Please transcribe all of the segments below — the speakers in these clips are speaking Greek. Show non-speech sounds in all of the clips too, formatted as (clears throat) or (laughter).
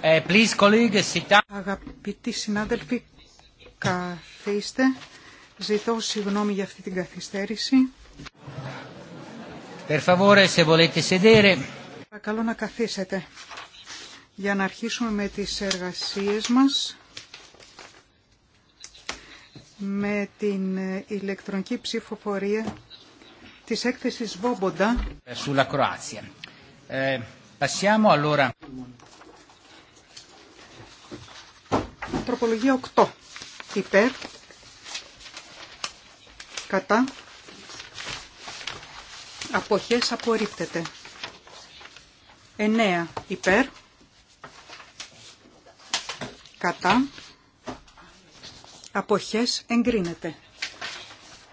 Ε, Αγαπητοί συνάδελφοι, καθίστε. Ζητώ συγγνώμη για αυτή την καθυστέρηση. Per favore, se volete sedere. Παρακαλώ να καθίσετε για να αρχίσουμε με τι εργασίε μας με την ηλεκτρονική ψηφοφορία της έκθεση Βόμποντα. Sulla ε, Passiamo allora. Τροπολογία 8. Υπέρ. Κατά. Αποχές απορρίπτεται. 9. Υπέρ. Κατά. Αποχές εγκρίνεται.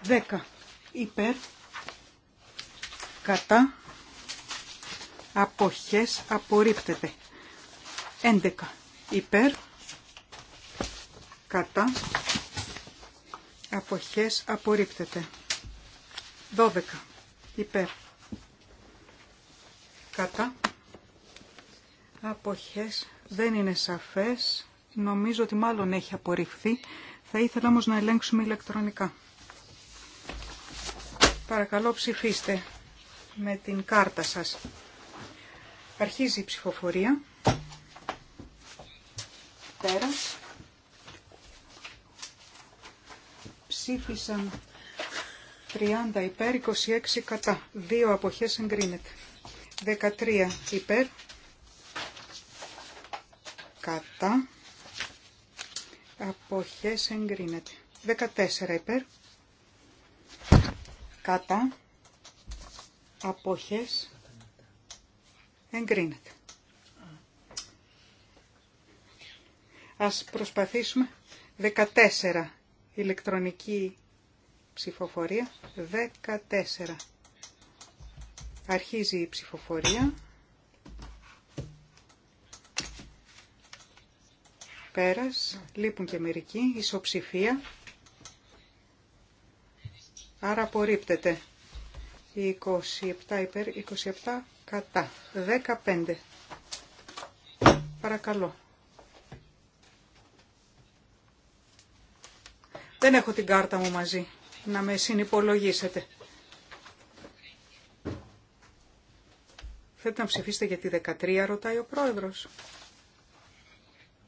10. Υπέρ. Κατά αποχές απορρίπτεται. 11 υπέρ κατά αποχές απορρίπτεται. 12 υπέρ κατά αποχές δεν είναι σαφές. Νομίζω ότι μάλλον έχει απορριφθεί. Θα ήθελα όμως να ελέγξουμε ηλεκτρονικά. Παρακαλώ ψηφίστε με την κάρτα σας. Αρχίζει η ψηφοφορία. Πέρας. Ψήφισαν 30 υπέρ, 26 κατά. Δύο αποχές εγκρίνεται. 13 υπέρ, κατά. Αποχές εγκρίνεται. 14 υπέρ, κατά. Αποχές Εγκρίνεται. Ας προσπαθήσουμε. 14. Ηλεκτρονική ψηφοφορία. 14. Αρχίζει η ψηφοφορία. Πέρας. Λείπουν και μερικοί. Ισοψηφία. Άρα απορρίπτεται. 27 υπέρ, 27 κατά 15 παρακαλώ δεν έχω την κάρτα μου μαζί να με συνυπολογίσετε Θέλετε να ψηφίσετε για τη 13, ρωτάει ο πρόεδρος.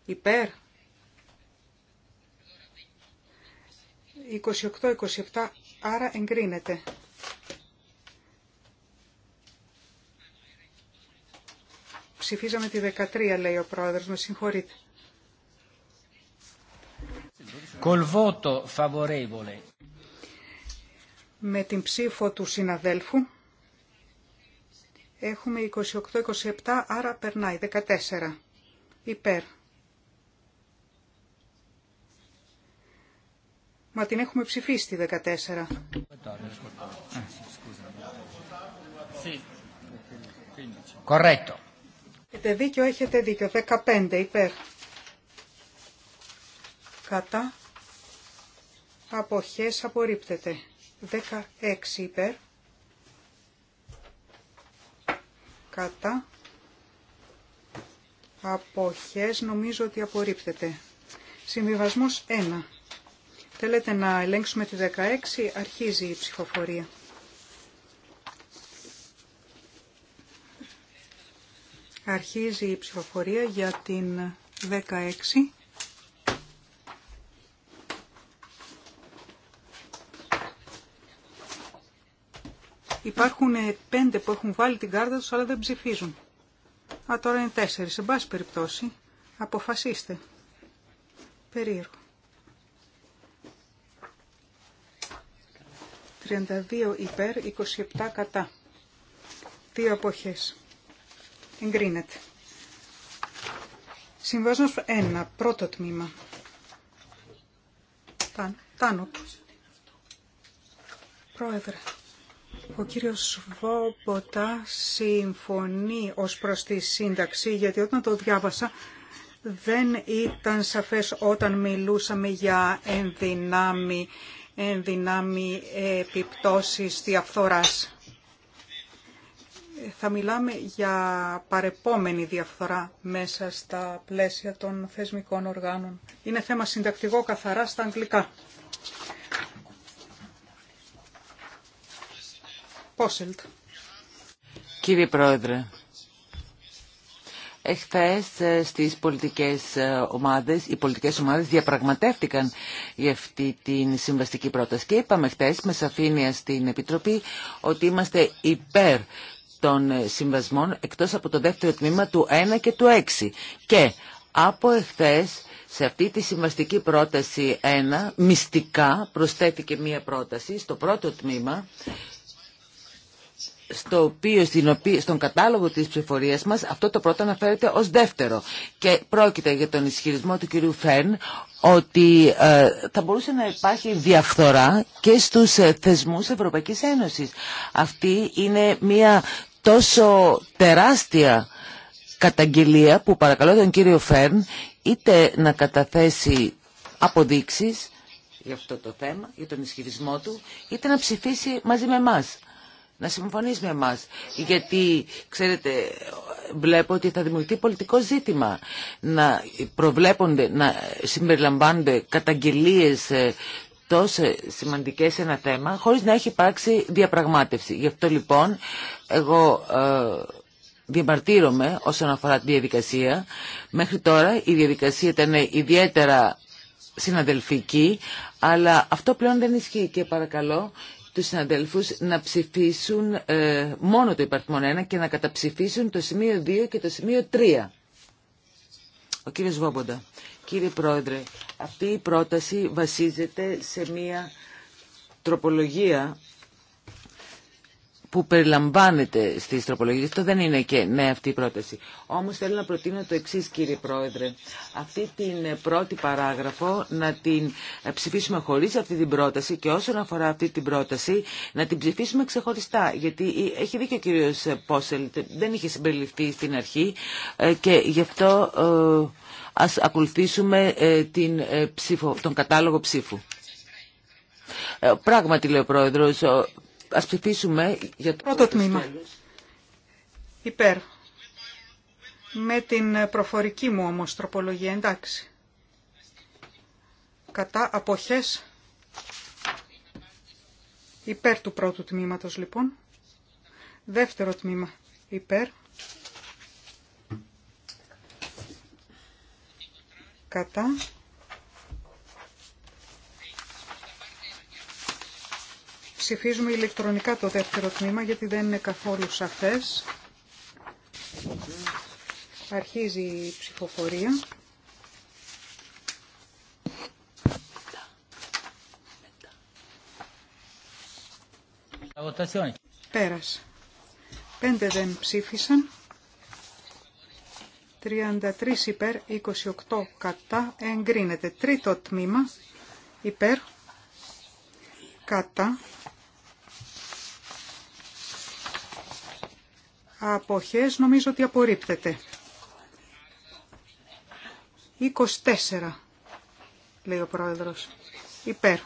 Υπέρ. 28-27, άρα εγκρίνεται. Ψηφίζαμε τη 13, λέει ο πρόεδρος, με συγχωρείτε. Με την ψήφο του συναδέλφου έχουμε 28-27, άρα περνάει 14. Υπέρ. Μα την έχουμε ψηφίσει τη 14. Corretto έχετε δίκιο, έχετε δίκιο. 15 υπέρ. Κατά. Αποχές απορρίπτεται. 16 υπέρ. Κατά. Αποχές νομίζω ότι απορρίπτεται. Συμβιβασμός 1. Θέλετε να ελέγξουμε τη 16, αρχίζει η ψηφοφορία. Αρχίζει η ψηφοφορία για την 16. Υπάρχουν ε, πέντε που έχουν βάλει την κάρτα τους αλλά δεν ψηφίζουν. Α, τώρα είναι τέσσερις. Σε πάση περιπτώσει, αποφασίστε. Περίεργο. 32 υπέρ, 27 κατά. Δύο αποχές. Εγκρίνεται. Συμβάσμα 1. Πρώτο τμήμα. Τάνο. Πρόεδρε. Ο κύριος Βόμποτα συμφωνεί ως προς τη σύνταξη, γιατί όταν το διάβασα δεν ήταν σαφές όταν μιλούσαμε για ενδυνάμει, ενδυνάμει επιπτώσεις διαφθοράς θα μιλάμε για παρεπόμενη διαφθορά μέσα στα πλαίσια των θεσμικών οργάνων. Είναι θέμα συντακτικό καθαρά στα αγγλικά. Πόσελτ. Κύριε Πρόεδρε, Εχθές ε, στις πολιτικές ε, ομάδες, οι πολιτικές ομάδες διαπραγματεύτηκαν για αυτή την συμβαστική πρόταση και είπαμε χθες με σαφήνεια στην Επιτροπή ότι είμαστε υπέρ των ε, συμβασμών εκτός από το δεύτερο τμήμα του 1 και του 6. Και από εχθές σε αυτή τη συμβαστική πρόταση 1 μυστικά προσθέθηκε μία πρόταση στο πρώτο τμήμα στο οποίο, στον κατάλογο της ψηφορία μας αυτό το πρώτο αναφέρεται ως δεύτερο και πρόκειται για τον ισχυρισμό του κυρίου Φέρν ότι ε, θα μπορούσε να υπάρχει διαφθορά και στους ε, θεσμούς Ευρωπαϊκής Ένωσης. Αυτή είναι μια τόσο τεράστια καταγγελία που παρακαλώ τον κύριο Φέρν είτε να καταθέσει αποδείξεις για αυτό το θέμα, για τον ισχυρισμό του, είτε να ψηφίσει μαζί με εμά. Να συμφωνήσει με εμά. Γιατί, ξέρετε, βλέπω ότι θα δημιουργηθεί πολιτικό ζήτημα. Να προβλέπονται, να συμπεριλαμβάνονται καταγγελίε ε, τόσο σημαντικές σε ένα θέμα χωρίς να έχει υπάρξει διαπραγμάτευση. Γι' αυτό λοιπόν εγώ ε, διαμαρτύρομαι όσον αφορά τη διαδικασία. Μέχρι τώρα η διαδικασία ήταν ιδιαίτερα συναδελφική, αλλά αυτό πλέον δεν ισχύει και παρακαλώ τους συναδέλφους να ψηφίσουν ε, μόνο το υπαρθμόν 1 και να καταψηφίσουν το σημείο 2 και το σημείο 3. Ο κύριος Βόμποντα. Κύριε Πρόεδρε, αυτή η πρόταση βασίζεται σε μία τροπολογία που περιλαμβάνεται στι τροπολογίε, Αυτό δεν είναι και ναι αυτή η πρόταση. Όμως θέλω να προτείνω το εξή, κύριε Πρόεδρε. Αυτή την πρώτη παράγραφο να την ψηφίσουμε χωρίς αυτή την πρόταση και όσον αφορά αυτή την πρόταση να την ψηφίσουμε ξεχωριστά. Γιατί έχει δίκιο ο κύριο Πόσελ, δεν είχε συμπεριληφθεί στην αρχή ε, και γι' αυτό ε, ας ακολουθήσουμε ε, την τον κατάλογο ψήφου. Πράγματι, λέει ο Πρόεδρος, ας ψηφίσουμε για το πρώτο τμήμα. Υπέρ. Με την προφορική μου όμως τροπολογία, εντάξει. Κατά αποχές. Υπέρ του πρώτου τμήματος λοιπόν. Δεύτερο τμήμα. Υπέρ. Κατά. Ψηφίζουμε ηλεκτρονικά το δεύτερο τμήμα γιατί δεν είναι καθόλου σαφές. Αρχίζει η ψηφοφορία. Πέρασε. Πέντε δεν ψήφισαν. 33 υπέρ, 28 κατά, εγκρίνεται. Τρίτο τμήμα, υπέρ, κατά, αποχές νομίζω ότι απορρίπτεται. 24 λέει ο πρόεδρος. Υπέρ.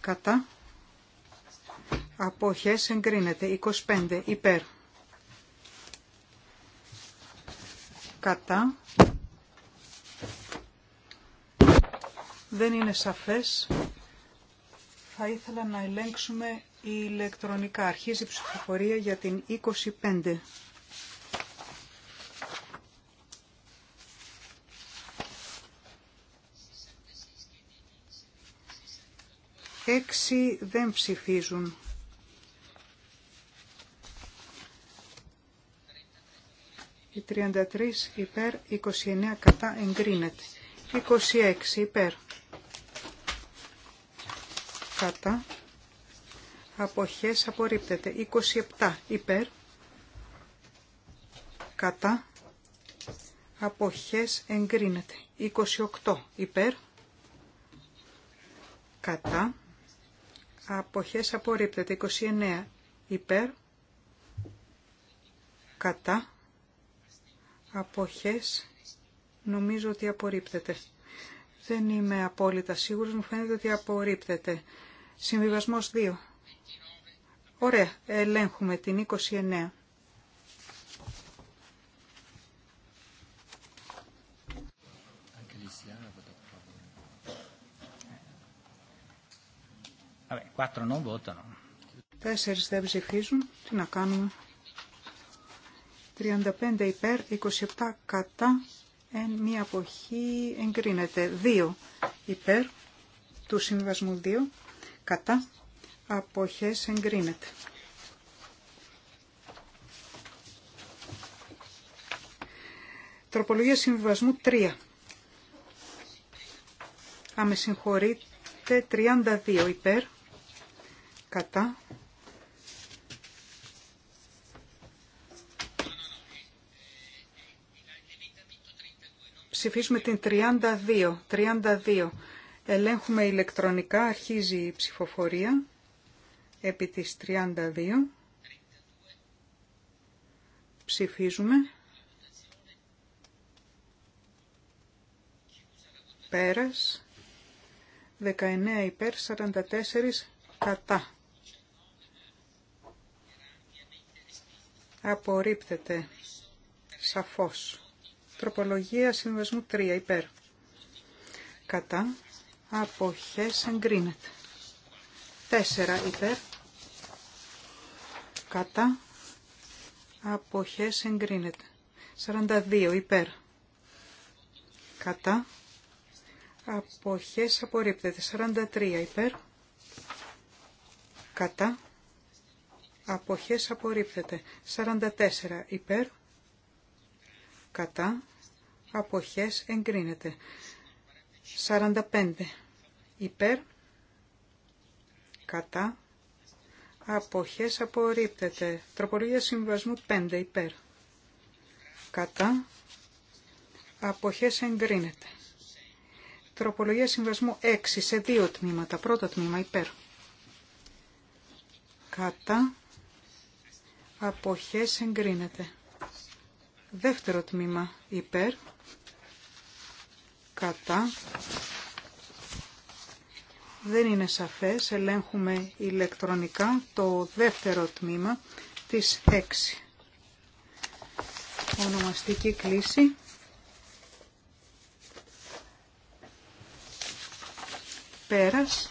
Κατά. Αποχές εγκρίνεται. 25. Υπέρ. Κατά. Δεν είναι σαφές. Θα ήθελα να ελέγξουμε η ηλεκτρονικά. Αρχίζει η ψηφοφορία για την 25. Έξι δεν ψηφίζουν. 33 υπέρ, 29 κατά εγκρίνεται. 26 υπέρ. Κατά αποχές απορρίπτεται. 27 υπέρ, κατά, αποχές εγκρίνεται. 28 υπέρ, κατά, αποχές απορρίπτεται. 29 υπέρ, κατά, αποχές νομίζω ότι απορρίπτεται. Δεν είμαι απόλυτα σίγουρος, μου φαίνεται ότι απορρίπτεται. Συμβιβασμός 2. Ωραία, ελέγχουμε την 29. Τέσσερις δεν ψηφίζουν. Τι να κάνουμε. 35 υπέρ, 27 κατά, εν μία αποχή εγκρίνεται. δύο υπέρ του συμβασμού δύο κατά, αποχές εγκρίνεται. Τροπολογία συμβιβασμού 3. Άμε συγχωρείτε 32 υπέρ, κατά. Ψηφίσουμε την 32. 32. Ελέγχουμε ηλεκτρονικά, αρχίζει η ψηφοφορία επί της 32. Ψηφίζουμε. Πέρας. 19 υπέρ, 44 κατά. Απορρίπτεται. Σαφώς. Τροπολογία συμβασμού 3 υπέρ. Κατά. Αποχές εγκρίνεται. 4 υπέρ κατά αποχές εγκρίνεται. 42 υπέρ κατά αποχές απορρίπτεται. 43 υπέρ κατά αποχές απορρίπτεται. 44 υπέρ κατά αποχές εγκρίνεται. 45 υπέρ κατά, αποχές απορρίπτεται. Τροπολογία συμβασμού 5 υπέρ, κατά, αποχές εγκρίνεται. Τροπολογία συμβασμού 6 σε δύο τμήματα. Πρώτο τμήμα υπέρ. Κατά. Αποχές εγκρίνεται. Δεύτερο τμήμα υπέρ. Κατά δεν είναι σαφές. Ελέγχουμε ηλεκτρονικά το δεύτερο τμήμα της 6. Ονομαστική κλίση. Πέρας.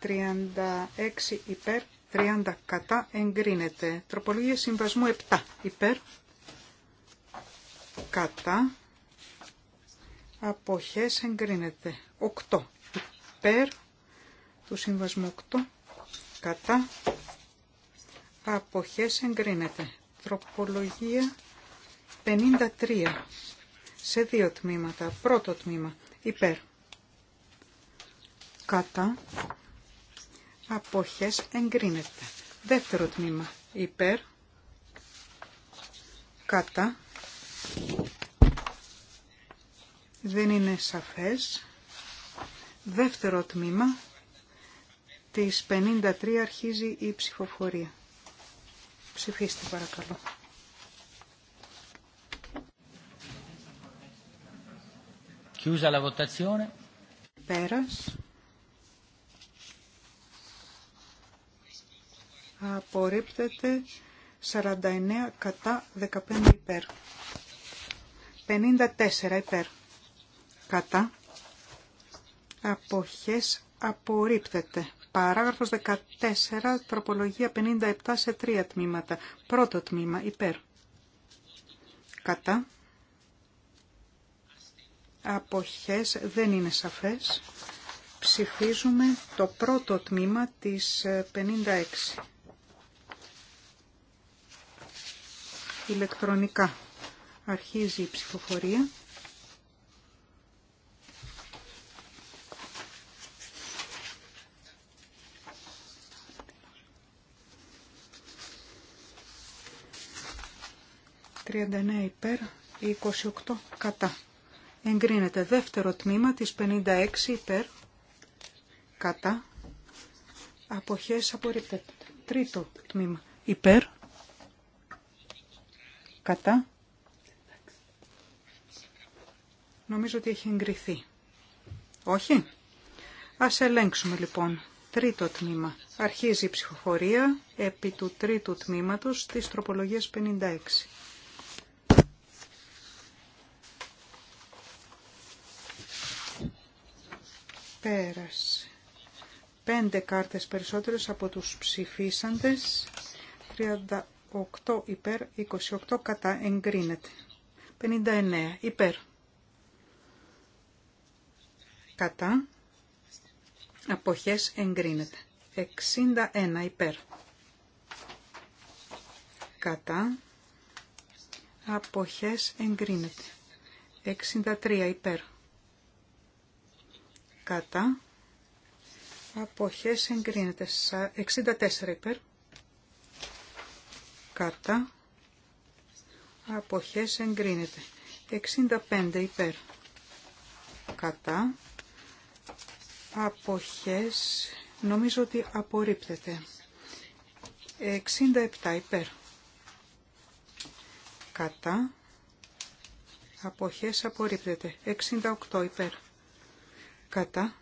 36 υπέρ, 30 κατά εγκρίνεται. Τροπολογία συμβασμού 7 υπέρ, κατά αποχές εγκρίνεται. 8 υπέρ του συμβασμού 8 κατά αποχές εγκρίνεται. Τροπολογία 53 σε δύο τμήματα. Πρώτο τμήμα υπέρ κατά αποχές εγκρίνεται. Δεύτερο τμήμα υπέρ κατά δεν είναι σαφές. Δεύτερο τμήμα, της 53 αρχίζει η ψηφοφορία. Ψηφίστε παρακαλώ. Chiusa la votazione. Πέρας. Απορρίπτεται 49 κατά 15 υπέρ. 54 υπέρ κατά αποχές απορρίπτεται. Παράγραφος 14, τροπολογία 57 σε τρία τμήματα. Πρώτο τμήμα, υπέρ. Κατά. Αποχές δεν είναι σαφές. Ψηφίζουμε το πρώτο τμήμα της 56. Ε, Ηλεκτρονικά αρχίζει η ψηφοφορία. 39 υπέρ, 28 κατά. Εγκρίνεται δεύτερο τμήμα της 56 υπέρ, κατά. Αποχές απορρίπτεται. Τρίτο τμήμα υπέρ, κατά. Νομίζω ότι έχει εγκριθεί. Όχι. Ας ελέγξουμε λοιπόν. Τρίτο τμήμα. Αρχίζει η ψυχοφορία επί του τρίτου τμήματος της τροπολογίας 56. Πέρας. Πέντε κάρτες περισσότερες από τους ψηφίσαντες. 38 υπέρ, 28 κατά εγκρίνεται. 59 υπέρ. Κατά. Αποχές εγκρίνεται. 61 υπέρ. Κατά. Αποχές εγκρίνεται. 63 υπέρ κατά, αποχές εγκρίνεται. 64 υπέρ, κατά, αποχές εγκρίνεται. 65 υπέρ, κατά, αποχές νομίζω ότι απορρίπτεται. 67 υπέρ, κατά, αποχές απορρίπτεται. 68 υπέρ κατά,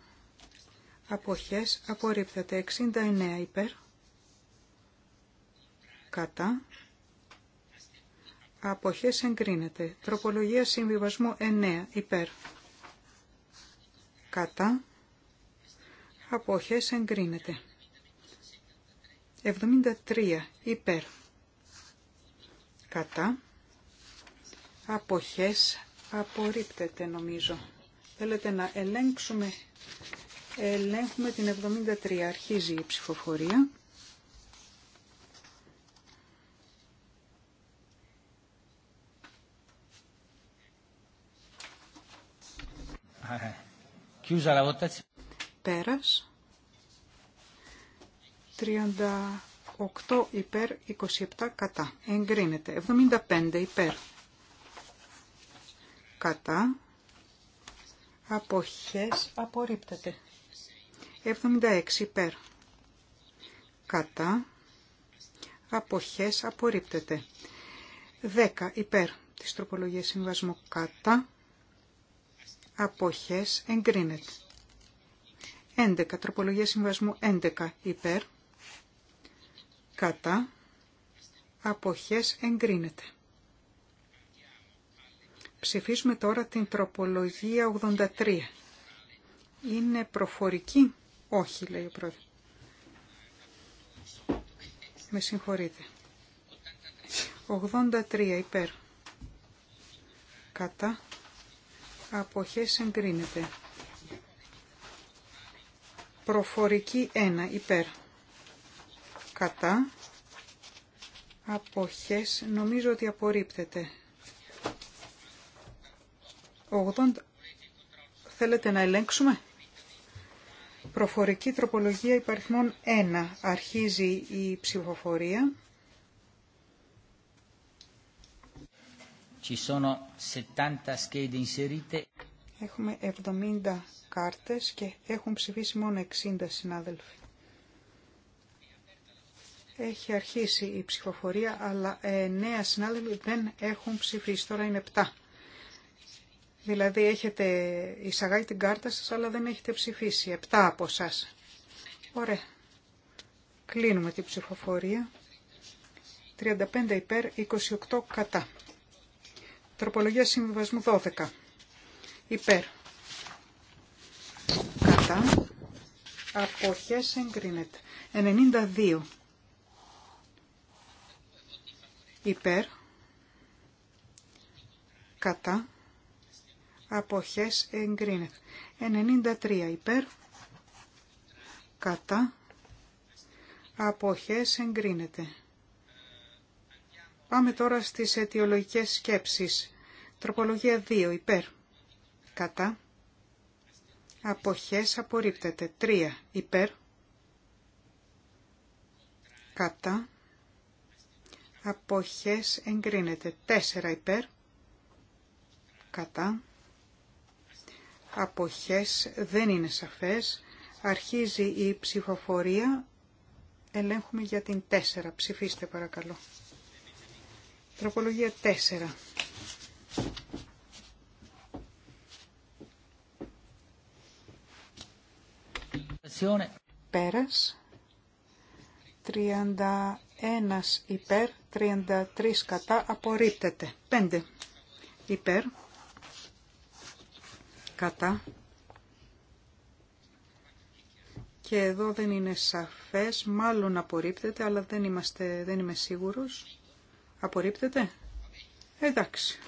αποχές, απορρίπτεται 69 υπέρ, κατά, αποχές εγκρίνεται, τροπολογία συμβιβασμού 9 υπέρ, κατά, αποχές εγκρίνεται, 73 υπέρ, κατά, αποχές απορρίπτεται νομίζω. Θέλετε να ελέγξουμε. Ελέγχουμε την 73. Αρχίζει η ψηφοφορία. Πέρας. 38 υπέρ, 27 κατά. Εγκρίνεται. 75 υπέρ. Κατά. Αποχές απορρίπτεται. 76 υπέρ. Κατά. Αποχές απορρίπτεται. 10 υπέρ της τροπολογίας συμβασμού κατά. Αποχές εγκρίνεται. 11 τροπολογία συμβασμού 11 υπέρ. Κατά. Αποχές εγκρίνεται. Ψηφίσουμε τώρα την τροπολογία 83. Είναι προφορική. Όχι, λέει ο πρόεδρος. Με συγχωρείτε. 83 υπέρ. Κατά. Αποχές εγκρίνεται. Προφορική 1 υπέρ. Κατά. Αποχές νομίζω ότι απορρίπτεται. 80... Θέλετε να ελέγξουμε. Προφορική τροπολογία υπαριθμών 1. Αρχίζει η ψηφοφορία. Ci sono 70 schede inserite. Έχουμε 70 κάρτες και έχουν ψηφίσει μόνο 60 συνάδελφοι. Έχει αρχίσει η ψηφοφορία, αλλά 9 ε, συνάδελφοι δεν έχουν ψηφίσει. Τώρα είναι 7. Δηλαδή έχετε εισαγάγει την κάρτα σας αλλά δεν έχετε ψηφίσει. Επτά από σας. Ωραία. Κλείνουμε την ψηφοφορία. 35 υπέρ, 28 κατά. Τροπολογία συμβιβασμού 12. Υπέρ. Κατά. Αποχές εγκρίνεται. 92. Υπέρ. Κατά αποχές εγκρίνεται. 93 υπέρ, κατά, αποχές εγκρίνεται. Πάμε τώρα στις αιτιολογικές σκέψεις. Τροπολογία 2 υπέρ, κατά, αποχές απορρίπτεται. 3 υπέρ, κατά, αποχές εγκρίνεται. 4 υπέρ, κατά, αποχές δεν είναι σαφές. Αρχίζει η ψηφοφορία. Ελέγχουμε για την 4. Ψηφίστε παρακαλώ. Τροπολογία 4. Πέρας, 31 υπέρ, 33 κατά, απορρίπτεται. 5 υπέρ, κατά. Και εδώ δεν είναι σαφές, μάλλον απορρίπτεται, αλλά δεν, είμαστε, δεν είμαι σίγουρος. Απορρίπτεται. Εντάξει.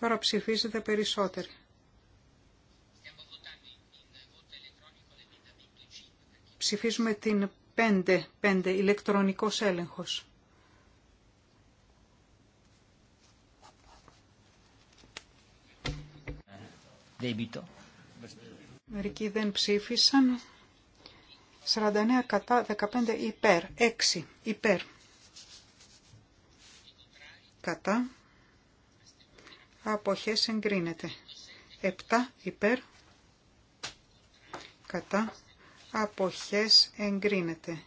Τώρα ψηφίζετε περισσότερο Ψηφίζουμε την 5, 5 ηλεκτρονικός έλεγχος. debito. Μερικοί δεν ψήφισαν. 49 κατά, 15 υπέρ. 6 υπέρ. Κατά. Αποχές εγκρίνεται. 7 υπέρ. Κατά. Αποχές εγκρίνεται.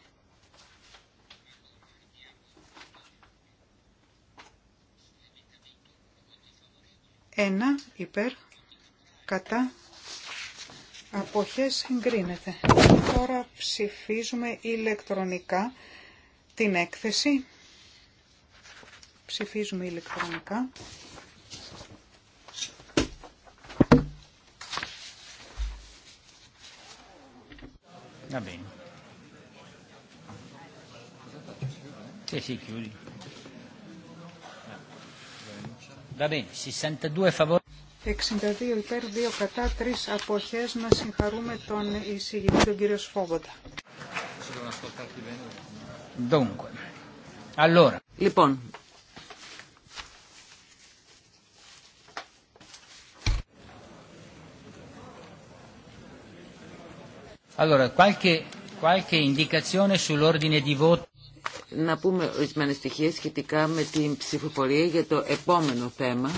Ένα υπέρ κατά αποχές εγκρίνεται. Τώρα ψηφίζουμε ηλεκτρονικά την έκθεση. Ψηφίζουμε ηλεκτρονικά. Να bene. Τι έχει chiudi. Va bene, 62 favore. 62 υπέρ, 2 κατά, 3 αποχές. Να συγχαρούμε τον εισηγητή, τον κύριο Σφόβοντα. Λοιπόν, Allora, qualche, qualche indicazione sull'ordine di voto. Να πούμε ορισμένε στοιχεία σχετικά με την ψηφοφορία για το επόμενο θέμα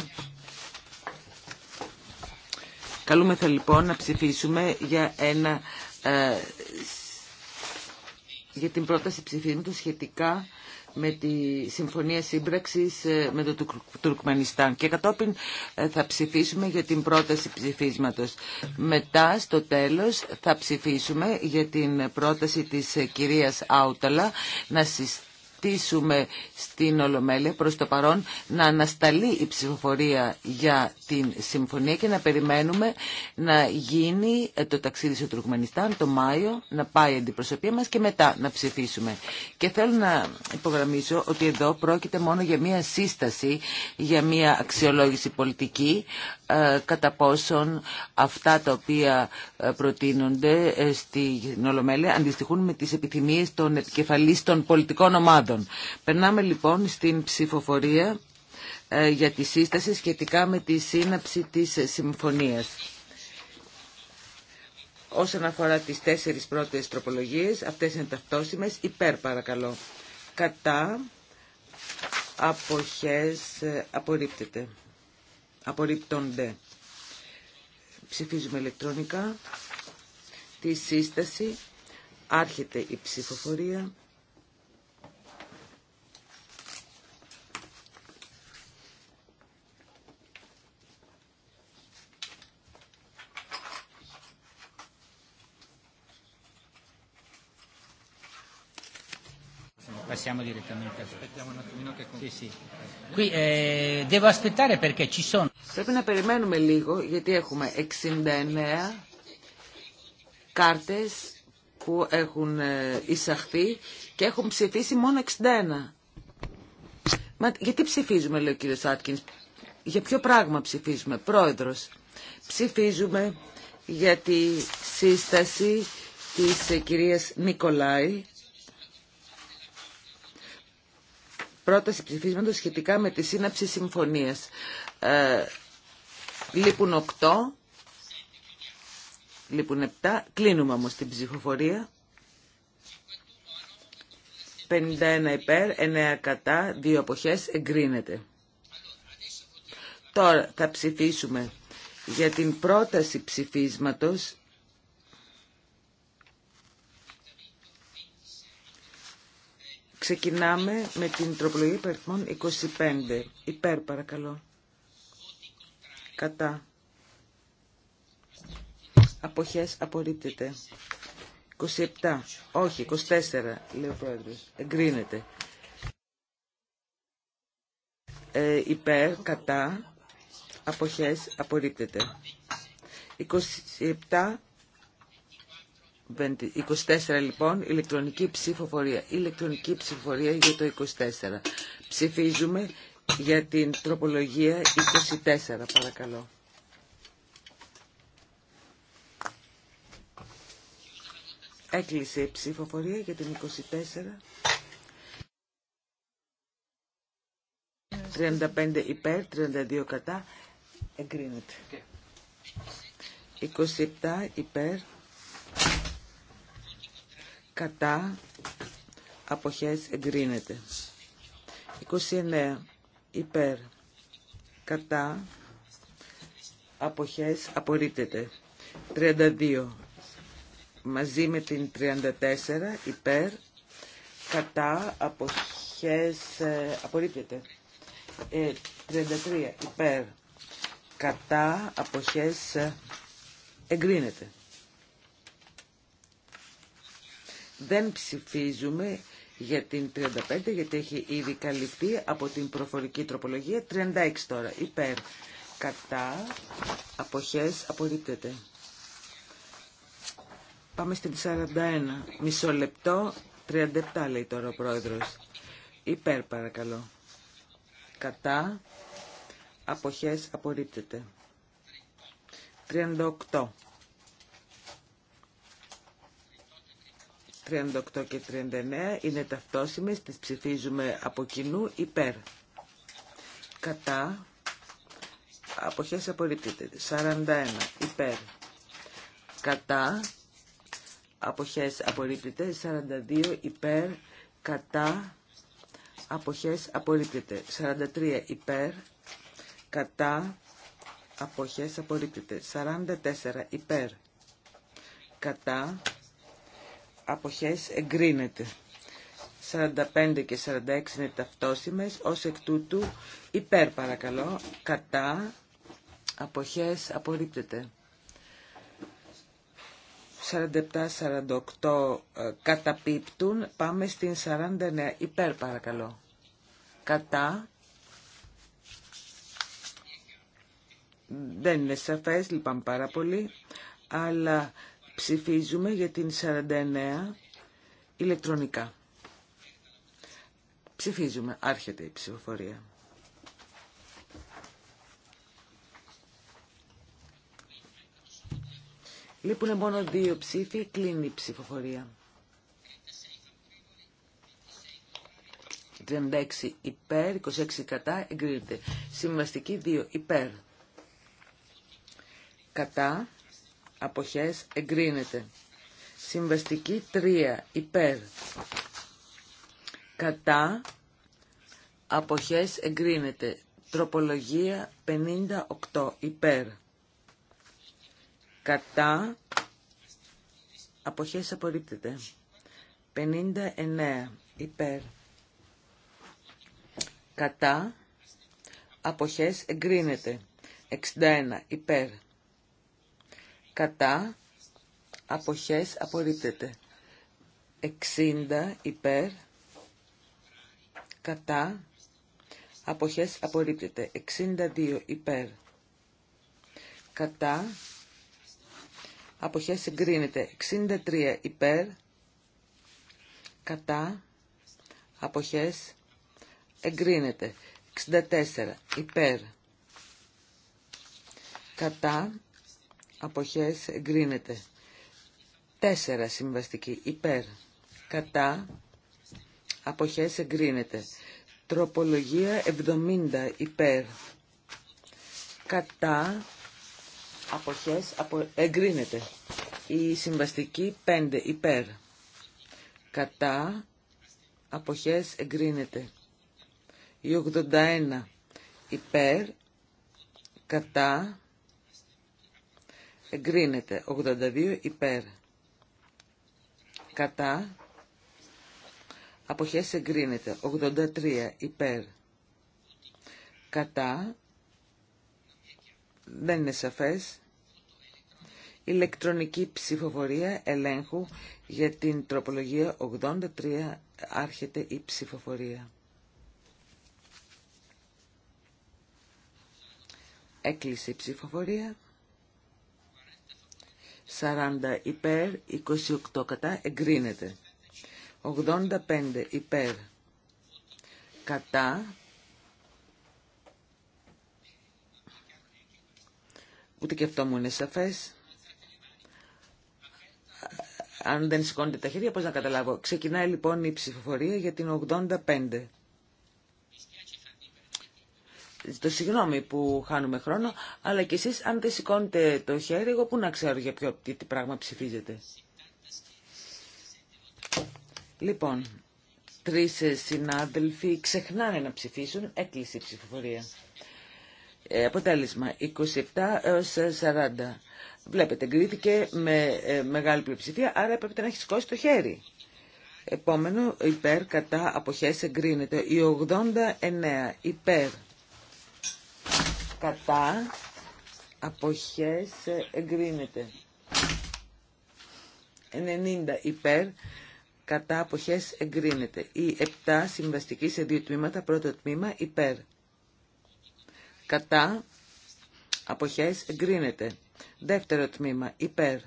Καλούμεθα λοιπόν να ψηφίσουμε για, ένα, ε, για την πρόταση ψηφίσματος σχετικά με τη Συμφωνία Σύμπραξης ε, με το Τουρκμανιστάν και κατόπιν ε, θα ψηφίσουμε για την πρόταση ψηφίσματος. Μετά στο τέλος θα ψηφίσουμε για την πρόταση της κυρίας Άουταλα να συστήσουμε στήσουμε στην Ολομέλεια προς το παρόν να ανασταλεί η ψηφοφορία για την συμφωνία και να περιμένουμε να γίνει το ταξίδι στο Τουρκμενιστάν το Μάιο, να πάει η αντιπροσωπεία μας και μετά να ψηφίσουμε. Και θέλω να υπογραμμίσω ότι εδώ πρόκειται μόνο για μία σύσταση, για μία αξιολόγηση πολιτική ε, κατά πόσον αυτά τα οποία ε, προτείνονται ε, στην Ολομέλεια αντιστοιχούν με τις επιθυμίες των επικεφαλής των πολιτικών ομάδων. Περνάμε λοιπόν στην ψηφοφορία για τη σύσταση σχετικά με τη σύναψη της συμφωνίας. Όσον αφορά τις τέσσερις πρώτες τροπολογίες, αυτές είναι ταυτόσιμες, υπέρ παρακαλώ. Κατά αποχές απορρίπτεται απορρίπτονται. Ψηφίζουμε ηλεκτρονικά τη σύσταση. Άρχεται η ψηφοφορία. Passiamo direttamente. Aspettiamo un attimino che Sì, sì. Qui devo aspettare perché ci sono Πρέπει να περιμένουμε λίγο γιατί έχουμε 69 κάρτες που έχουν ε, εισαχθεί και έχουν ψηφίσει μόνο 61. Μα γιατί ψηφίζουμε, λέει ο κύριος Άτκινς, για ποιο πράγμα ψηφίζουμε, πρόεδρος. Ψηφίζουμε για τη σύσταση της ε, κυρίας Νικολάη. Πρόταση ψηφίσματος σχετικά με τη σύναψη συμφωνίας. Ε, Λείπουν 8. Λείπουν 7. Κλείνουμε όμως την ψηφοφορία. 51 υπέρ, 9 κατά, 2 αποχές, εγκρίνεται. Τώρα θα ψηφίσουμε για την πρόταση ψηφίσματος Ξεκινάμε με την τροπολογία υπερθμών 25. Υπέρ παρακαλώ κατά αποχές απορρίπτεται 27 όχι 24 λέει ο πρόεδρος εγκρίνεται ε, υπέρ κατά αποχές απορρίπτεται 27 24 λοιπόν, ηλεκτρονική ψηφοφορία. Ηλεκτρονική ψηφοφορία για το 24. Ψηφίζουμε για την τροπολογία 24, παρακαλώ. Έκλεισε η ψηφοφορία για την 24. 35 υπέρ, 32 κατά. Εγκρίνεται. 27 υπέρ, κατά, αποχές εγκρίνεται. 29 υπέρ κατά αποχές απορρίπτεται 32 μαζί με την 34 υπέρ κατά αποχές ε, απορρίπτεται 33 ε, υπέρ κατά αποχές ε, εγκρίνεται δεν ψηφίζουμε για την 35 γιατί έχει ήδη καλυφθεί από την προφορική τροπολογία. 36 τώρα υπέρ κατά αποχές απορρίπτεται. Πάμε στην 41. Μισό λεπτό, 37 λέει τώρα ο πρόεδρος. Υπέρ παρακαλώ. Κατά αποχές απορρίπτεται. 38 38 και 39 είναι ταυτόσιμες, τις ψηφίζουμε από κοινού υπέρ. Κατά, αποχές απορρίπτεται, 41 υπέρ. Κατά, αποχές απορρίπτεται, 42 υπέρ. Κατά, αποχές απορρίπτεται, 43 υπέρ. Κατά, αποχές απορρίπτεται, 44 υπέρ. Κατά, αποχές εγκρίνεται. 45 και 46 είναι ταυτόσημες, ως εκ τούτου υπέρ παρακαλώ, κατά, αποχές απορρίπτεται. 47-48 ε, καταπίπτουν, πάμε στην 49, υπέρ παρακαλώ, κατά, δεν είναι σαφές, λυπάμαι πάρα πολύ, αλλά Ψηφίζουμε για την 49 ηλεκτρονικά. Ψηφίζουμε. Άρχεται η ψηφοφορία. Λείπουν μόνο δύο ψήφοι, κλείνει η ψηφοφορία. 36 υπέρ, 26 κατά, εγκρίνεται. Συμβαστική 2 υπέρ. Κατά, αποχές εγκρίνεται. Συμβαστική 3 υπέρ κατά αποχές εγκρίνεται. Τροπολογία 58 υπέρ κατά αποχές απορρίπτεται. 59 υπέρ κατά αποχές εγκρίνεται. 61 υπέρ κατά, αποχές, απορρίπτεται. 60 υπέρ, κατά, αποχές, απορρίπτεται. 62 υπέρ, κατά, αποχές, εγκρίνεται. 63 υπέρ, κατά, αποχές, εγκρίνεται. 64 υπέρ, κατά, αποχές εγκρίνεται. Τέσσερα συμβαστική υπέρ κατά αποχές εγκρίνεται. Τροπολογία 70 υπέρ κατά αποχές απο... εγκρίνεται. Η συμβαστική 5 υπέρ κατά αποχές εγκρίνεται. Η 81 υπέρ κατά εγκρίνεται 82 υπέρ κατά αποχές εγκρίνεται 83 υπέρ κατά δεν είναι σαφές ηλεκτρονική ψηφοφορία ελέγχου για την τροπολογία 83 άρχεται η ψηφοφορία έκλεισε η ψηφοφορία 40 υπέρ, 28 κατά, εγκρίνεται. 85 υπέρ, κατά, ούτε και αυτό μου είναι σαφές. Αν δεν σηκώνετε τα χέρια, πώς να καταλάβω. Ξεκινάει λοιπόν η ψηφοφορία για την 85 το συγγνώμη που χάνουμε χρόνο, αλλά και εσείς αν δεν σηκώνετε το χέρι, εγώ που να ξέρω για ποιο τι, τι πράγμα ψηφίζετε. Λοιπόν, τρεις ε, συνάδελφοι ξεχνάνε να ψηφίσουν, έκλεισε η ψηφοφορία. Ε, αποτέλεσμα, 27 έως 40. Ε, Βλέπετε, εγκρίθηκε με ε, μεγάλη πλειοψηφία, άρα έπρεπε να έχει σηκώσει το χέρι. Επόμενο, υπέρ, κατά, αποχές, εγκρίνεται. Η 89, υπέρ, κατά αποχές εγκρίνεται 90 υπέρ κατά αποχές εγκρίνεται η 7 συμβαστική σε δύο τμήματα πρώτο τμήμα υπέρ κατά αποχές εγκρίνεται δεύτερο τμήμα υπέρ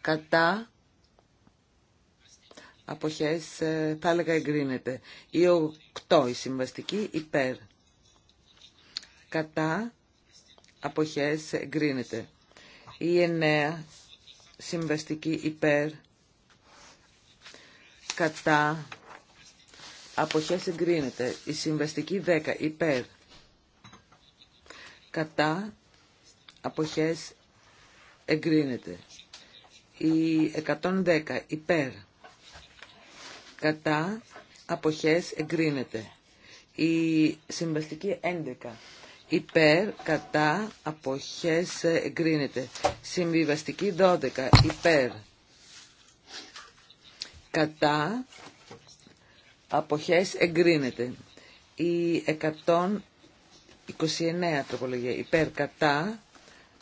κατά αποχές ε, θα έλεγα εγκρίνεται η 8 η συμβαστική υπέρ κατά αποχές εγκρίνεται. Η εννέα συμβαστική υπέρ κατά αποχές εγκρίνεται. Η συμβαστική 10 υπέρ κατά αποχές εγκρίνεται. Η 110 υπέρ κατά αποχές εγκρίνεται. Η συμβαστική 11 υπέρ, κατά, αποχές, ε, εγκρίνεται. Συμβιβαστική 12, υπέρ, κατά, αποχές, εγκρίνεται. Η 129 τροπολογία, υπέρ, κατά,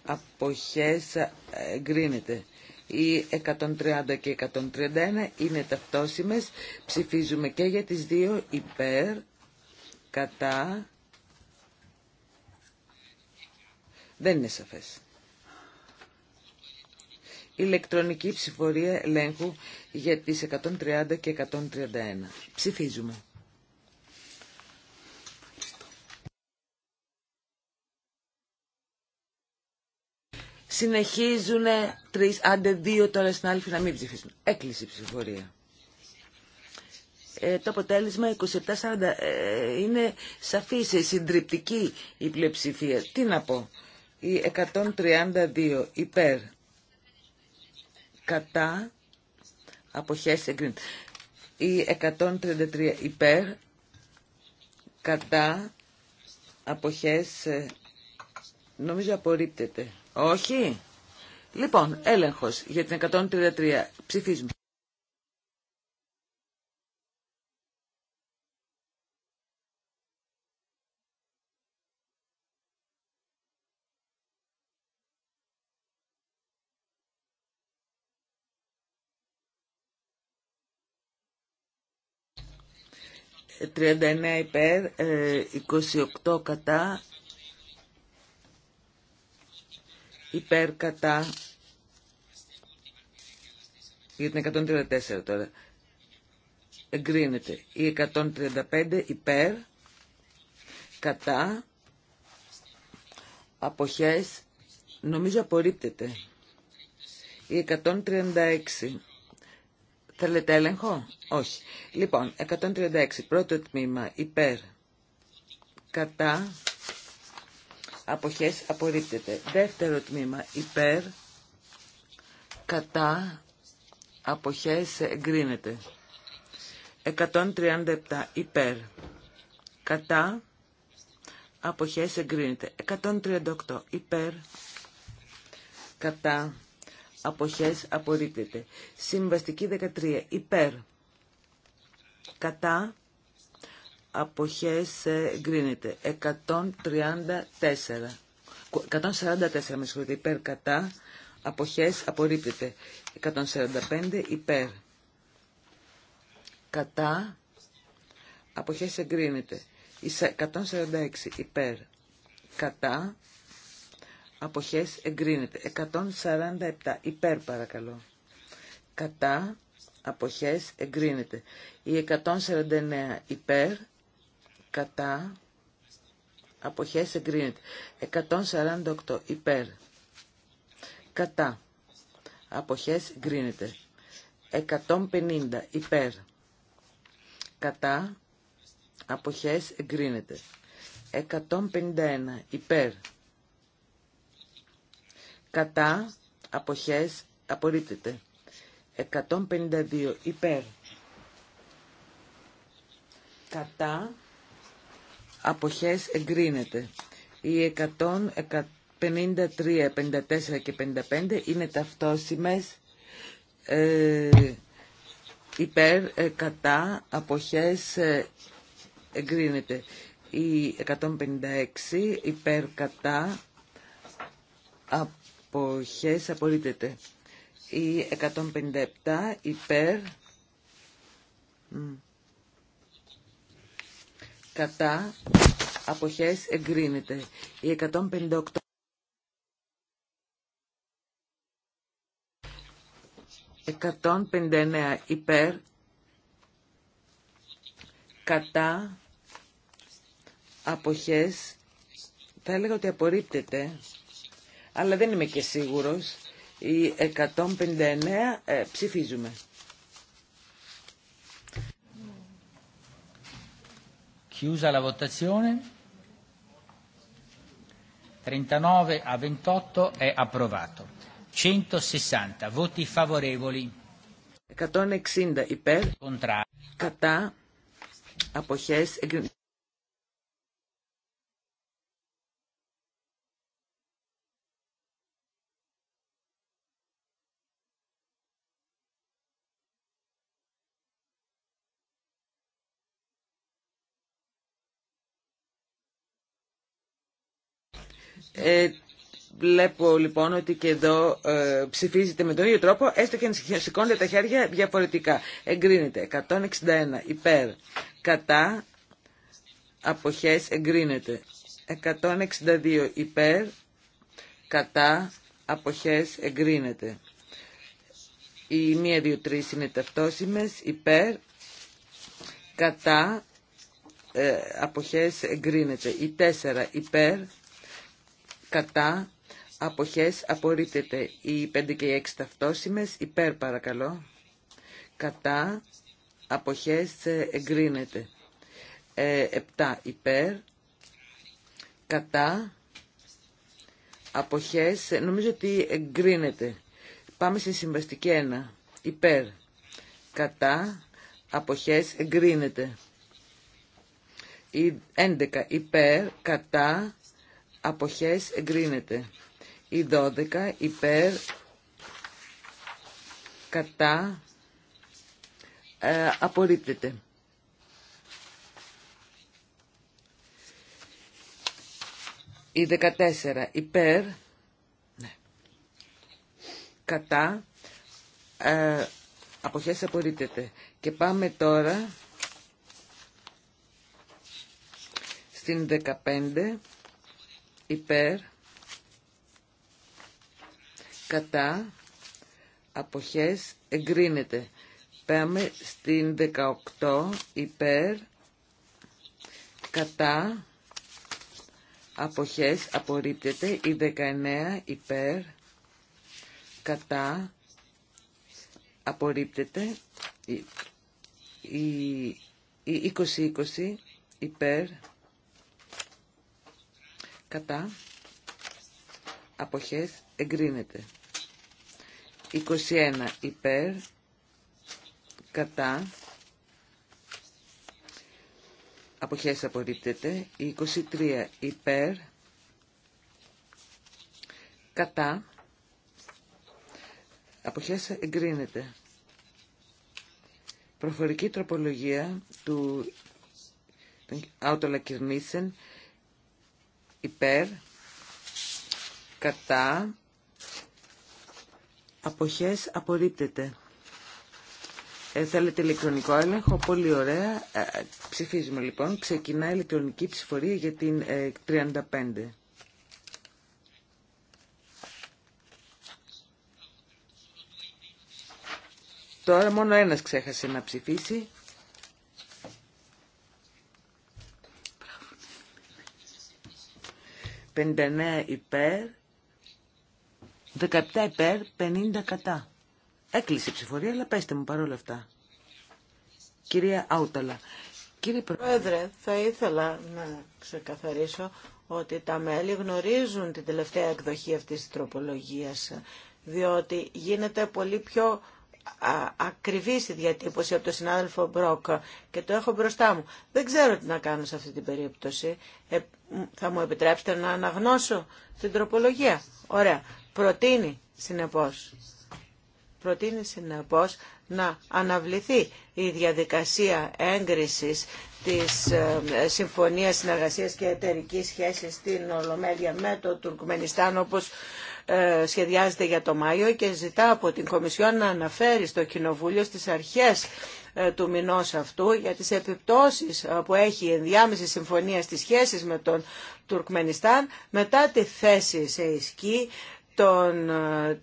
αποχές, ε, εγκρίνεται. Οι 130 και 131 είναι ταυτόσιμες. Ψηφίζουμε και για τις δύο υπέρ, κατά, Δεν είναι σαφές. Ηλεκτρονική ψηφορία ελέγχου για τις 130 και 131. Ψηφίζουμε. Συνεχίζουν τρεις, άντε δύο τώρα στην άλλη να μην ψηφίσουν. Έκλεισε η ψηφορία. Ε, το αποτέλεσμα 27-40 ε, είναι σαφή ε, συντριπτική η πλειοψηφία. Τι να πω. Η 132 υπέρ κατά αποχές εγκρίνεται. Η 133 υπέρ κατά αποχές ε, νομίζω απορρίπτεται. Όχι. Λοιπόν, έλεγχος για την 133. Ψηφίζουμε. 39 υπέρ, 28 ε, κατά, υπέρ κατά, για την 134 τώρα, εγκρίνεται, η 135 υπέρ, κατά, αποχές, νομίζω απορρίπτεται, η 136 Θέλετε έλεγχο? Όχι. Λοιπόν, 136. Πρώτο τμήμα υπέρ. Κατά. Αποχές απορρίπτεται. Δεύτερο τμήμα υπέρ. Κατά. Αποχές εγκρίνεται. 137 υπέρ. Κατά. Αποχές εγκρίνεται. 138 υπέρ. Κατά αποχές απορρίπτεται. Συμβαστική 13 υπέρ κατά αποχές ε, εγκρίνεται. 134 144 με συγχωρείτε υπέρ κατά αποχές απορρίπτεται. 145 υπέρ κατά αποχές εγκρίνεται. 146 υπέρ κατά αποχές εγκρίνεται. 147 υπέρ παρακαλώ. Κατά αποχές εγκρίνεται. Η 149 υπέρ κατά αποχές εγκρίνεται. 148 υπέρ κατά αποχές εγκρίνεται. 150 υπέρ κατά αποχές εγκρίνεται. 151 υπέρ κατά, αποχές, απορρίπτεται. 152 υπέρ, κατά, αποχές, εγκρίνεται. Οι 153, 54 και 55 είναι ταυτόσιμες ε, υπέρ, ε, κατά, αποχές, ε, εγκρίνεται. Οι 156 υπέρ, κατά, απο αποχές απορρίπτεται. Η 157 υπέρ κατά αποχές εγκρίνεται. Η 158 159 υπέρ κατά αποχές θα έλεγα ότι απορρίπτεται αλλά δεν είμαι και σίγουρος. Οι 159 ε, ψηφίζουμε. Chiusa la votazione. 39 a 28 è approvato. 160 voti favorevoli. 160 υπέρ. Contra. Κατά. Αποχές. Εγκρι... Ε, βλέπω λοιπόν ότι και εδώ ε, ψηφίζεται με τον ίδιο τρόπο, έστω και αν σηκώνεται τα χέρια διαφορετικά. Εγκρίνεται. 161 υπέρ. Κατά αποχές εγκρίνεται. 162 υπέρ. Κατά αποχές εγκρίνεται. Οι 1, 2, 3 είναι ταυτόσιμες υπέρ. Κατά ε, αποχές εγκρίνεται. Η 4 υπέρ κατά, αποχές, απορρίπτεται. Οι 5 και οι 6 ταυτόσημες, υπέρ παρακαλώ, κατά, αποχές, εγκρίνεται. 7 ε, υπέρ, κατά, αποχές, νομίζω ότι εγκρίνεται. Πάμε στη συμβαστική 1. Υπέρ, κατά, αποχές, εγκρίνεται. Η 11 υπέρ, κατά, αποχές εγκρίνεται. Η 12 υπέρ κατά ε, απορρίπτεται. Η 14 υπέρ ναι, κατά ε, αποχές απορρίπτεται. Και πάμε τώρα στην 15 υπέρ, κατά, αποχές, εγκρίνεται. Πάμε στην 18, υπέρ, κατά, αποχές, απορρίπτεται. Η 19, υπέρ, κατά, απορρίπτεται. Η 20-20, υπέρ, κατά αποχές εγκρίνεται. 21 υπέρ κατά αποχές απορρίπτεται. 23 υπέρ κατά αποχές εγκρίνεται. Προφορική τροπολογία του Άουτολα Κυρνίσεν υπέρ, κατά, αποχές απορρίπτεται. Ε, θέλετε ηλεκτρονικό έλεγχο, πολύ ωραία. Ε, ε ψηφίζουμε λοιπόν, ξεκινά ηλεκτρονική ψηφορία για την ε, 35. Τώρα μόνο ένας ξέχασε να ψηφίσει. 59 υπέρ, 17 υπέρ, 50 κατά. Έκλεισε η ψηφορία, αλλά πέστε μου παρόλα αυτά. Κυρία Άουταλα. Κύριε Πρόεδρε, θα ήθελα να ξεκαθαρίσω ότι τα μέλη γνωρίζουν την τελευταία εκδοχή αυτής της τροπολογίας, διότι γίνεται πολύ πιο ακριβή η διατύπωση από τον συνάδελφο Μπρόκ και το έχω μπροστά μου. Δεν ξέρω τι να κάνω σε αυτή την περίπτωση. Ε, θα μου επιτρέψετε να αναγνώσω την τροπολογία. Ωραία. Προτείνει συνεπώς. Προτείνει συνεπώς να αναβληθεί η διαδικασία έγκρισης της ε, Συμφωνίας Συνεργασίας και Εταιρικής Σχέσης στην Ολομέλεια με το Τουρκμενιστάν όπως ε, σχεδιάζεται για το Μάιο και ζητά από την Κομισιόν να αναφέρει στο Κοινοβούλιο στις αρχές ε, του μηνός αυτού για τις επιπτώσεις ε, που έχει η ενδιάμεση συμφωνία στις σχέσεις με τον Τουρκμενιστάν μετά τη θέση σε ισχύ των,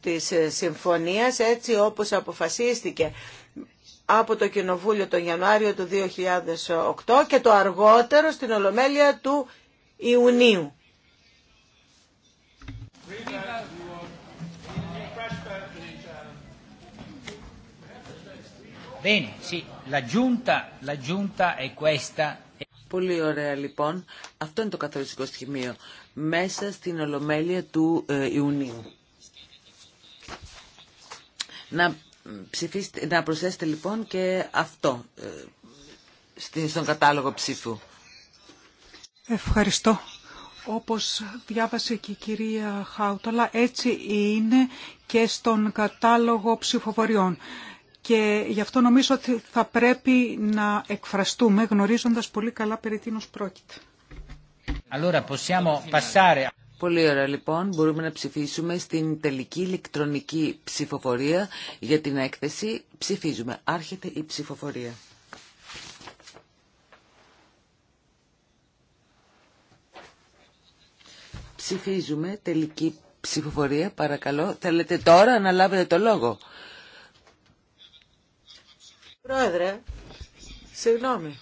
της συμφωνίας έτσι όπως αποφασίστηκε από το Κοινοβούλιο τον Ιανουάριο του 2008 και το αργότερο στην Ολομέλεια του Ιουνίου. Bene, sì, Πολύ ωραία λοιπόν. Αυτό είναι το καθοριστικό σημείο. Μέσα στην Ολομέλεια του ε, Ιουνίου. Να, ψηφίστε, να προσθέσετε λοιπόν και αυτό ε, στον κατάλογο ψήφου. Ευχαριστώ. Όπως διάβασε και η κυρία Χάουτολα, έτσι είναι και στον κατάλογο ψηφοφοριών και γι' αυτό νομίζω ότι θα πρέπει να εκφραστούμε γνωρίζοντας πολύ καλά περί τίνος πρόκειται. Allora, possiamo passare... Πολύ ωραία λοιπόν, μπορούμε να ψηφίσουμε στην τελική ηλεκτρονική ψηφοφορία για την έκθεση. Ψηφίζουμε. Άρχεται η ψηφοφορία. Ψηφίζουμε τελική ψηφοφορία, παρακαλώ. Θέλετε τώρα να λάβετε το λόγο. Πρόεδρε, συγγνώμη.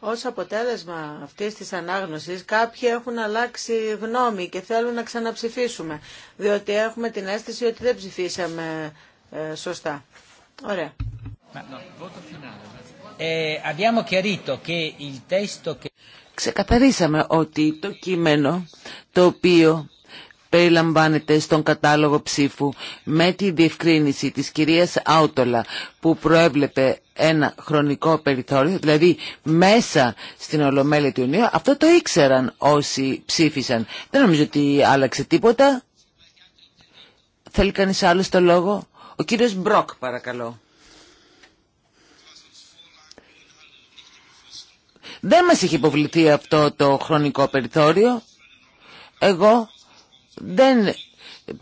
Ως αποτέλεσμα αυτής της ανάγνωσης κάποιοι έχουν αλλάξει γνώμη και θέλουν να ξαναψηφίσουμε, διότι έχουμε την αίσθηση ότι δεν ψηφίσαμε ε, σωστά. Ωραία. Ε, Ξεκαθαρίσαμε ότι το κείμενο το οποίο περιλαμβάνεται στον κατάλογο ψήφου με τη διευκρίνηση της κυρίας Άουτολα που προέβλεπε ένα χρονικό περιθώριο, δηλαδή μέσα στην Ολομέλεια του Ιουνίου, αυτό το ήξεραν όσοι ψήφισαν. Δεν νομίζω ότι άλλαξε τίποτα. Θέλει κανείς άλλο το λόγο. Ο κύριος Μπροκ παρακαλώ. Δεν μας είχε υποβληθεί αυτό το χρονικό περιθώριο. Εγώ δεν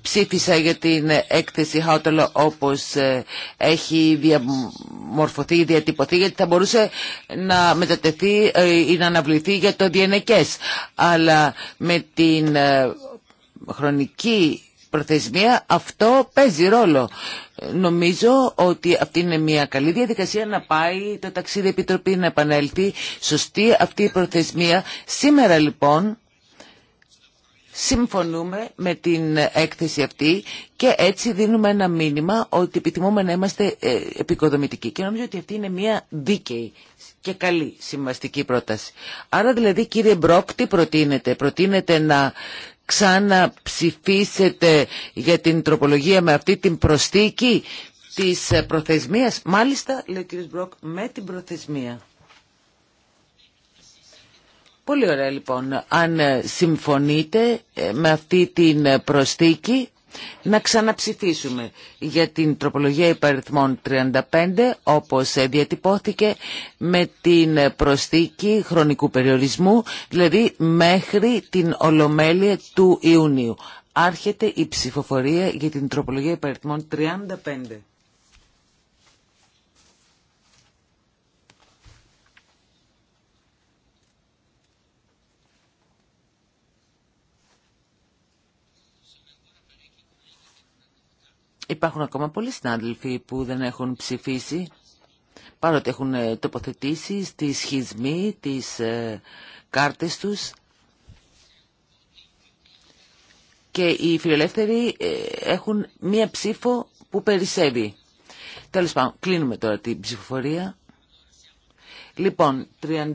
ψήφισα για την έκθεση Hotel όπως ε, έχει διαμορφωθεί ή διατυπωθεί γιατί θα μπορούσε να μετατεθεί ε, ή να αναβληθεί για το διενεκές. Αλλά με την ε, χρονική προθεσμία αυτό παίζει ρόλο. Νομίζω ότι αυτή είναι μια καλή διαδικασία να πάει το ταξίδι επιτροπή να επανέλθει. Σωστή αυτή η προθεσμία. Σήμερα λοιπόν συμφωνούμε με την έκθεση αυτή και έτσι δίνουμε ένα μήνυμα ότι επιθυμούμε να είμαστε ε, επικοδομητικοί. Και νομίζω ότι αυτή είναι μια δίκαιη και καλή συμβαστική πρόταση. Άρα δηλαδή κύριε Μπρόκ τι προτείνετε. Προτείνετε να ξαναψηφίσετε για την τροπολογία με αυτή την προστίκη της προθεσμίας. Μάλιστα λέει ο κύριος Μπρόκ με την προθεσμία. Πολύ ωραία λοιπόν. Αν ε, συμφωνείτε ε, με αυτή την ε, προστίκη να ξαναψηφίσουμε για την τροπολογία υπαριθμών 35 όπως διατυπώθηκε με την προστίκη χρονικού περιορισμού δηλαδή μέχρι την Ολομέλεια του Ιουνίου. Άρχεται η ψηφοφορία για την τροπολογία υπαριθμών 35. Υπάρχουν ακόμα πολλοί συνάδελφοι που δεν έχουν ψηφίσει, παρότι έχουν ε, τοποθετήσει στη σχισμή τις ε, κάρτες τους. Και οι φιλελεύθεροι ε, έχουν μία ψήφο που περισσεύει. Τέλος πάντων, κλείνουμε τώρα την ψηφοφορία. Λοιπόν, 32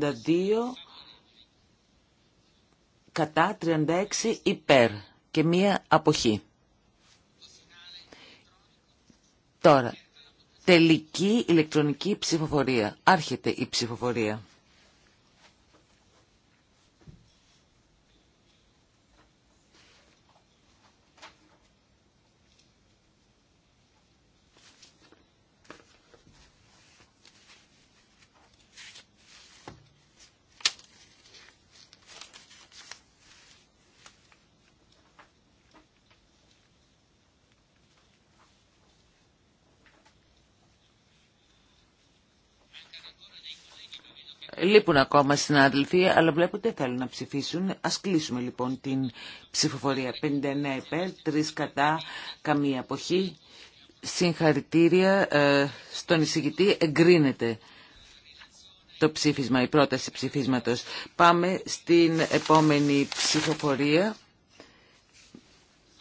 κατά 36 υπέρ και μία αποχή. Τώρα, τελική ηλεκτρονική ψηφοφορία. Άρχεται η ψηφοφορία. Λείπουν ακόμα συνάδελφοι, αλλά βλέπω ότι δεν θέλουν να ψηφίσουν. Α κλείσουμε λοιπόν την ψηφοφορία. 59 υπέρ, 3 κατά, καμία αποχή. Συγχαρητήρια ε, στον εισηγητή. Εγκρίνεται το ψήφισμα, η πρόταση ψηφίσματος. Πάμε στην επόμενη ψηφοφορία.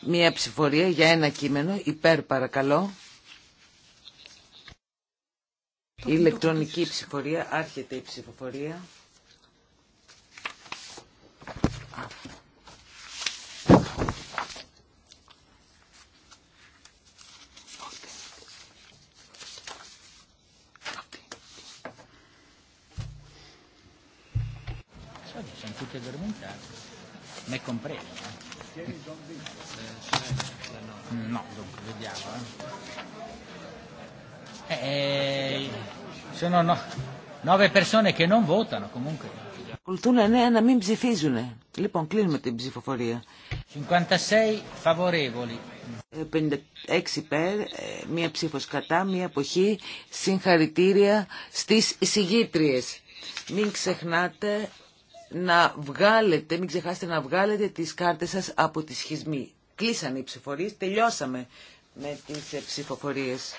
Μία ψηφοφορία για ένα κείμενο. Υπέρ παρακαλώ. Η ηλεκτρονική ψηφοφορία. άρχεται η ψηφοφορία. me Eh. Υπάρχουν nove persone che non votano μην ψηφίζουν. Λοιπόν, κλείνουμε την ψηφοφορία. 56 favorevoli. 56 ε, υπέρ, ε, μία ψήφος κατά, μία αποχή, συγχαρητήρια στις εισηγήτριες. Μην ξεχνάτε να βγάλετε, μην ξεχάσετε να βγάλετε τις κάρτες σας από τη σχισμή. Κλείσανε οι ψηφορίες, τελειώσαμε με τις ε, ψηφοφορίες.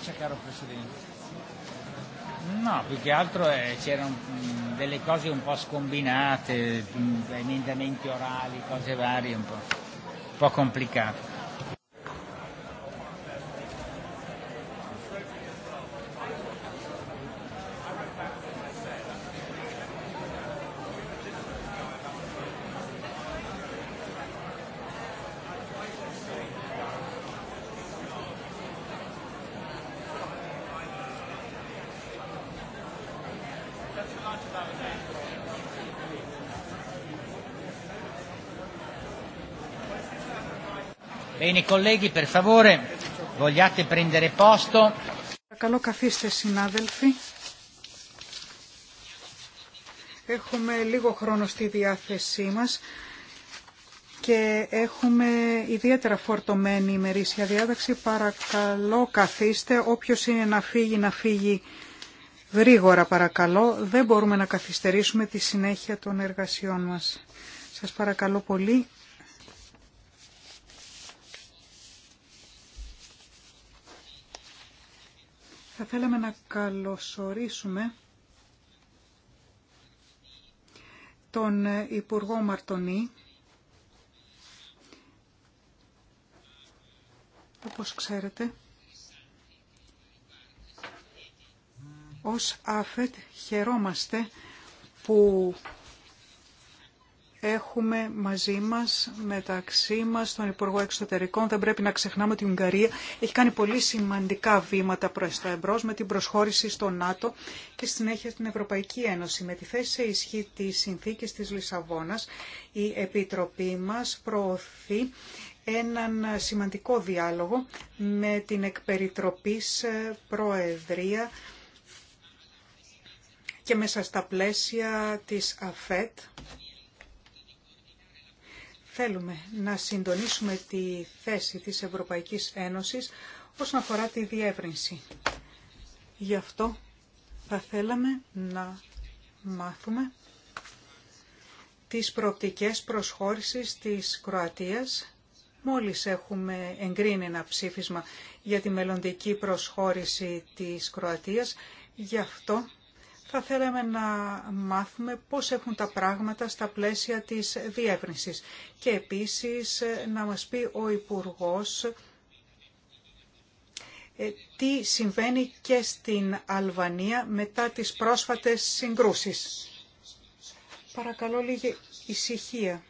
faccia, caro Presidente. No, più che altro c'erano delle cose un po' scombinate, emendamenti orali, cose varie, un po', un po complicate. Bene, colleghi, per favore, vogliate prendere posto. καθίστε συνάδελφοι. Έχουμε λίγο χρόνο στη διάθεσή μας και έχουμε ιδιαίτερα φορτωμένη ημερήσια διάταξη. Παρακαλώ καθίστε. Όποιος είναι να φύγει, να φύγει γρήγορα παρακαλώ. Δεν μπορούμε να καθυστερήσουμε τη συνέχεια των εργασιών μας. Σας παρακαλώ πολύ, Θα θέλαμε να καλωσορίσουμε τον Υπουργό Μαρτονή. Όπως ξέρετε, ως ΑΦΕΤ χαιρόμαστε που έχουμε μαζί μας, μεταξύ μας, τον Υπουργό Εξωτερικών. Δεν πρέπει να ξεχνάμε ότι η Ουγγαρία έχει κάνει πολύ σημαντικά βήματα προς τα εμπρός με την προσχώρηση στο ΝΑΤΟ και συνέχεια στην Ευρωπαϊκή Ένωση. Με τη θέση σε ισχύ τη συνθήκη της Λισαβόνας, η Επιτροπή μας προωθεί έναν σημαντικό διάλογο με την εκπεριτροπής Προεδρία και μέσα στα πλαίσια της ΑΦΕΤ θέλουμε να συντονίσουμε τη θέση της Ευρωπαϊκής Ένωσης όσον αφορά τη διεύρυνση. Γι' αυτό θα θέλαμε να μάθουμε τις προοπτικές προσχώρησης της Κροατίας. Μόλις έχουμε εγκρίνει ένα ψήφισμα για τη μελλοντική προσχώρηση της Κροατίας, γι' αυτό θα θέλαμε να μάθουμε πώς έχουν τα πράγματα στα πλαίσια της διεύρυνσης και επίσης να μας πει ο Υπουργός ε, τι συμβαίνει και στην Αλβανία μετά τις πρόσφατες συγκρούσεις. Παρακαλώ λίγη ησυχία.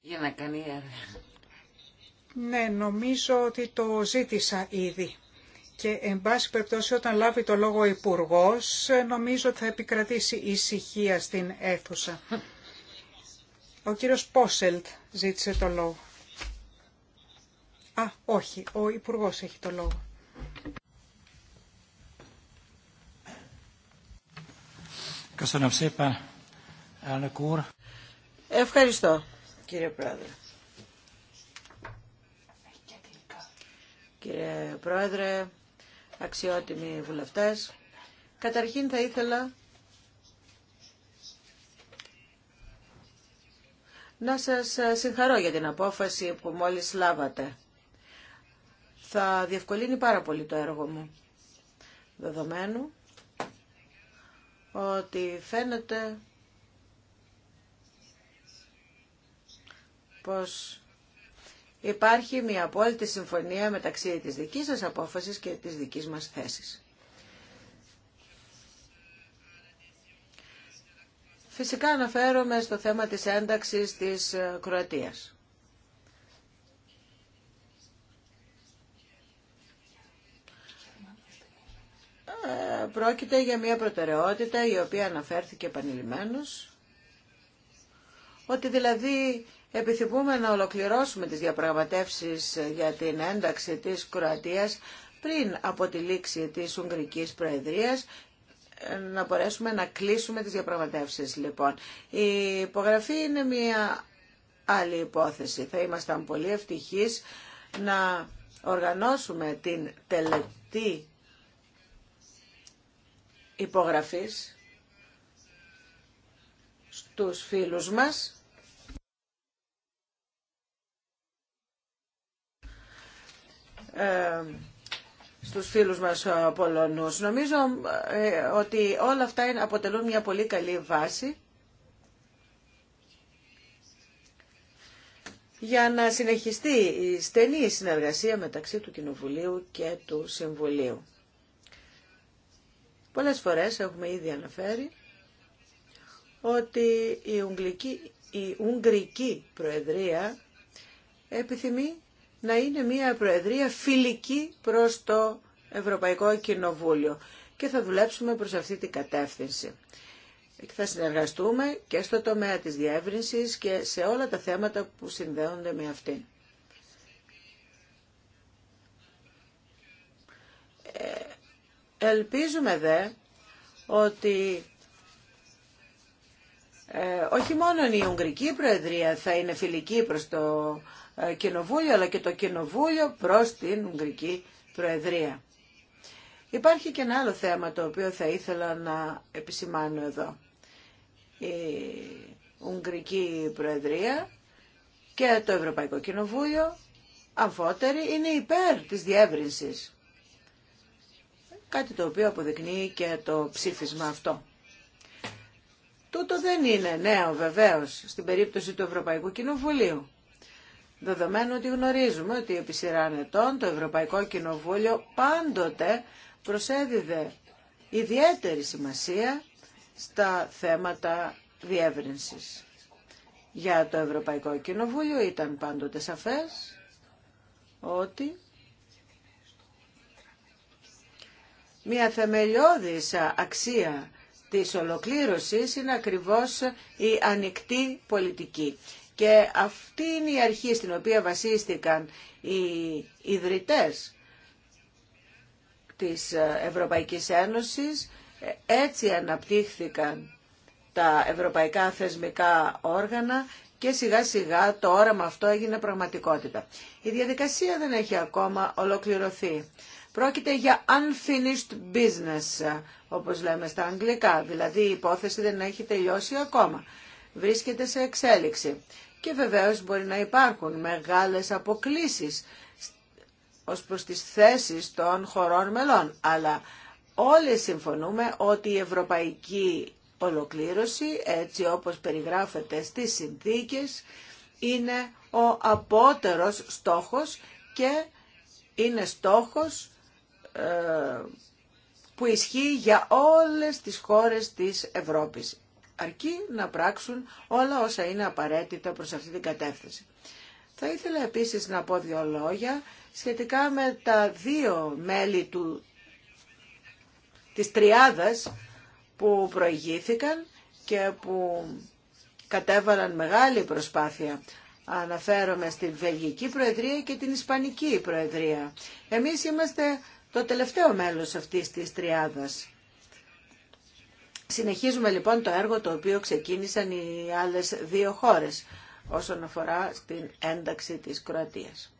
Για να κάνει Ναι, νομίζω ότι το ζήτησα ήδη. Και εν πάση περιπτώσει όταν λάβει το λόγο ο Υπουργός νομίζω ότι θα επικρατήσει ησυχία στην αίθουσα. Ο κύριος Πόσελτ ζήτησε το λόγο. Α, όχι, ο Υπουργός έχει το λόγο. Ευχαριστώ, κύριε Πρόεδρε. Κύριε Πρόεδρε, αξιότιμοι βουλευτές. Καταρχήν θα ήθελα να σας συγχαρώ για την απόφαση που μόλις λάβατε. Θα διευκολύνει πάρα πολύ το έργο μου. Δεδομένου ότι φαίνεται πως υπάρχει μια απόλυτη συμφωνία μεταξύ της δικής σας απόφασης και της δικής μας θέσης. Φυσικά αναφέρομαι στο θέμα της ένταξης της ε, Κροατίας. Ε, πρόκειται για μια προτεραιότητα η οποία αναφέρθηκε επανειλημμένως, ότι δηλαδή επιθυμούμε να ολοκληρώσουμε τις διαπραγματεύσεις για την ένταξη της Κροατίας πριν από τη λήξη της Ουγγρικής Προεδρίας ε, να μπορέσουμε να κλείσουμε τις διαπραγματεύσεις λοιπόν. Η υπογραφή είναι μια άλλη υπόθεση. Θα ήμασταν πολύ ευτυχείς να οργανώσουμε την τελετή υπογραφής στους φίλους μας Ε, στους φίλους μας ε, Πολωνούς. Νομίζω ε, ότι όλα αυτά αποτελούν μια πολύ καλή βάση για να συνεχιστεί η στενή συνεργασία μεταξύ του Κοινοβουλίου και του Συμβουλίου. Πολλές φορές έχουμε ήδη αναφέρει ότι η Ουγγρική, η Ουγγρική Προεδρία επιθυμεί να είναι μια Προεδρία φιλική προς το Ευρωπαϊκό Κοινοβούλιο και θα δουλέψουμε προς αυτή την κατεύθυνση. θα συνεργαστούμε και στο τομέα της διεύρυνσης και σε όλα τα θέματα που συνδέονται με αυτήν. Ε, ελπίζουμε δε ότι ε, όχι μόνο η Ουγγρική Προεδρία θα είναι φιλική προς το ε, κοινοβούλιο αλλά και το Κοινοβούλιο προς την Ουγγρική Προεδρία. Υπάρχει και ένα άλλο θέμα το οποίο θα ήθελα να επισημάνω εδώ. Η Ουγγρική Προεδρία και το Ευρωπαϊκό Κοινοβούλιο αμφότεροι είναι υπέρ της διεύρυνσης. Κάτι το οποίο αποδεικνύει και το ψήφισμα αυτό. Τούτο δεν είναι νέο βεβαίως στην περίπτωση του Ευρωπαϊκού Κοινοβουλίου. Δεδομένου ότι γνωρίζουμε ότι επί ετών το Ευρωπαϊκό Κοινοβούλιο πάντοτε προσέδιδε ιδιαίτερη σημασία στα θέματα διεύρυνσης. Για το Ευρωπαϊκό Κοινοβούλιο ήταν πάντοτε σαφές ότι μια θεμελιώδης αξία της ολοκλήρωσης είναι ακριβώς η ανοιχτή πολιτική. Και αυτή είναι η αρχή στην οποία βασίστηκαν οι ιδρυτές της Ευρωπαϊκής Ένωσης. Έτσι αναπτύχθηκαν τα ευρωπαϊκά θεσμικά όργανα και σιγά σιγά το όραμα αυτό έγινε πραγματικότητα. Η διαδικασία δεν έχει ακόμα ολοκληρωθεί. Πρόκειται για unfinished business, όπως λέμε στα αγγλικά, δηλαδή η υπόθεση δεν έχει τελειώσει ακόμα βρίσκεται σε εξέλιξη. Και βεβαίως μπορεί να υπάρχουν μεγάλες αποκλίσεις ως προς τις θέσεις των χωρών μελών. Αλλά όλοι συμφωνούμε ότι η ευρωπαϊκή ολοκλήρωση, έτσι όπως περιγράφεται στις συνθήκες, είναι ο απότερος στόχος και είναι στόχος ε, που ισχύει για όλες τις χώρες της Ευρώπης αρκεί να πράξουν όλα όσα είναι απαραίτητα προς αυτή την κατεύθυνση. Θα ήθελα επίσης να πω δύο λόγια σχετικά με τα δύο μέλη του, της τριάδας που προηγήθηκαν και που κατέβαλαν μεγάλη προσπάθεια. Αναφέρομαι στην Βελγική Προεδρία και την Ισπανική Προεδρία. Εμείς είμαστε το τελευταίο μέλος αυτής της τριάδας. Συνεχίζουμε λοιπόν το έργο το οποίο ξεκίνησαν οι άλλες δύο χώρες όσον αφορά στην ένταξη της Κροατίας.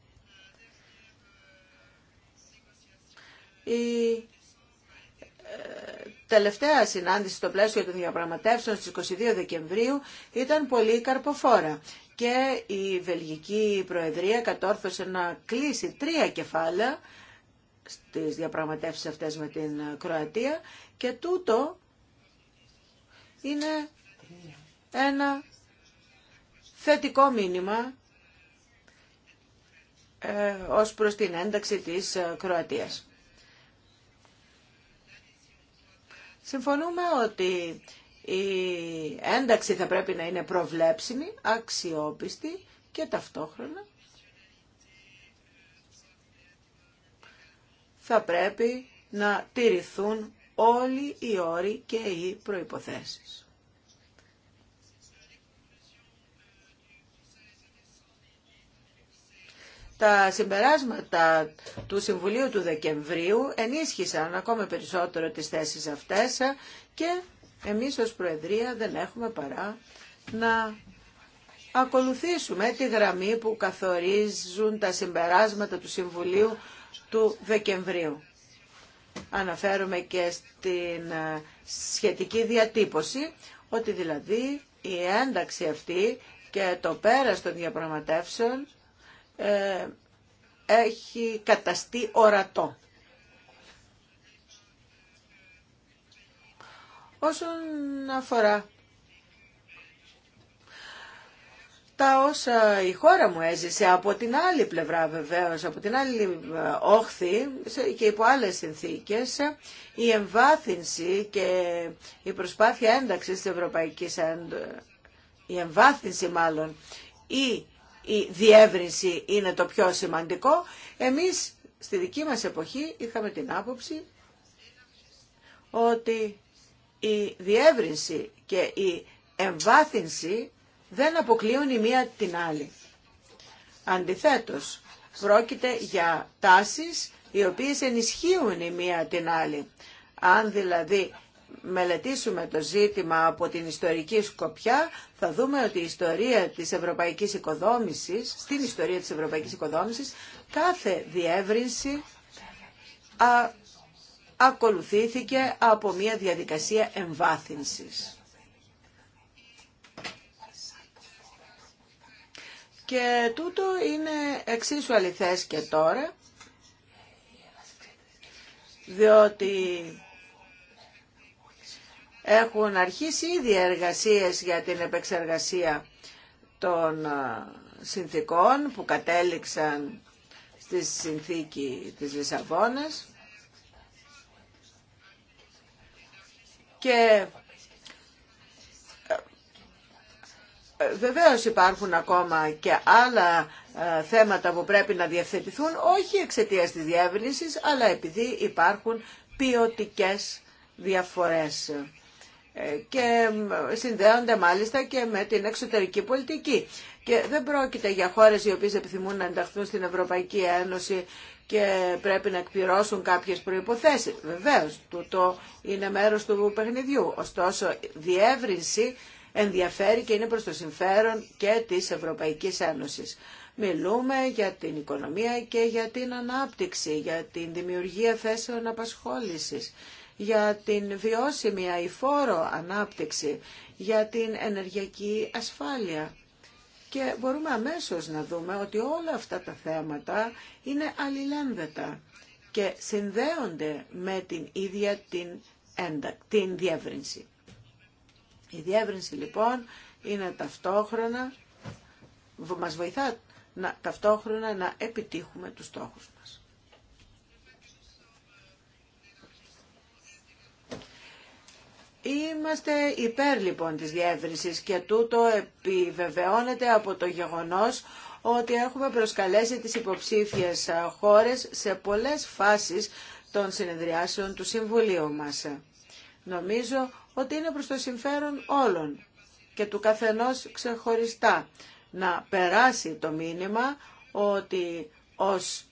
Η ε, τελευταία συνάντηση στο πλαίσιο των διαπραγματεύσεων στις 22 Δεκεμβρίου ήταν πολύ καρποφόρα και η Βελγική Προεδρία κατόρθωσε να κλείσει τρία κεφάλαια στις διαπραγματεύσεις αυτές με την Κροατία και τούτο είναι ένα θετικό μήνυμα ε, ως προς την ένταξη της ε, Κροατίας. Συμφωνούμε ότι η ένταξη θα πρέπει να είναι προβλέψιμη, αξιόπιστη και ταυτόχρονα θα πρέπει να τηρηθούν όλοι οι όροι και οι προϋποθέσεις. Τα συμπεράσματα του Συμβουλίου του Δεκεμβρίου ενίσχυσαν ακόμα περισσότερο τις θέσεις αυτές και εμείς ως Προεδρία δεν έχουμε παρά να ακολουθήσουμε τη γραμμή που καθορίζουν τα συμπεράσματα του Συμβουλίου του Δεκεμβρίου. Αναφέρομαι και στην ε, σχετική διατύπωση, ότι δηλαδή η ένταξη αυτή και το πέρα των διαπραγματεύσεων ε, έχει καταστεί ορατό. Όσον αφορά τα όσα η χώρα μου έζησε από την άλλη πλευρά βεβαίως, από την άλλη ε, όχθη και υπό άλλες συνθήκες, η εμβάθυνση και η προσπάθεια ένταξης της Ευρωπαϊκής η εμβάθυνση μάλλον ή η διεύρυνση είναι το πιο σημαντικό. Εμείς στη δική μας εποχή είχαμε την άποψη ότι η διεύρυνση και η εμβάθυνση δεν αποκλείουν η μία την άλλη. Αντιθέτως, πρόκειται για τάσεις οι οποίες ενισχύουν η μία την άλλη. Αν δηλαδή μελετήσουμε το ζήτημα από την ιστορική σκοπιά, θα δούμε ότι η ιστορία της ευρωπαϊκής οικοδόμησης, στην ιστορία της ευρωπαϊκής οικοδόμησης, κάθε διεύρυνση α, ακολουθήθηκε από μια διαδικασία εμβάθυνσης. Και τούτο είναι εξίσου αληθές και τώρα, διότι έχουν αρχίσει ήδη εργασίες για την επεξεργασία των συνθήκων που κατέληξαν στη συνθήκη της Λισαβόνας και Ε, βεβαίως υπάρχουν ακόμα και άλλα ε, θέματα που πρέπει να διευθετηθούν, όχι εξαιτία της διεύρυνσης, αλλά επειδή υπάρχουν ποιοτικέ διαφορές ε, και συνδέονται μάλιστα και με την εξωτερική πολιτική. Και δεν πρόκειται για χώρες οι οποίες επιθυμούν να ενταχθούν στην Ευρωπαϊκή Ένωση και πρέπει να εκπληρώσουν κάποιες προϋποθέσεις. Βεβαίως, τούτο είναι μέρος του παιχνιδιού. Ωστόσο, διεύρυνση ενδιαφέρει και είναι προς το συμφέρον και της Ευρωπαϊκής Ένωσης. Μιλούμε για την οικονομία και για την ανάπτυξη, για την δημιουργία θέσεων απασχόλησης, για την βιώσιμη αηφόρο ανάπτυξη, για την ενεργειακή ασφάλεια. Και μπορούμε αμέσως να δούμε ότι όλα αυτά τα θέματα είναι αλληλένδετα και συνδέονται με την ίδια την, την διεύρυνση. Η διεύρυνση λοιπόν είναι ταυτόχρονα, μας βοηθά να, ταυτόχρονα να επιτύχουμε τους στόχους μας. Είμαστε υπέρ λοιπόν της διεύρυνσης και τούτο επιβεβαιώνεται από το γεγονός ότι έχουμε προσκαλέσει τις υποψήφιες χώρες σε πολλές φάσεις των συνεδριάσεων του Συμβουλίου μας. Νομίζω ότι είναι προς το συμφέρον όλων και του καθενός ξεχωριστά να περάσει το μήνυμα ότι ως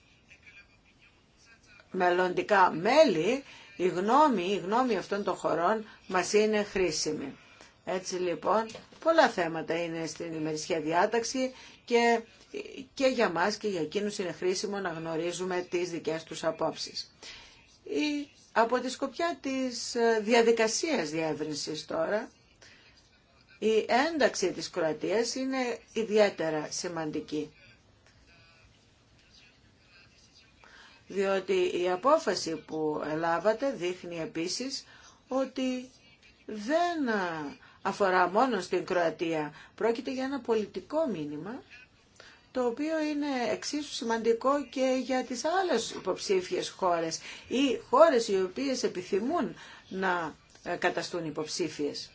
μελλοντικά μέλη η γνώμη, η γνώμη αυτών των χωρών μας είναι χρήσιμη. Έτσι λοιπόν πολλά θέματα είναι στην ημερησία διάταξη και, και για μας και για εκείνους είναι χρήσιμο να γνωρίζουμε τις δικές τους απόψεις. Από τη σκοπιά της ε, διαδικασίας διεύρυνσης τώρα, η ένταξη της Κροατίας είναι ιδιαίτερα σημαντική. Διότι η απόφαση που ελάβατε δείχνει επίσης ότι δεν αφορά μόνο στην Κροατία. Πρόκειται για ένα πολιτικό μήνυμα το οποίο είναι εξίσου σημαντικό και για τις άλλες υποψήφιες χώρες ή χώρες οι οποίες επιθυμούν να ε, καταστούν υποψήφιες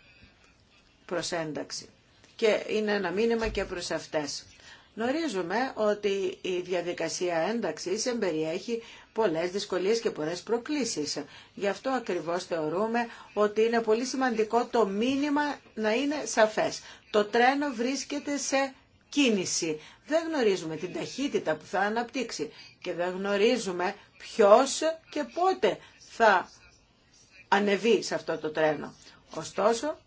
προς ένταξη. Και είναι ένα μήνυμα και προς αυτές. Γνωρίζουμε ότι η διαδικασία ένταξης εμπεριέχει πολλές δυσκολίες και πολλές προκλήσεις. Γι' αυτό ακριβώς θεωρούμε ότι είναι πολύ σημαντικό το μήνυμα να είναι σαφές. Το τρένο βρίσκεται σε κίνηση. Δεν γνωρίζουμε την ταχύτητα που θα αναπτύξει και δεν γνωρίζουμε ποιος και πότε θα ανεβεί σε αυτό το τρένο. Ωστόσο,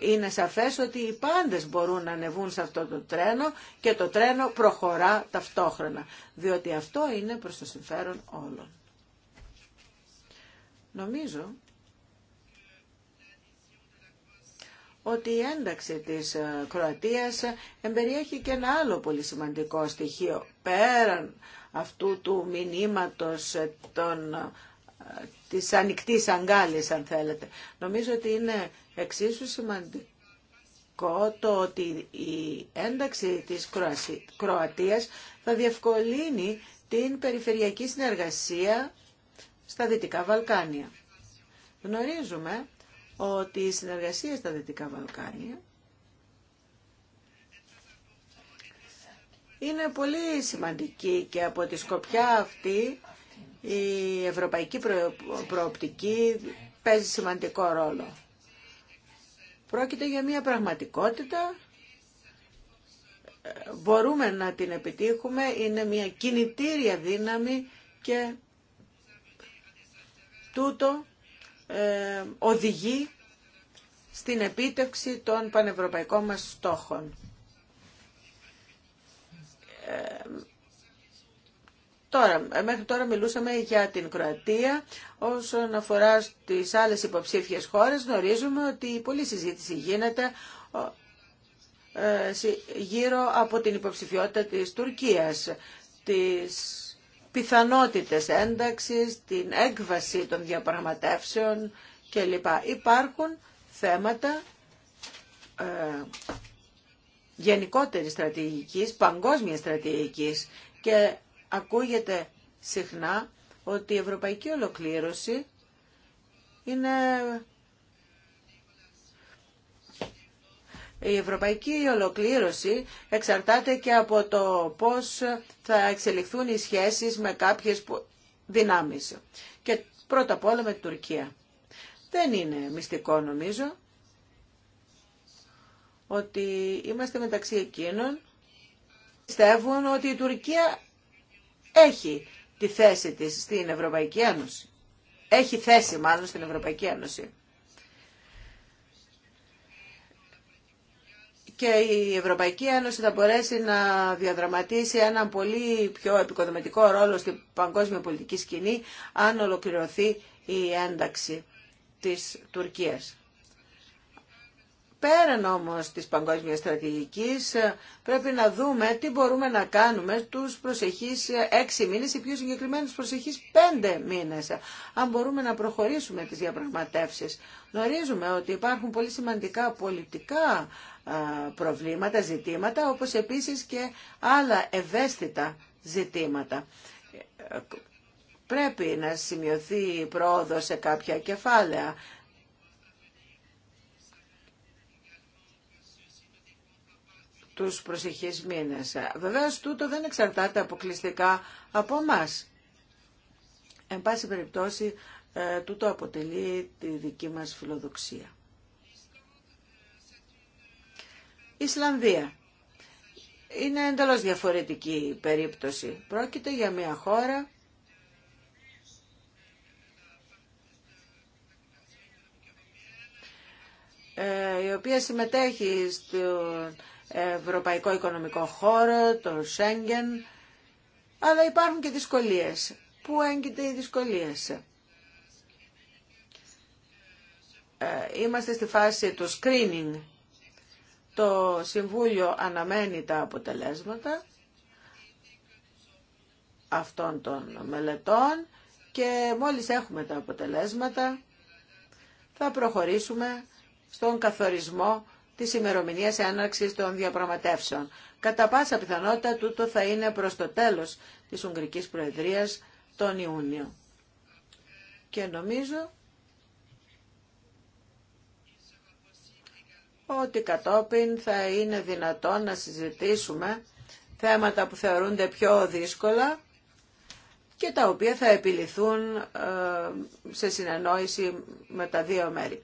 είναι σαφές ότι οι πάντες μπορούν να ανεβούν σε αυτό το τρένο και το τρένο προχωρά ταυτόχρονα, διότι αυτό είναι προς το συμφέρον όλων. Νομίζω ότι η ένταξη της ε, Κροατίας εμπεριέχει και ένα άλλο πολύ σημαντικό στοιχείο πέραν αυτού του μηνύματος ε, των, ε, της ανοιχτή αγκάλης αν θέλετε. Νομίζω ότι είναι εξίσου σημαντικό το ότι η ένταξη της Κροατίας θα διευκολύνει την περιφερειακή συνεργασία στα Δυτικά Βαλκάνια. Γνωρίζουμε ότι η συνεργασία στα Δυτικά Βαλκάνια είναι πολύ σημαντική και από τη σκοπιά αυτή η ευρωπαϊκή προοπτική παίζει σημαντικό ρόλο. Πρόκειται για μια πραγματικότητα, μπορούμε να την επιτύχουμε, είναι μια κινητήρια δύναμη και τούτο ε, οδηγεί στην επίτευξη των πανευρωπαϊκών μας στόχων. Ε, τώρα, μέχρι τώρα μιλούσαμε για την Κροατία. Όσον αφορά στις άλλες υποψήφιες χώρες, γνωρίζουμε ότι πολλή συζήτηση γίνεται ε, γύρω από την υποψηφιότητα της Τουρκίας, της πιθανότητες ένταξης, την έκβαση των διαπραγματεύσεων κλπ. Υπάρχουν θέματα ε, γενικότερης στρατηγικής, παγκόσμιας στρατηγικής και ακούγεται συχνά ότι η ευρωπαϊκή ολοκλήρωση είναι η ευρωπαϊκή ολοκλήρωση εξαρτάται και από το πώς θα εξελιχθούν οι σχέσεις με κάποιες δυνάμεις. Και πρώτα απ' όλα με την Τουρκία. Δεν είναι μυστικό νομίζω ότι είμαστε μεταξύ εκείνων πιστεύουν ότι η Τουρκία έχει τη θέση της στην Ευρωπαϊκή Ένωση. Έχει θέση μάλλον στην Ευρωπαϊκή Ένωση. και η Ευρωπαϊκή Ένωση θα μπορέσει να διαδραματίσει έναν πολύ πιο επικοδομητικό ρόλο στην παγκόσμια πολιτική σκηνή αν ολοκληρωθεί η ένταξη της Τουρκίας. Πέραν όμως της παγκόσμιας στρατηγικής ε, πρέπει να δούμε τι μπορούμε να κάνουμε τους προσεχείς ε, έξι μήνες ή πιο συγκεκριμένους προσεχείς πέντε μήνες, αν μπορούμε να προχωρήσουμε τις διαπραγματεύσεις. Γνωρίζουμε ότι υπάρχουν πολύ σημαντικά πολιτικά ε, προβλήματα, ζητήματα, όπως επίσης και άλλα ευαίσθητα ζητήματα. Πρέπει να σημειωθεί η πρόοδο σε κάποια κεφάλαια, τους προσεχείς μήνες. Βεβαίως τούτο δεν εξαρτάται αποκλειστικά από μας. Εν πάση περιπτώσει, ε, τούτο αποτελεί τη δική μας φιλοδοξία. Ισλανδία. Είναι εντελώς διαφορετική η περίπτωση. Πρόκειται για μια χώρα ε, η οποία συμμετέχει στον Ευρωπαϊκό Οικονομικό Χώρο, το Σέγγεν, αλλά υπάρχουν και δυσκολίες. Πού έγκυται οι δυσκολίες. Ε, είμαστε στη φάση του screening. Το Συμβούλιο αναμένει τα αποτελέσματα αυτών των μελετών και μόλις έχουμε τα αποτελέσματα θα προχωρήσουμε στον καθορισμό τη ημερομηνία έναρξης των διαπραγματεύσεων. Κατά πάσα πιθανότητα τούτο θα είναι προς το τέλος της Ουγγρικής Προεδρίας τον Ιούνιο. Και νομίζω ότι κατόπιν θα είναι δυνατόν να συζητήσουμε θέματα που θεωρούνται πιο δύσκολα και τα οποία θα επιληθούν ε, σε συνεννόηση με τα δύο μέρη.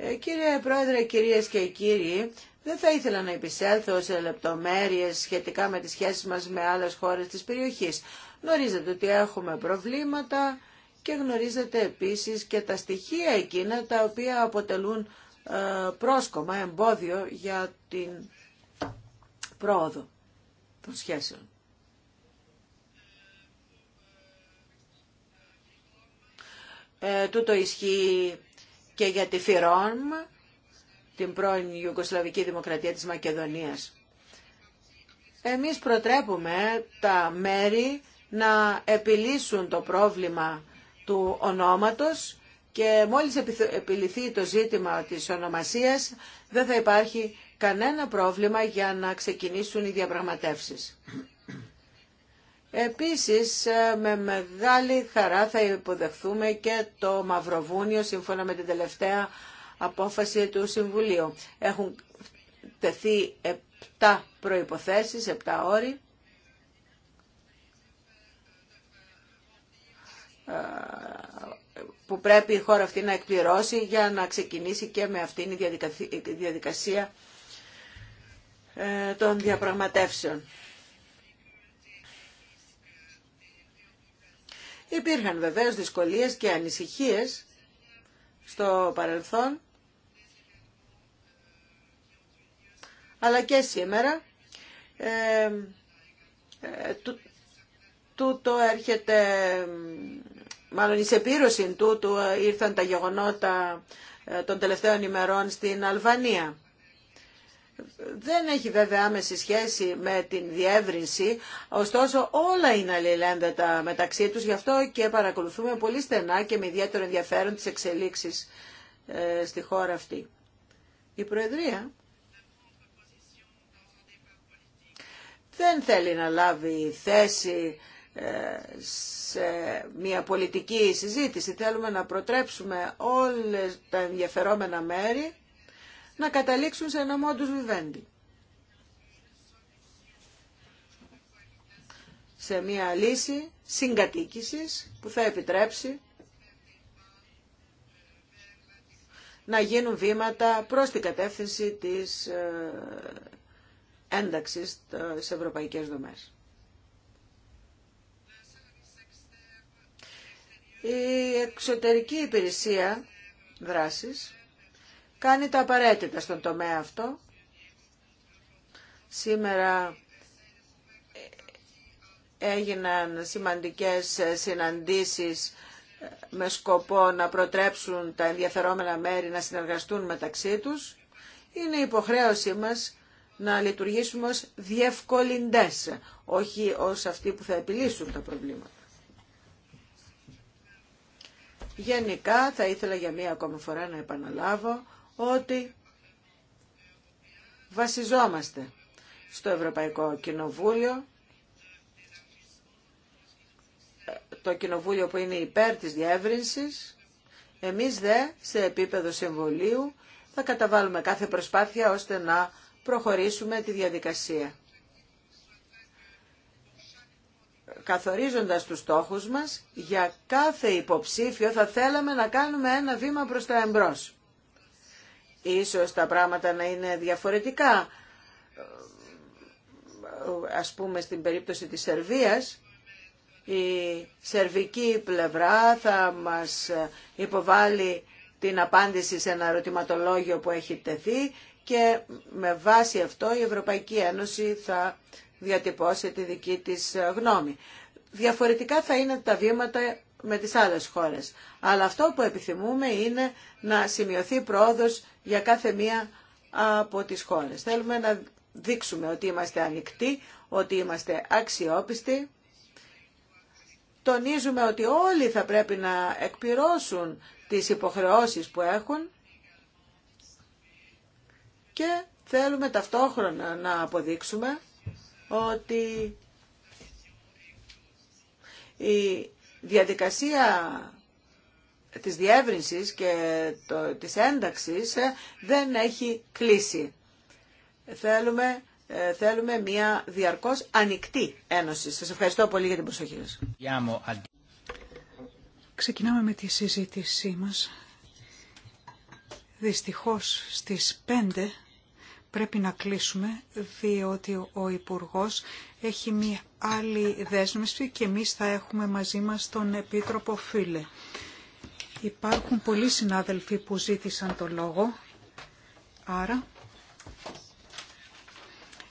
Ε, κύριε Πρόεδρε, κυρίες και κύριοι, δεν θα ήθελα να επισέλθω σε λεπτομέρειες σχετικά με τις σχέσεις μας με άλλες χώρες της περιοχής. Γνωρίζετε ότι έχουμε προβλήματα και γνωρίζετε επίσης και τα στοιχεία εκείνα τα οποία αποτελούν ε, πρόσκομα, εμπόδιο για την πρόοδο των σχέσεων. Ε, τούτο ισχύει και για τη Φιρόμ, την πρώην Ιουγκοσλαβική Δημοκρατία της Μακεδονίας. Εμείς προτρέπουμε τα μέρη να επιλύσουν το πρόβλημα του ονόματος και μόλις επιληθεί το ζήτημα της ονομασίας δεν θα υπάρχει κανένα πρόβλημα για να ξεκινήσουν οι διαπραγματεύσεις. Επίσης, ε, με μεγάλη χαρά θα υποδεχθούμε και το Μαυροβούνιο, σύμφωνα με την τελευταία απόφαση του Συμβουλίου. Έχουν τεθεί επτά προϋποθέσεις, επτά όροι. Ε, που πρέπει η χώρα αυτή να εκπληρώσει για να ξεκινήσει και με αυτήν η διαδικασία ε, των διαπραγματεύσεων. Υπήρχαν βεβαίως δυσκολίες και ανησυχίες στο παρελθόν, αλλά και σήμερα. Ε, ε του, τούτο έρχεται, μάλλον η σεπήρωση του ε, ήρθαν τα γεγονότα ε, των τελευταίων ημερών στην Αλβανία δεν έχει βέβαια άμεση σχέση με την διεύρυνση, ωστόσο όλα είναι αλληλένδετα μεταξύ τους, γι' αυτό και παρακολουθούμε πολύ στενά και με ιδιαίτερο ενδιαφέρον τις εξελίξεις ε, στη χώρα αυτή. Η Προεδρία δεν θέλει να λάβει θέση ε, σε μια πολιτική συζήτηση. Θέλουμε να προτρέψουμε όλες τα ενδιαφερόμενα μέρη να καταλήξουν σε ένα μόντους βιβέντη. Σε μια λύση συγκατοίκησης που θα επιτρέψει να γίνουν βήματα προς την κατεύθυνση της ε, ένταξης σε ευρωπαϊκές δομές. Η εξωτερική υπηρεσία δράσης κάνει τα απαραίτητα στον τομέα αυτό. Σήμερα έγιναν σημαντικές συναντήσεις με σκοπό να προτρέψουν τα ενδιαφερόμενα μέρη να συνεργαστούν μεταξύ τους. Είναι υποχρέωσή μας να λειτουργήσουμε ως διευκολυντές, όχι ως αυτοί που θα επιλύσουν τα προβλήματα. Γενικά θα ήθελα για μία ακόμη φορά να επαναλάβω ότι βασιζόμαστε στο Ευρωπαϊκό Κοινοβούλιο, το Κοινοβούλιο που είναι υπέρ της διεύρυνσης, εμείς δε σε επίπεδο συμβολίου θα καταβάλουμε κάθε προσπάθεια ώστε να προχωρήσουμε τη διαδικασία. Καθορίζοντας τους στόχους μας, για κάθε υποψήφιο θα θέλαμε να κάνουμε ένα βήμα προς τα εμπρός. Ίσως τα πράγματα να είναι διαφορετικά. Ας πούμε στην περίπτωση της Σερβίας, η σερβική πλευρά θα μας υποβάλει την απάντηση σε ένα ερωτηματολόγιο που έχει τεθεί και με βάση αυτό η Ευρωπαϊκή Ένωση θα διατυπώσει τη δική της γνώμη. Διαφορετικά θα είναι τα βήματα με τις άλλες χώρες. Αλλά αυτό που επιθυμούμε είναι να σημειωθεί πρόοδος για κάθε μία από τις χώρες. Θέλουμε να δείξουμε ότι είμαστε ανοιχτοί, ότι είμαστε αξιόπιστοι. Τονίζουμε ότι όλοι θα πρέπει να εκπληρώσουν τις υποχρεώσεις που έχουν και θέλουμε ταυτόχρονα να αποδείξουμε ότι η διαδικασία της διεύρυνσης και το, της ένταξης ε, δεν έχει κλείσει. Θέλουμε, ε, θέλουμε μια διαρκώς ανοιχτή ένωση. Σας ευχαριστώ πολύ για την προσοχή σας. Ξεκινάμε με τη συζήτησή μας. Δυστυχώς στις 5 πρέπει να κλείσουμε διότι ο Υπουργός έχει μία άλλη δέσμευση και εμείς θα έχουμε μαζί μας τον Επίτροπο Φίλε. Υπάρχουν πολλοί συνάδελφοι που ζήτησαν το λόγο, άρα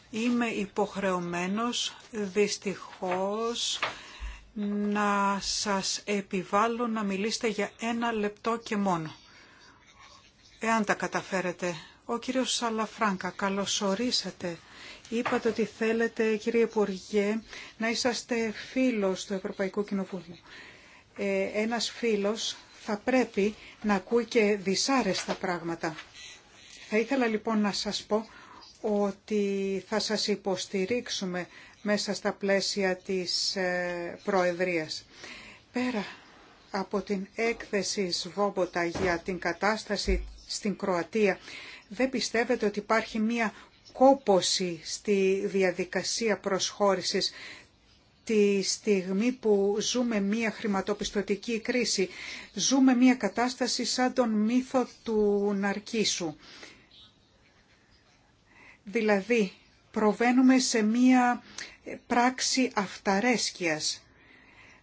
είμαι υποχρεωμένος δυστυχώς να σας επιβάλλω να μιλήσετε για ένα λεπτό και μόνο. Εάν τα καταφέρετε ο κύριος Σαλαφράγκα, καλωσορίσατε. Είπατε ότι θέλετε, κύριε Υπουργέ, να είσαστε φίλος του Ευρωπαϊκού Κοινοβούλου. Ε, ένας φίλος θα πρέπει να ακούει και δυσάρεστα πράγματα. Θα ήθελα λοιπόν να σας πω ότι θα σας υποστηρίξουμε μέσα στα πλαίσια της ε, Προεδρίας. Πέρα από την έκθεση Σβόμποτα για την κατάσταση στην Κροατία δεν πιστεύετε ότι υπάρχει μία κόποση στη διαδικασία προσχώρησης τη στιγμή που ζούμε μία χρηματοπιστωτική κρίση, ζούμε μία κατάσταση σαν τον μύθο του Ναρκίσου. Δηλαδή, προβαίνουμε σε μία πράξη αυταρέσκειας.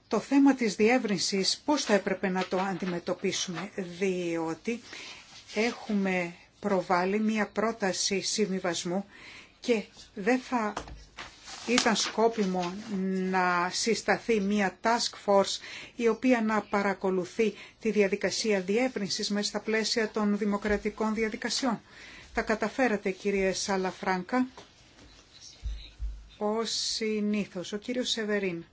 Το θέμα της διεύρυνσης πώς θα έπρεπε να το αντιμετωπίσουμε, διότι έχουμε προβάλλει μία πρόταση συμβιβασμού και δεν θα ήταν σκόπιμο να συσταθεί μία task force η οποία να παρακολουθεί τη διαδικασία διεύρυνσης μέσα στα πλαίσια των δημοκρατικών διαδικασιών. Τα καταφέρατε κύριε Σαλαφράνκα. Ο συνήθως, ο κύριος Σεβερίν.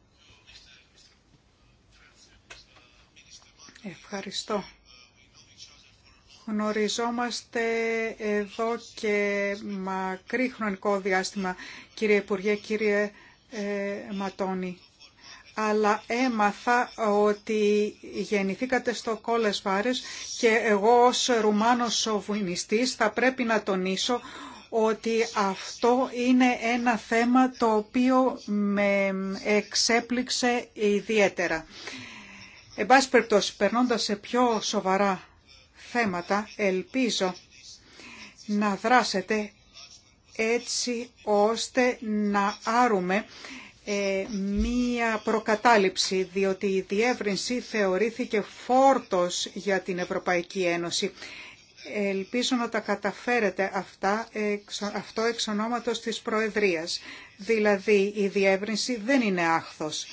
Ευχαριστώ. Γνωριζόμαστε εδώ και μακρύ χρονικό διάστημα, κύριε Υπουργέ, κύριε ε, Ματώνη. Αλλά έμαθα ότι γεννηθήκατε στο Κόλες Βάρες και εγώ ως Ρουμάνος σοβουνιστής θα πρέπει να τονίσω ότι αυτό είναι ένα θέμα το οποίο με εξέπληξε ιδιαίτερα. Εν πάση περιπτώσει, περνώντας σε πιο σοβαρά θέματα ελπίζω να δράσετε έτσι ώστε να άρουμε ε, μία προκατάληψη, διότι η διεύρυνση θεωρήθηκε φόρτος για την Ευρωπαϊκή Ένωση. Ελπίζω να τα καταφέρετε αυτά, αυτό εξ ονόματος της Προεδρίας. Δηλαδή η διεύρυνση δεν είναι άχθος.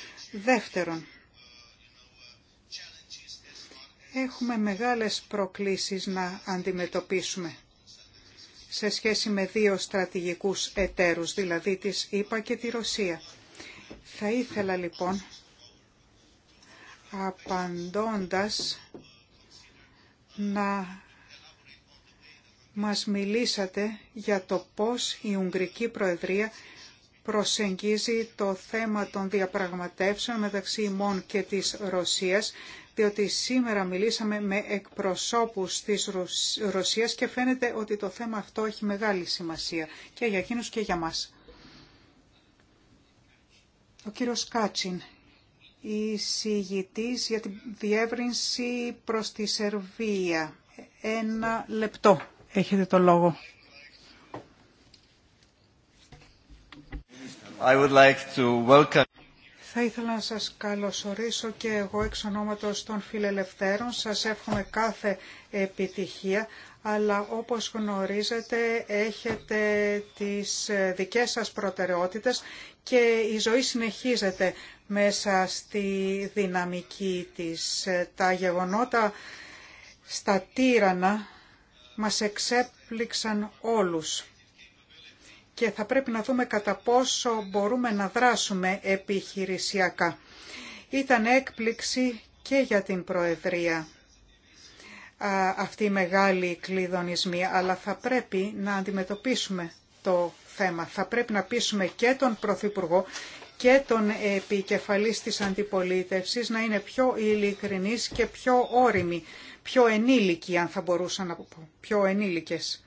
Δεύτερον, Έχουμε μεγάλες προκλήσεις να αντιμετωπίσουμε σε σχέση με δύο στρατηγικούς εταίρους, δηλαδή της ΗΠΑ και τη Ρωσία. Θα ήθελα λοιπόν, απαντώντας, να μας μιλήσατε για το πώς η Ουγγρική Προεδρία προσεγγίζει το θέμα των διαπραγματεύσεων μεταξύ ημών και της Ρωσίας διότι σήμερα μιλήσαμε με εκπροσώπους της Ρωσίας και φαίνεται ότι το θέμα αυτό έχει μεγάλη σημασία και για εκείνους και για μας. Ο κύριος Κάτσιν, συγητής για τη διεύρυνση προς τη Σερβία. Ένα λεπτό. Έχετε το λόγο. I would like to welcome... Θα ήθελα να σας καλωσορίσω και εγώ εξ ονόματος των φιλελευθέρων. Σας εύχομαι κάθε επιτυχία, αλλά όπως γνωρίζετε έχετε τις δικές σας προτεραιότητες και η ζωή συνεχίζεται μέσα στη δυναμική της. Τα γεγονότα στα τύρανα μας εξέπληξαν όλους και θα πρέπει να δούμε κατά πόσο μπορούμε να δράσουμε επιχειρησιακά. Ήταν έκπληξη και για την Προεδρία αυτή η μεγάλη κλειδονισμή, αλλά θα πρέπει να αντιμετωπίσουμε το θέμα. Θα πρέπει να πείσουμε και τον Πρωθυπουργό και τον επικεφαλής της αντιπολίτευσης να είναι πιο ειλικρινής και πιο όρημοι, πιο ενήλικοι αν θα μπορούσα να πω, πιο ενήλικες.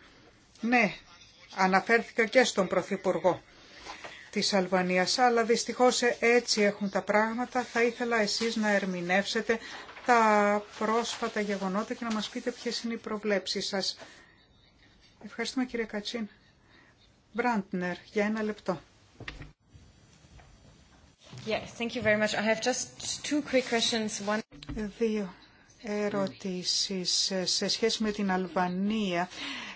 Ναι, Αναφέρθηκα και στον Πρωθυπουργό της Αλβανίας, αλλά δυστυχώς ε, έτσι έχουν τα πράγματα. Θα ήθελα εσείς να ερμηνεύσετε τα πρόσφατα γεγονότα και να μας πείτε ποιες είναι οι προβλέψεις σας. Ευχαριστούμε κύριε Κατσίν. Μπραντνερ, για ένα λεπτό. thank you very much. I have just two quick questions. One... Δύο ερωτήσεις σε σχέση με την Αλβανία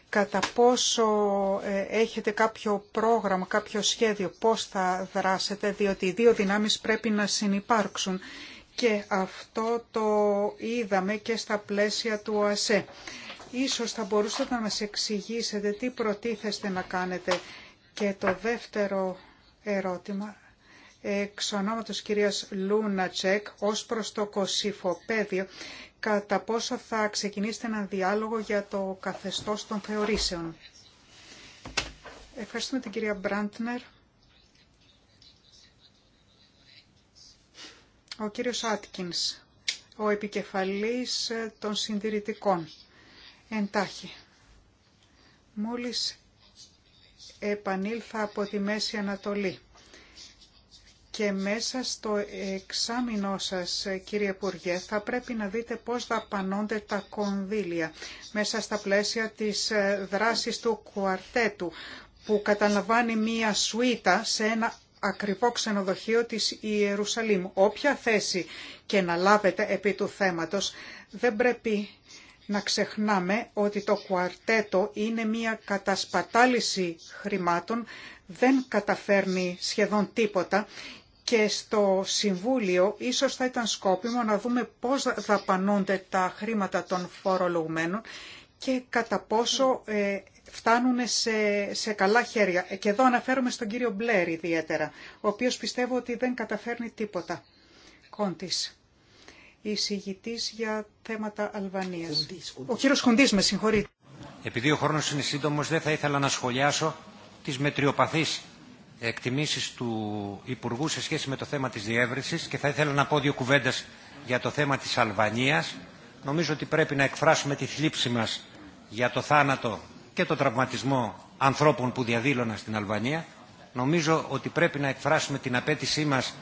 κατά πόσο ε, έχετε κάποιο πρόγραμμα, κάποιο σχέδιο, πώς θα δράσετε, διότι οι δύο δυνάμεις πρέπει να συνεπάρξουν. Και αυτό το είδαμε και στα πλαίσια του ΟΑΣΕ. Ίσως θα μπορούσατε να μας εξηγήσετε τι προτίθεστε να κάνετε. Και το δεύτερο ερώτημα, εξ ονόματος κυρίας Λούνατσεκ, ως προς το κοσυφοπέδιο κατά πόσο θα ξεκινήσετε έναν διάλογο για το καθεστώς των θεωρήσεων. Ευχαριστούμε την κυρία Μπραντνερ. Ο κύριος Άτκινς, ο επικεφαλής των συντηρητικών. Εντάχει. Μόλις επανήλθα από τη Μέση Ανατολή και μέσα στο εξάμεινό σας, κύριε Υπουργέ, θα πρέπει να δείτε πώς δαπανώνται τα κονδύλια μέσα στα πλαίσια της ε, δράσης του κουαρτέτου που καταλαμβάνει μία σουίτα σε ένα ακριβό ξενοδοχείο της Ιερουσαλήμ. Όποια θέση και να λάβετε επί του θέματος, δεν πρέπει να ξεχνάμε ότι το κουαρτέτο είναι μία κατασπατάληση χρημάτων, δεν καταφέρνει σχεδόν τίποτα και στο Συμβούλιο ίσως θα ήταν σκόπιμο να δούμε πώς δαπανούνται τα χρήματα των φορολογουμένων και κατά πόσο ε, φτάνουν σε, καλά χέρια. Και εδώ αναφέρομαι στον κύριο Μπλερ ιδιαίτερα, ο οποίος πιστεύω ότι δεν καταφέρνει τίποτα. Κόντις, εισηγητής για θέματα Αλβανίας. Ο κύριος Χουντής, με συγχωρείτε. Επειδή ο χρόνος είναι σύντομος, δεν θα ήθελα να σχολιάσω τις μετριοπαθείς εκτιμήσει του Υπουργού σε σχέση με το θέμα της διεύρυνση και θα ήθελα να πω δύο κουβέντε για το θέμα της Αλβανίας. Νομίζω ότι πρέπει να εκφράσουμε τη θλίψη μας για το θάνατο και το τραυματισμό ανθρώπων που διαδήλωναν στην Αλβανία. Νομίζω ότι πρέπει να εκφράσουμε την απέτησή μας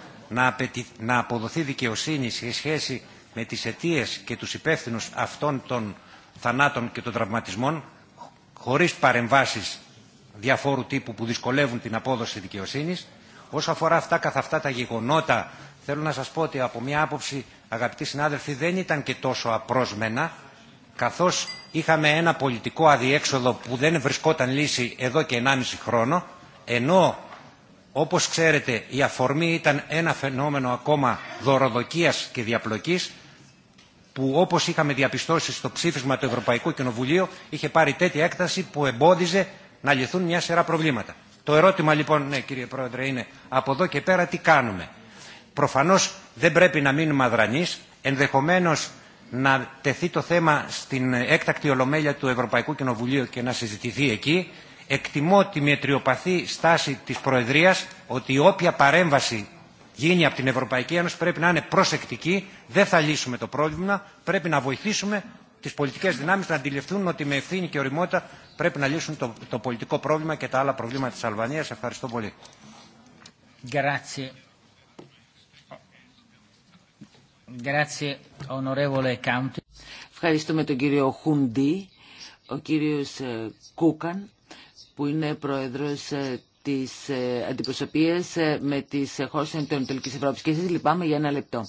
να, αποδοθεί δικαιοσύνη σε σχέση με τι αιτίε και τους υπεύθυνου αυτών των θανάτων και των τραυματισμών, χωρίς παρεμβάσεις διαφόρου τύπου που δυσκολεύουν την απόδοση δικαιοσύνη. Όσο αφορά αυτά καθ' αυτά τα γεγονότα, θέλω να σα πω ότι από μια άποψη, αγαπητοί συνάδελφοι, δεν ήταν και τόσο απρόσμενα, Καθώ είχαμε ένα πολιτικό αδιέξοδο που δεν βρισκόταν λύση εδώ και 1,5 χρόνο, ενώ, όπως ξέρετε, η αφορμή ήταν ένα φαινόμενο ακόμα δωροδοκίας και διαπλοκής, που όπως είχαμε διαπιστώσει στο ψήφισμα του Ευρωπαϊκού Κοινοβουλίου είχε πάρει τέτοια έκταση που εμπόδιζε να λυθούν μια σειρά προβλήματα. Το ερώτημα λοιπόν, ναι κύριε Πρόεδρε, είναι από εδώ και πέρα τι κάνουμε. Προφανώς δεν πρέπει να μείνουμε αδρανείς, ενδεχομένως να τεθεί το θέμα στην έκτακτη ολομέλεια του Ευρωπαϊκού Κοινοβουλίου και να συζητηθεί εκεί. Εκτιμώ τη μετριοπαθή στάση της Προεδρίας ότι όποια παρέμβαση γίνει από την Ευρωπαϊκή Ένωση πρέπει να είναι προσεκτική, δεν θα λύσουμε το πρόβλημα, πρέπει να βοηθήσουμε τι πολιτικέ δυνάμει να αντιληφθούν ότι με ευθύνη και οριμότητα πρέπει να λύσουν το, πολιτικό πρόβλημα και τα άλλα προβλήματα τη Αλβανία. Ευχαριστώ πολύ. Ευχαριστούμε τον κύριο Χούντι, ο κύριο ε, Κούκαν, που είναι πρόεδρος ε, της ε, αντιπροσωπείας με τις χώρε των Ανατολικής Ευρώπης. Και εσείς λυπάμαι για ένα λεπτό.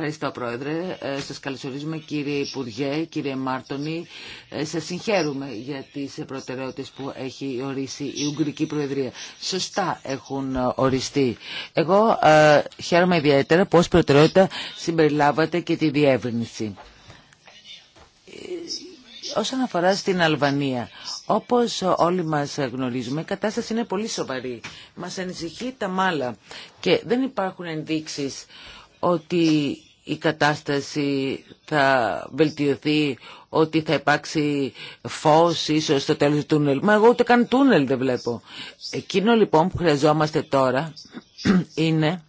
Ευχαριστώ Πρόεδρε. Ε, σας καλωσορίζουμε κύριε Υπουργέ, κύριε Μάρτονη. Ε, σας συγχαίρουμε για τις προτεραιότητες που έχει ορίσει η Ουγγρική Προεδρία. Σωστά έχουν οριστεί. Εγώ ε, χαίρομαι ιδιαίτερα πώς προτεραιότητα συμπεριλάβατε και τη διεύρυνση. Όσον αφορά στην Αλβανία, όπως όλοι μας γνωρίζουμε, η κατάσταση είναι πολύ σοβαρή. Μας ανησυχεί τα μάλα και δεν υπάρχουν ενδείξεις ότι η κατάσταση θα βελτιωθεί, ότι θα υπάρξει φως ίσως στο τέλος του τούνελ. Μα εγώ ούτε καν τούνελ δεν βλέπω. Εκείνο λοιπόν που χρειαζόμαστε τώρα (clears throat) είναι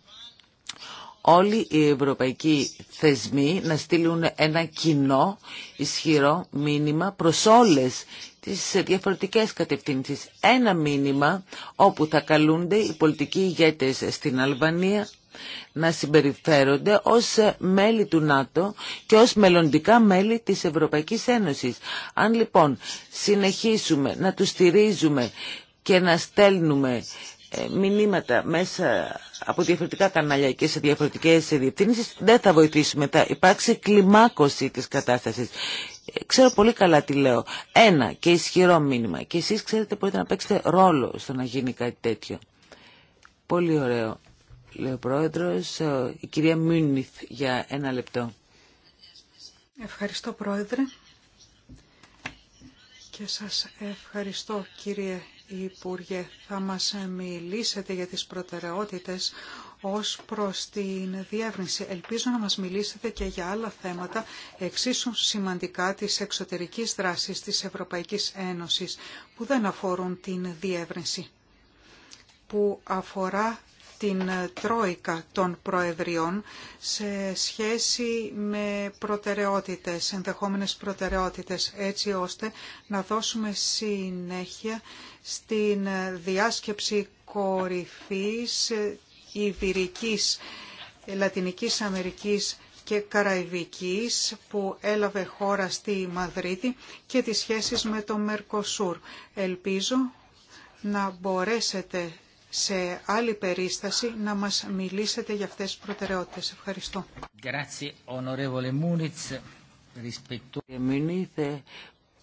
όλοι οι ευρωπαϊκοί θεσμοί να στείλουν ένα κοινό ισχυρό μήνυμα προς όλες τις διαφορετικές κατευθύνσεις. Ένα μήνυμα όπου θα καλούνται οι πολιτικοί ηγέτες στην Αλβανία, να συμπεριφέρονται ως μέλη του ΝΑΤΟ και ως μελλοντικά μέλη της Ευρωπαϊκής Ένωσης. Αν λοιπόν συνεχίσουμε να τους στηρίζουμε και να στέλνουμε ε, μηνύματα μέσα από διαφορετικά κανάλια και σε διαφορετικές διευθύνσεις δεν θα βοηθήσουμε, θα υπάρξει κλιμάκωση της κατάστασης. Ε, ξέρω πολύ καλά τι λέω. Ένα και ισχυρό μήνυμα. Και εσείς ξέρετε μπορείτε να παίξετε ρόλο στο να γίνει κάτι τέτοιο. Πολύ ωραίο λέει Πρόεδρος, ε, η κυρία Μίνιθ για ένα λεπτό. Ευχαριστώ Πρόεδρε και σας ευχαριστώ κύριε Υπουργέ. Θα μας μιλήσετε για τις προτεραιότητες ως προς την διεύρυνση. Ελπίζω να μας μιλήσετε και για άλλα θέματα εξίσου σημαντικά της εξωτερικής δράσης της Ευρωπαϊκής Ένωσης που δεν αφορούν την διεύρυνση που αφορά την ε, τρόικα των προεδριών σε σχέση με προτεραιότητες, ενδεχόμενες προτεραιότητες, έτσι ώστε να δώσουμε συνέχεια στην ε, διάσκεψη κορυφής ε, Ιβηρικής, Λατινικής Αμερικής και Καραϊβικής που έλαβε χώρα στη Μαδρίτη και τις σχέσεις με το Μερκοσούρ. Ελπίζω να μπορέσετε σε άλλη περίσταση να μας μιλήσετε για αυτές τις προτεραιότητες. Ευχαριστώ.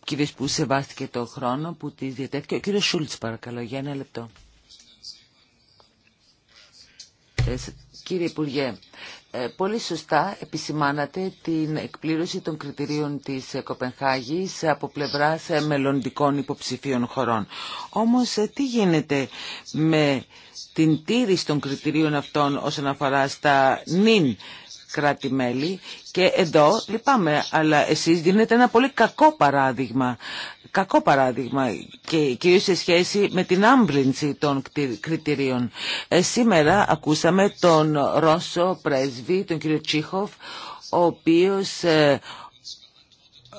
Κύριε ε, που σεβάστηκε το χρόνο που τη διατέθηκε. Ο κύριος Σούλτς παρακαλώ για ένα λεπτό. Ε, κύριε Υπουργέ, ε, πολύ σωστά επισημάνατε την εκπλήρωση των κριτηρίων της ε, Κοπενχάγης από πλευράς ε, μελλοντικών υποψηφίων χωρών. Όμως τι γίνεται με την τήρηση των κριτηρίων αυτών όσον αφορά στα νυν κράτη-μέλη και εδώ λυπάμαι, αλλά εσείς δίνετε ένα πολύ κακό παράδειγμα κακό παράδειγμα και κυρίως σε σχέση με την άμπλυνση των κριτηρίων. Ε, σήμερα ακούσαμε τον Ρώσο πρέσβη, τον κύριο Τσίχοφ, ο οποίος ε,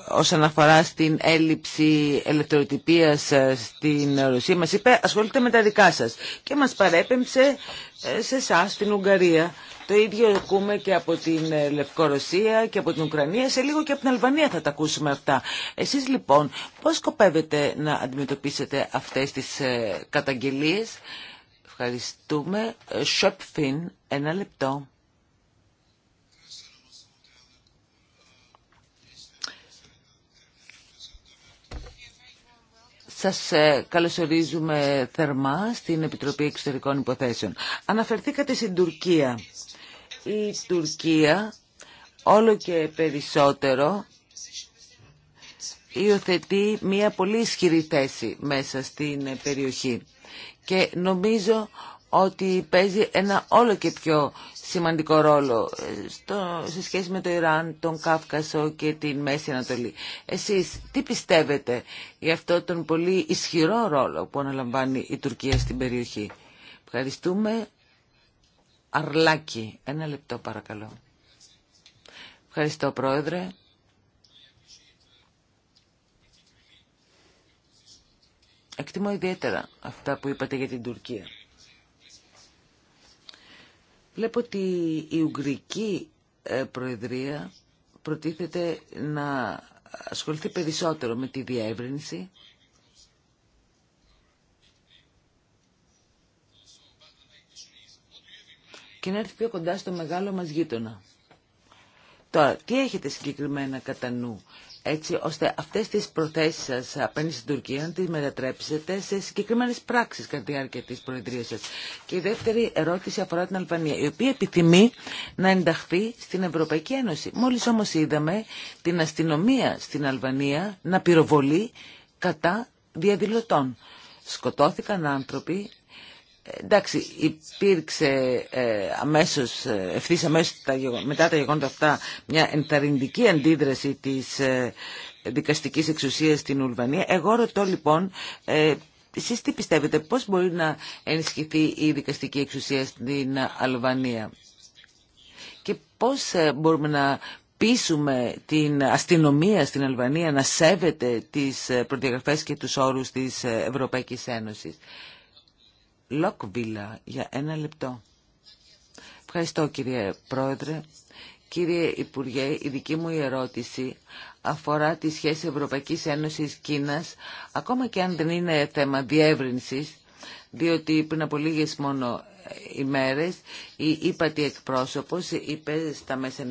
όσον αφορά στην έλλειψη ελευθεροτυπίας ε, στην Ρωσία μας είπε ασχολείται με τα δικά σας και μας παρέπεμψε ε, σε εσά στην Ουγγαρία το ίδιο ακούμε και από την ε, Λευκορωσία και από την Ουκρανία. Σε λίγο και από την Αλβανία θα τα ακούσουμε αυτά. Εσείς λοιπόν πώς σκοπεύετε να αντιμετωπίσετε αυτές τις ε, καταγγελίες. Ευχαριστούμε. Ε, Σοπφιν, ένα λεπτό. Σας καλωσορίζουμε θερμά στην Επιτροπή Εξωτερικών Υποθέσεων. Αναφερθήκατε στην Τουρκία η Τουρκία όλο και περισσότερο υιοθετεί μια πολύ ισχυρή θέση μέσα στην περιοχή και νομίζω ότι παίζει ένα όλο και πιο σημαντικό ρόλο ε, στο, σε σχέση με το Ιράν, τον Κάφκασο και την Μέση Ανατολή. Εσείς τι πιστεύετε για αυτό τον πολύ ισχυρό ρόλο που αναλαμβάνει η Τουρκία στην περιοχή. Ευχαριστούμε. Αρλάκι, Ένα λεπτό παρακαλώ. Ευχαριστώ πρόεδρε. Εκτιμώ ιδιαίτερα αυτά που είπατε για την Τουρκία. Βλέπω ότι η Ουγγρική ε, Προεδρία προτίθεται να ασχοληθεί περισσότερο με τη διεύρυνση και να έρθει πιο κοντά στο μεγάλο μας γείτονα. Τώρα, τι έχετε συγκεκριμένα κατά νου, έτσι ώστε αυτές τις προθέσεις σας απέναντι στην Τουρκία να τις μετατρέψετε σε συγκεκριμένες πράξεις κατά τη διάρκεια της Προεδρίας σας. Και η δεύτερη ερώτηση αφορά την Αλβανία, η οποία επιθυμεί να ενταχθεί στην Ευρωπαϊκή Ένωση. Μόλις όμως είδαμε την αστυνομία στην Αλβανία να πυροβολεί κατά διαδηλωτών. Σκοτώθηκαν άνθρωποι Εντάξει, υπήρξε ε, αμέσως, ε, ευθύς αμέσως μετά τα γεγονότα αυτά μια ενθαρρυντική αντίδραση της ε, δικαστικής εξουσίας στην Ουλβανία. Εγώ ρωτώ λοιπόν, εσείς τι πιστεύετε, πώς μπορεί να ενισχυθεί η δικαστική εξουσία στην Αλβανία και πώς μπορούμε να πείσουμε την αστυνομία στην Αλβανία να σέβεται τις προδιαγραφές και τους όρους της Ευρωπαϊκής Ένωσης. Λόκβιλα για ένα λεπτό. Ευχαριστώ κύριε Πρόεδρε. Κύριε Υπουργέ, η δική μου ερώτηση αφορά τη σχέση Ευρωπαϊκής Ένωσης Κίνας, ακόμα και αν δεν είναι θέμα διεύρυνσης, διότι πριν από λίγες μόνο ε, ημέρες η ύπατη εκπρόσωπος είπε στα μέσα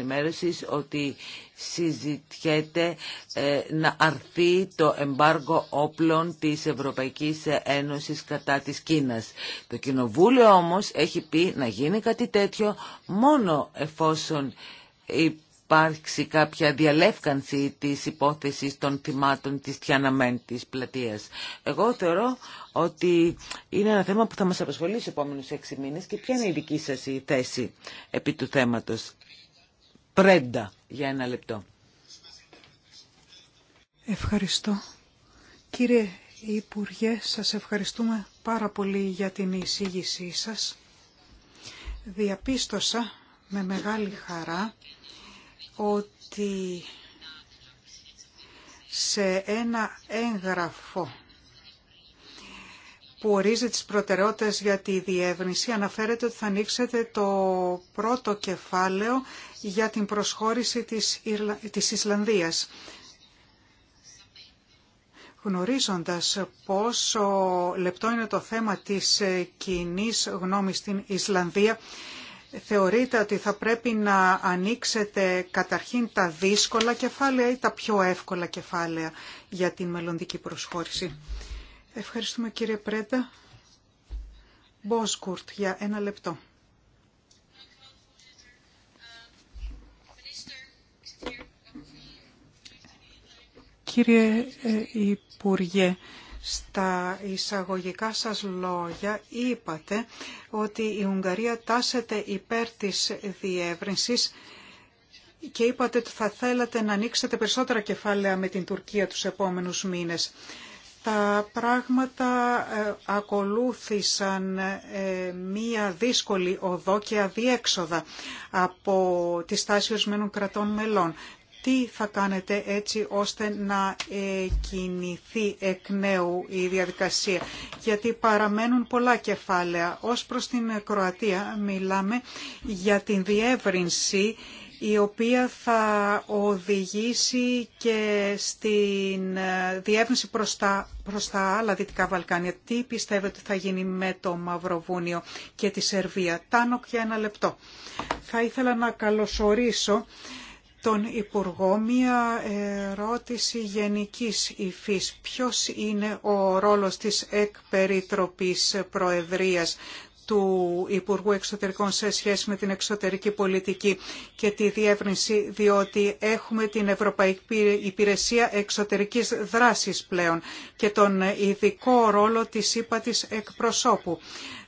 ότι συζητιέται ε, να αρθεί το εμπάργο όπλων της Ευρωπαϊκής Ένωσης κατά της Κίνας. Το Κοινοβούλιο όμως έχει πει να γίνει κάτι τέτοιο μόνο εφόσον υπάρξει κάποια διαλεύκανση της υπόθεσης των θυμάτων της Τιαναμέν της πλατείας. Εγώ θεωρώ ότι είναι ένα θέμα που θα μας απασχολεί στους επόμενους έξι μήνες και ποια είναι η δική σας η θέση επί του θέματος. Πρέντα για ένα λεπτό. Ευχαριστώ. Κύριε Υπουργέ, σας ευχαριστούμε πάρα πολύ για την εισήγησή σας. Διαπίστωσα με μεγάλη χαρά ότι σε ένα έγγραφο που ορίζει τις προτεραιότητες για τη διεύρυνση αναφέρεται ότι θα ανοίξετε το πρώτο κεφάλαιο για την προσχώρηση της, Ιρλα... της Ισλανδίας. Γνωρίζοντας πόσο λεπτό είναι το θέμα της κοινή γνώμης στην Ισλανδία, θεωρείτε ότι θα πρέπει να ανοίξετε καταρχήν τα δύσκολα κεφάλαια ή τα πιο εύκολα κεφάλαια για την μελλοντική προσχώρηση. Ευχαριστούμε κύριε Πρέντα. Μπόσκουρτ για ένα λεπτό. Κύριε ε, Υπουργέ, στα εισαγωγικά σας λόγια είπατε ότι η Ουγγαρία τάσεται υπέρ της διεύρυνσης και είπατε ότι θα θέλατε να ανοίξετε περισσότερα κεφάλαια με την Τουρκία τους επόμενους μήνες τα πράγματα ε, ακολούθησαν ε, μία δύσκολη οδό και αδιέξοδα από τις στάση ορισμένων κρατών μελών. Τι θα κάνετε έτσι ώστε να κινηθεί εκ νέου η διαδικασία. Γιατί παραμένουν πολλά κεφάλαια. Ως προς την Κροατία μιλάμε για την διεύρυνση η οποία θα οδηγήσει και στη ε, διεύνηση προς τα, τα άλλα Δυτικά Βαλκάνια. Τι πιστεύετε ότι θα γίνει με το Μαυροβούνιο και τη Σερβία. Τάνοκ για ένα λεπτό. Θα ήθελα να καλωσορίσω τον Υπουργό μια ερώτηση γενικής υφής. Ποιος είναι ο ρόλος της εκπεριτροπής Προεδρίας του Υπουργού Εξωτερικών σε σχέση με την εξωτερική πολιτική και τη διεύρυνση, διότι έχουμε την Ευρωπαϊκή Υπηρεσία Εξωτερικής Δράσης πλέον και τον ειδικό ρόλο της ύπατης εκπροσώπου.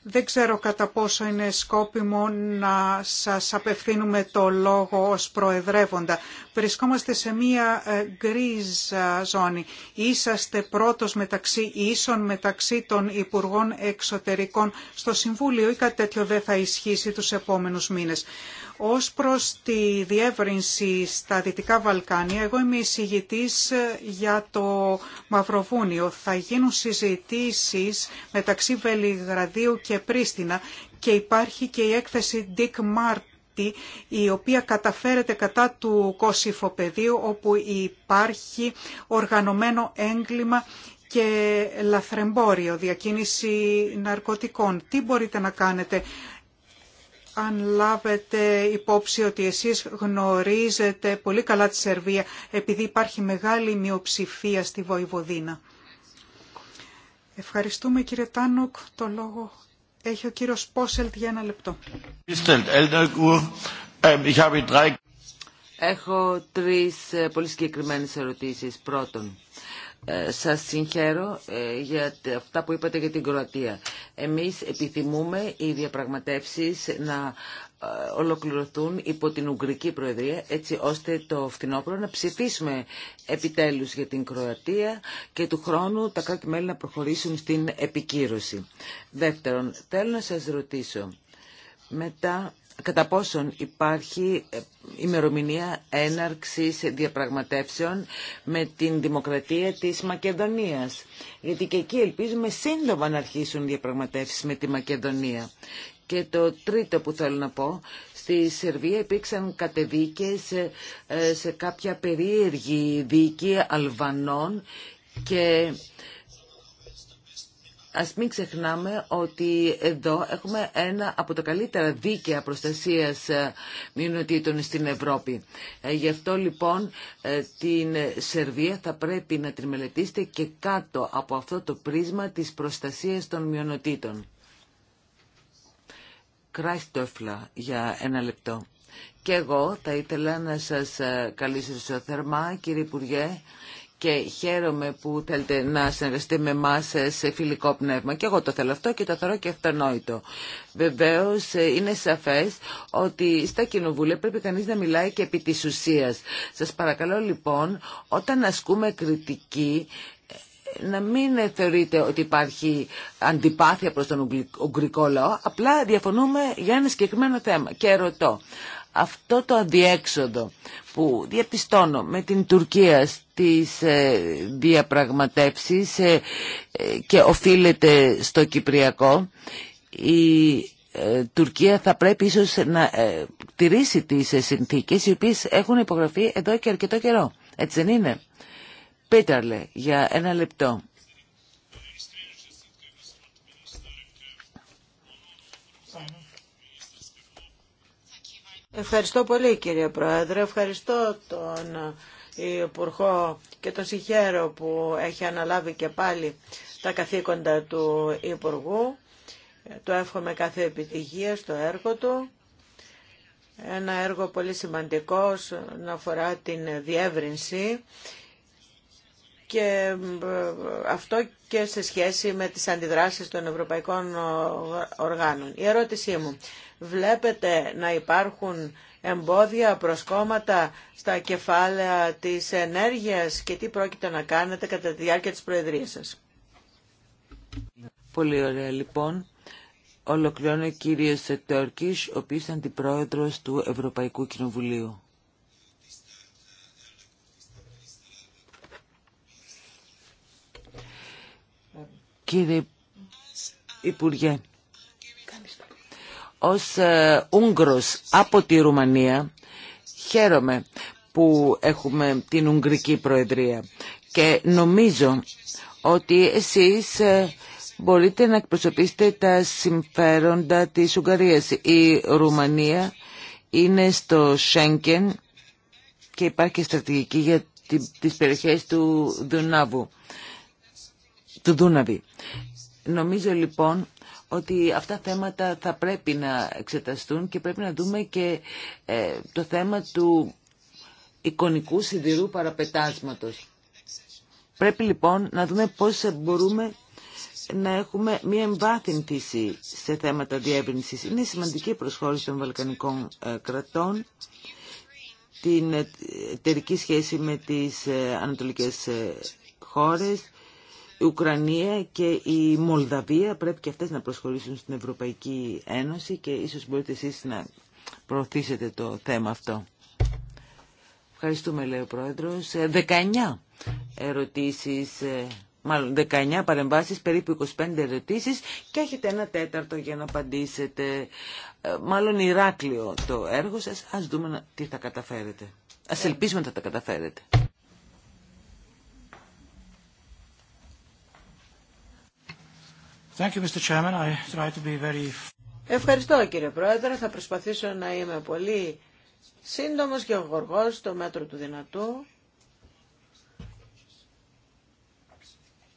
Δεν ξέρω κατά πόσο είναι σκόπιμο να σας απευθύνουμε το λόγο ως προεδρεύοντα. Βρισκόμαστε σε μία ε, γκρίζα ζώνη. Είσαστε πρώτος μεταξύ ίσων μεταξύ των Υπουργών Εξωτερικών στο Συμβούλιο ή κάτι τέτοιο δεν θα ισχύσει τους επόμενους μήνες. Ως προς τη διεύρυνση στα Δυτικά Βαλκάνια, εγώ είμαι εισηγητής για το Μαυροβούνιο. Θα γίνουν συζητήσεις μεταξύ Βελιγραδίου και Πρίστινα και υπάρχει και η έκθεση Dick Marty η οποία καταφέρεται κατά του κοσυφοπεδίου όπου υπάρχει οργανωμένο έγκλημα και λαθρεμπόριο, διακίνηση ναρκωτικών. Τι μπορείτε να κάνετε αν λάβετε υπόψη ότι εσείς γνωρίζετε πολύ καλά τη Σερβία επειδή υπάρχει μεγάλη μειοψηφία στη Βοηβοδίνα. Ευχαριστούμε κύριε Τάνοκ. Το λόγο έχει ο κύριος Πόσελτ για ένα λεπτό. Έχω τρεις ε, πολύ συγκεκριμένες ερωτήσεις. Πρώτον, ε, σας συγχαίρω ε, για αυτά που είπατε για την Κροατία. Εμείς επιθυμούμε οι διαπραγματεύσεις να ε, ολοκληρωθούν υπό την Ουγγρική Προεδρία έτσι ώστε το φθινόπωρο να ψηφίσουμε επιτέλους για την Κροατία και του χρόνου τα κράτη-μέλη να προχωρήσουν στην επικύρωση. Δεύτερον, θέλω να σας ρωτήσω μετά κατά πόσον υπάρχει ε, ημερομηνία έναρξης διαπραγματεύσεων με την Δημοκρατία της Μακεδονίας. Γιατί και εκεί ελπίζουμε σύντομα να αρχίσουν διαπραγματεύσεις με τη Μακεδονία. Και το τρίτο που θέλω να πω, στη Σερβία υπήρξαν κατεδίκες ε, σε κάποια περίεργη δίκη Αλβανών και Ας μην ξεχνάμε ότι εδώ έχουμε ένα από τα καλύτερα δίκαια προστασίας ε, μειονοτήτων στην Ευρώπη. Ε, γι' αυτό λοιπόν ε, την Σερβία θα πρέπει να την μελετήσετε και κάτω από αυτό το πρίσμα της προστασίας των μειονοτήτων. Κράιστοφλα για ένα λεπτό. Και εγώ θα ήθελα να σας καλήσω θερμά κύριε Υπουργέ και χαίρομαι που θέλετε να συνεργαστείτε με εμά σε φιλικό πνεύμα. Και εγώ το θέλω αυτό και το θεωρώ και αυτονόητο. Βεβαίω είναι σαφέ ότι στα κοινοβούλια πρέπει κανεί να μιλάει και επί τη ουσία. Σα παρακαλώ λοιπόν όταν ασκούμε κριτική να μην θεωρείτε ότι υπάρχει αντιπάθεια προς τον ουγγρικό λαό, απλά διαφωνούμε για ένα συγκεκριμένο θέμα. Και ρωτώ, αυτό το αδιέξοδο που διαπιστώνω με την Τουρκία στις ε, διαπραγματεύσεις ε, ε, και οφείλεται στο Κυπριακό, η Τουρκία θα πρέπει ίσως να τηρήσει τις συνθήκες οι οποίες έχουν υπογραφεί εδώ και αρκετό καιρό. Έτσι δεν είναι. Πέταρλε για ένα λεπτό. Ευχαριστώ πολύ κύριε Πρόεδρε. Ευχαριστώ τον Υπουργό και τον συγχαίρω που έχει αναλάβει και πάλι τα καθήκοντα του Υπουργού. Το εύχομαι κάθε επιτυχία στο έργο του. Ένα έργο πολύ σημαντικό να αφορά την διεύρυνση και ε, αυτό και σε σχέση με τις αντιδράσεις των ευρωπαϊκών οργάνων. Η ερώτησή μου βλέπετε να υπάρχουν εμπόδια κόμματα στα κεφάλαια της ενέργειας και τι πρόκειται να κάνετε κατά τη διάρκεια της Προεδρίας σας. Πολύ ωραία λοιπόν. Ολοκληρώνω κύριε κύριος ο οποίος ήταν την πρόεδρος του Ευρωπαϊκού Κοινοβουλίου. Κύριε Υπουργέ, ως ε, Ούγγρος από τη Ρουμανία χαίρομαι που έχουμε την Ουγγρική Προεδρία και νομίζω ότι εσείς ε, μπορείτε να εκπροσωπήσετε τα συμφέροντα της Ουγγαρίας. Η Ρουμανία είναι στο Σέγκεν και υπάρχει στρατηγική για τις περιοχές του Δουνάβου, του Δούναβη. Νομίζω λοιπόν ότι αυτά τα θέματα θα πρέπει να εξεταστούν και πρέπει να δούμε και ε, το θέμα του εικονικού σιδηρού παραπετάσματος. Πρέπει λοιπόν να δούμε πώς μπορούμε να έχουμε μία εμβάθυνση σε θέματα διεύρυνσης. Είναι σημαντική η προσχώρηση των Βαλκανικών ε, κρατών, την εταιρική σχέση με τις ε, ανατολικές χώρες, η Ουκρανία και η Μολδαβία πρέπει και αυτές να προσχωρήσουν στην Ευρωπαϊκή Ένωση και ίσως μπορείτε εσείς να προωθήσετε το θέμα αυτό. Ευχαριστούμε, λέει ο Πρόεδρος. 19 ε, ερωτήσεις, ε, μάλλον 19 παρεμβάσεις, περίπου 25 ερωτήσεις και έχετε ένα τέταρτο για να απαντήσετε. Ε, μάλλον Ηράκλειο το έργο σας. Ας δούμε τι θα καταφέρετε. Ας ελπίσουμε να τα καταφέρετε. Ευχαριστώ κύριε Πρόεδρε. Θα προσπαθήσω να είμαι πολύ σύντομος και γοργός στο μέτρο του δυνατού.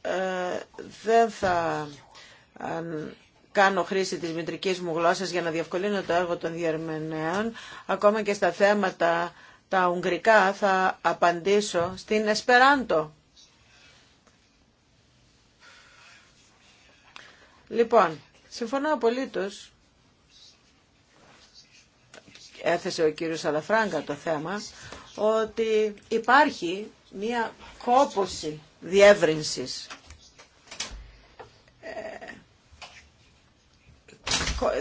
Ε, δεν θα κάνω χρήση της μητρικής μου γλώσσας για να διευκολύνω το έργο των διερμενέων. Ακόμα και στα θέματα τα ουγγρικά θα απαντήσω στην Εσπεράντο. Λοιπόν, συμφωνώ απολύτως. Έθεσε ο κύριος Αλαφράγκα το θέμα ότι υπάρχει μία κόπωση διεύρυνσης. Ε,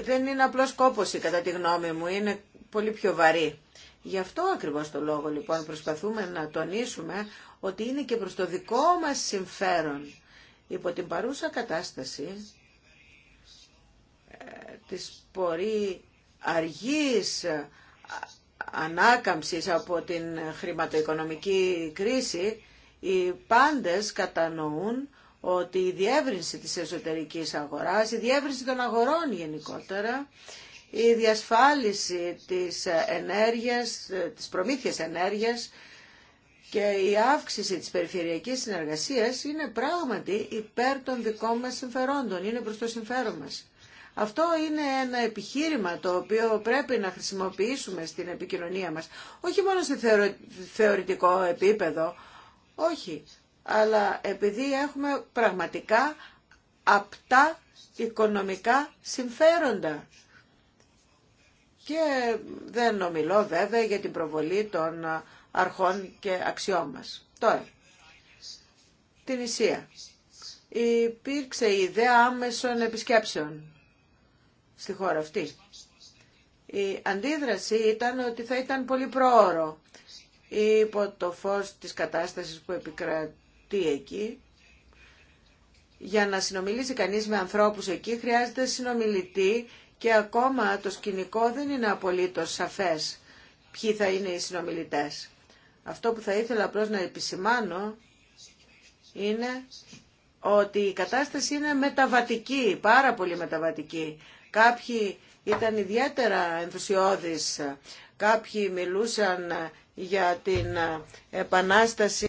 δεν είναι απλώς κόπωση κατά τη γνώμη μου, είναι πολύ πιο βαρύ. Γι' αυτό ακριβώς το λόγο λοιπόν προσπαθούμε να τονίσουμε ότι είναι και προς το δικό μας συμφέρον. Υπό την παρούσα κατάσταση της πορεί αργής ανάκαμψης από την χρηματοοικονομική κρίση, οι πάντες κατανοούν ότι η διεύρυνση της εσωτερικής αγοράς, η διεύρυνση των αγορών γενικότερα, η διασφάλιση της ενέργειας, της προμήθειας ενέργειας και η αύξηση της περιφερειακής συνεργασίας είναι πράγματι υπέρ των δικών μας συμφερόντων, είναι προς το συμφέρον μας. Αυτό είναι ένα επιχείρημα το οποίο πρέπει να χρησιμοποιήσουμε στην επικοινωνία μας. Όχι μόνο σε θεωρητικό επίπεδο, όχι, αλλά επειδή έχουμε πραγματικά απτά οικονομικά συμφέροντα. Και δεν ομιλώ βέβαια για την προβολή των αρχών και αξιών μας. Τώρα, την Ισία. Υπήρξε η ιδέα άμεσων επισκέψεων στη χώρα αυτή. Η αντίδραση ήταν ότι θα ήταν πολύ πρόωρο υπό το φως της κατάστασης που επικρατεί εκεί. Για να συνομιλήσει κανείς με ανθρώπους εκεί χρειάζεται συνομιλητή και ακόμα το σκηνικό δεν είναι απολύτως σαφές ποιοι θα είναι οι συνομιλητές. Αυτό που θα ήθελα απλώς να επισημάνω είναι ότι η κατάσταση είναι μεταβατική, πάρα πολύ μεταβατική. Κάποιοι ήταν ιδιαίτερα ενθουσιώδεις, κάποιοι μιλούσαν για την επανάσταση,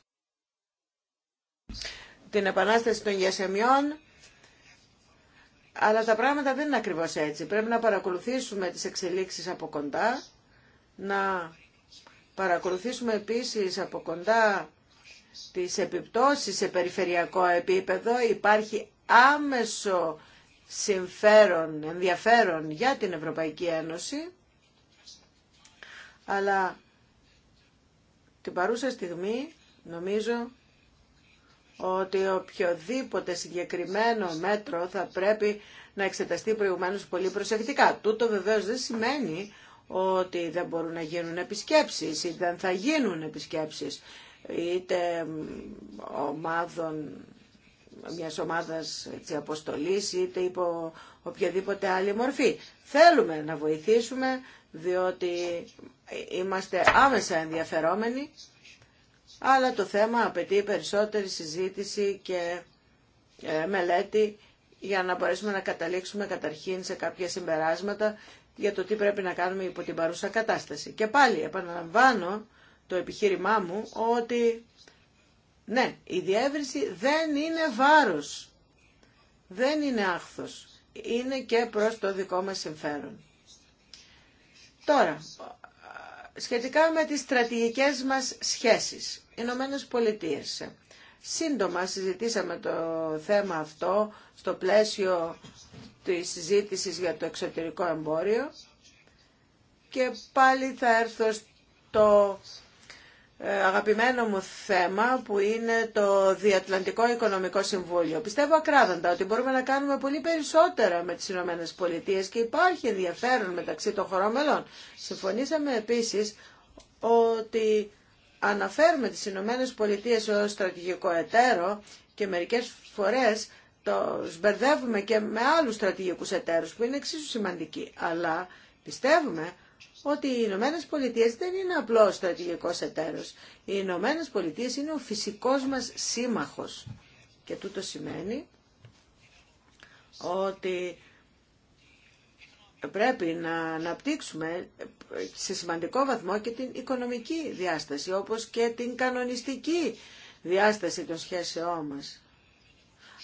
την επανάσταση των γεσεμιών, αλλά τα πράγματα δεν είναι ακριβώς έτσι. Πρέπει να παρακολουθήσουμε τις εξελίξεις από κοντά, να παρακολουθήσουμε επίσης από κοντά τις επιπτώσεις σε περιφερειακό επίπεδο. Υπάρχει άμεσο συμφέρον, ενδιαφέρον για την Ευρωπαϊκή Ένωση, αλλά την παρούσα στιγμή νομίζω ότι οποιοδήποτε συγκεκριμένο μέτρο θα πρέπει να εξεταστεί προηγουμένως πολύ προσεκτικά. Τούτο βεβαίως δεν σημαίνει ότι δεν μπορούν να γίνουν επισκέψεις ή δεν θα γίνουν επισκέψεις είτε ομάδων μιας ομάδας της αποστολής είτε υπό οποιαδήποτε άλλη μορφή. Θέλουμε να βοηθήσουμε διότι είμαστε άμεσα ενδιαφερόμενοι αλλά το θέμα απαιτεί περισσότερη συζήτηση και ε, μελέτη για να μπορέσουμε να καταλήξουμε καταρχήν σε κάποια συμπεράσματα για το τι πρέπει να κάνουμε υπό την παρούσα κατάσταση. Και πάλι επαναλαμβάνω το επιχείρημά μου ότι ναι, η διεύρυνση δεν είναι βάρος. Δεν είναι άχθος. Είναι και προς το δικό μας συμφέρον. Τώρα, σχετικά με τις στρατηγικές μας σχέσεις, Ηνωμένε Πολιτείε. Σύντομα συζητήσαμε το θέμα αυτό στο πλαίσιο της συζήτηση για το εξωτερικό εμπόριο και πάλι θα έρθω στο ε, αγαπημένο μου θέμα που είναι το Διατλαντικό Οικονομικό Συμβούλιο. Πιστεύω ακράδαντα ότι μπορούμε να κάνουμε πολύ περισσότερα με τις Ηνωμένες Πολιτείες και υπάρχει ενδιαφέρον μεταξύ των χωρών μελών. Συμφωνήσαμε επίσης ότι αναφέρουμε τις Ηνωμένες Πολιτείες ως στρατηγικό εταίρο και μερικές φορές το σμπερδεύουμε και με άλλους στρατηγικούς εταίρους που είναι εξίσου σημαντικοί. Αλλά πιστεύουμε ότι οι Ηνωμένε Πολιτείε δεν είναι απλό στρατηγικό εταίρο. Οι Ηνωμένε Πολιτείε είναι ο φυσικό μα σύμμαχο. Και τούτο σημαίνει ότι πρέπει να αναπτύξουμε σε σημαντικό βαθμό και την οικονομική διάσταση, όπως και την κανονιστική διάσταση των σχέσεών μας.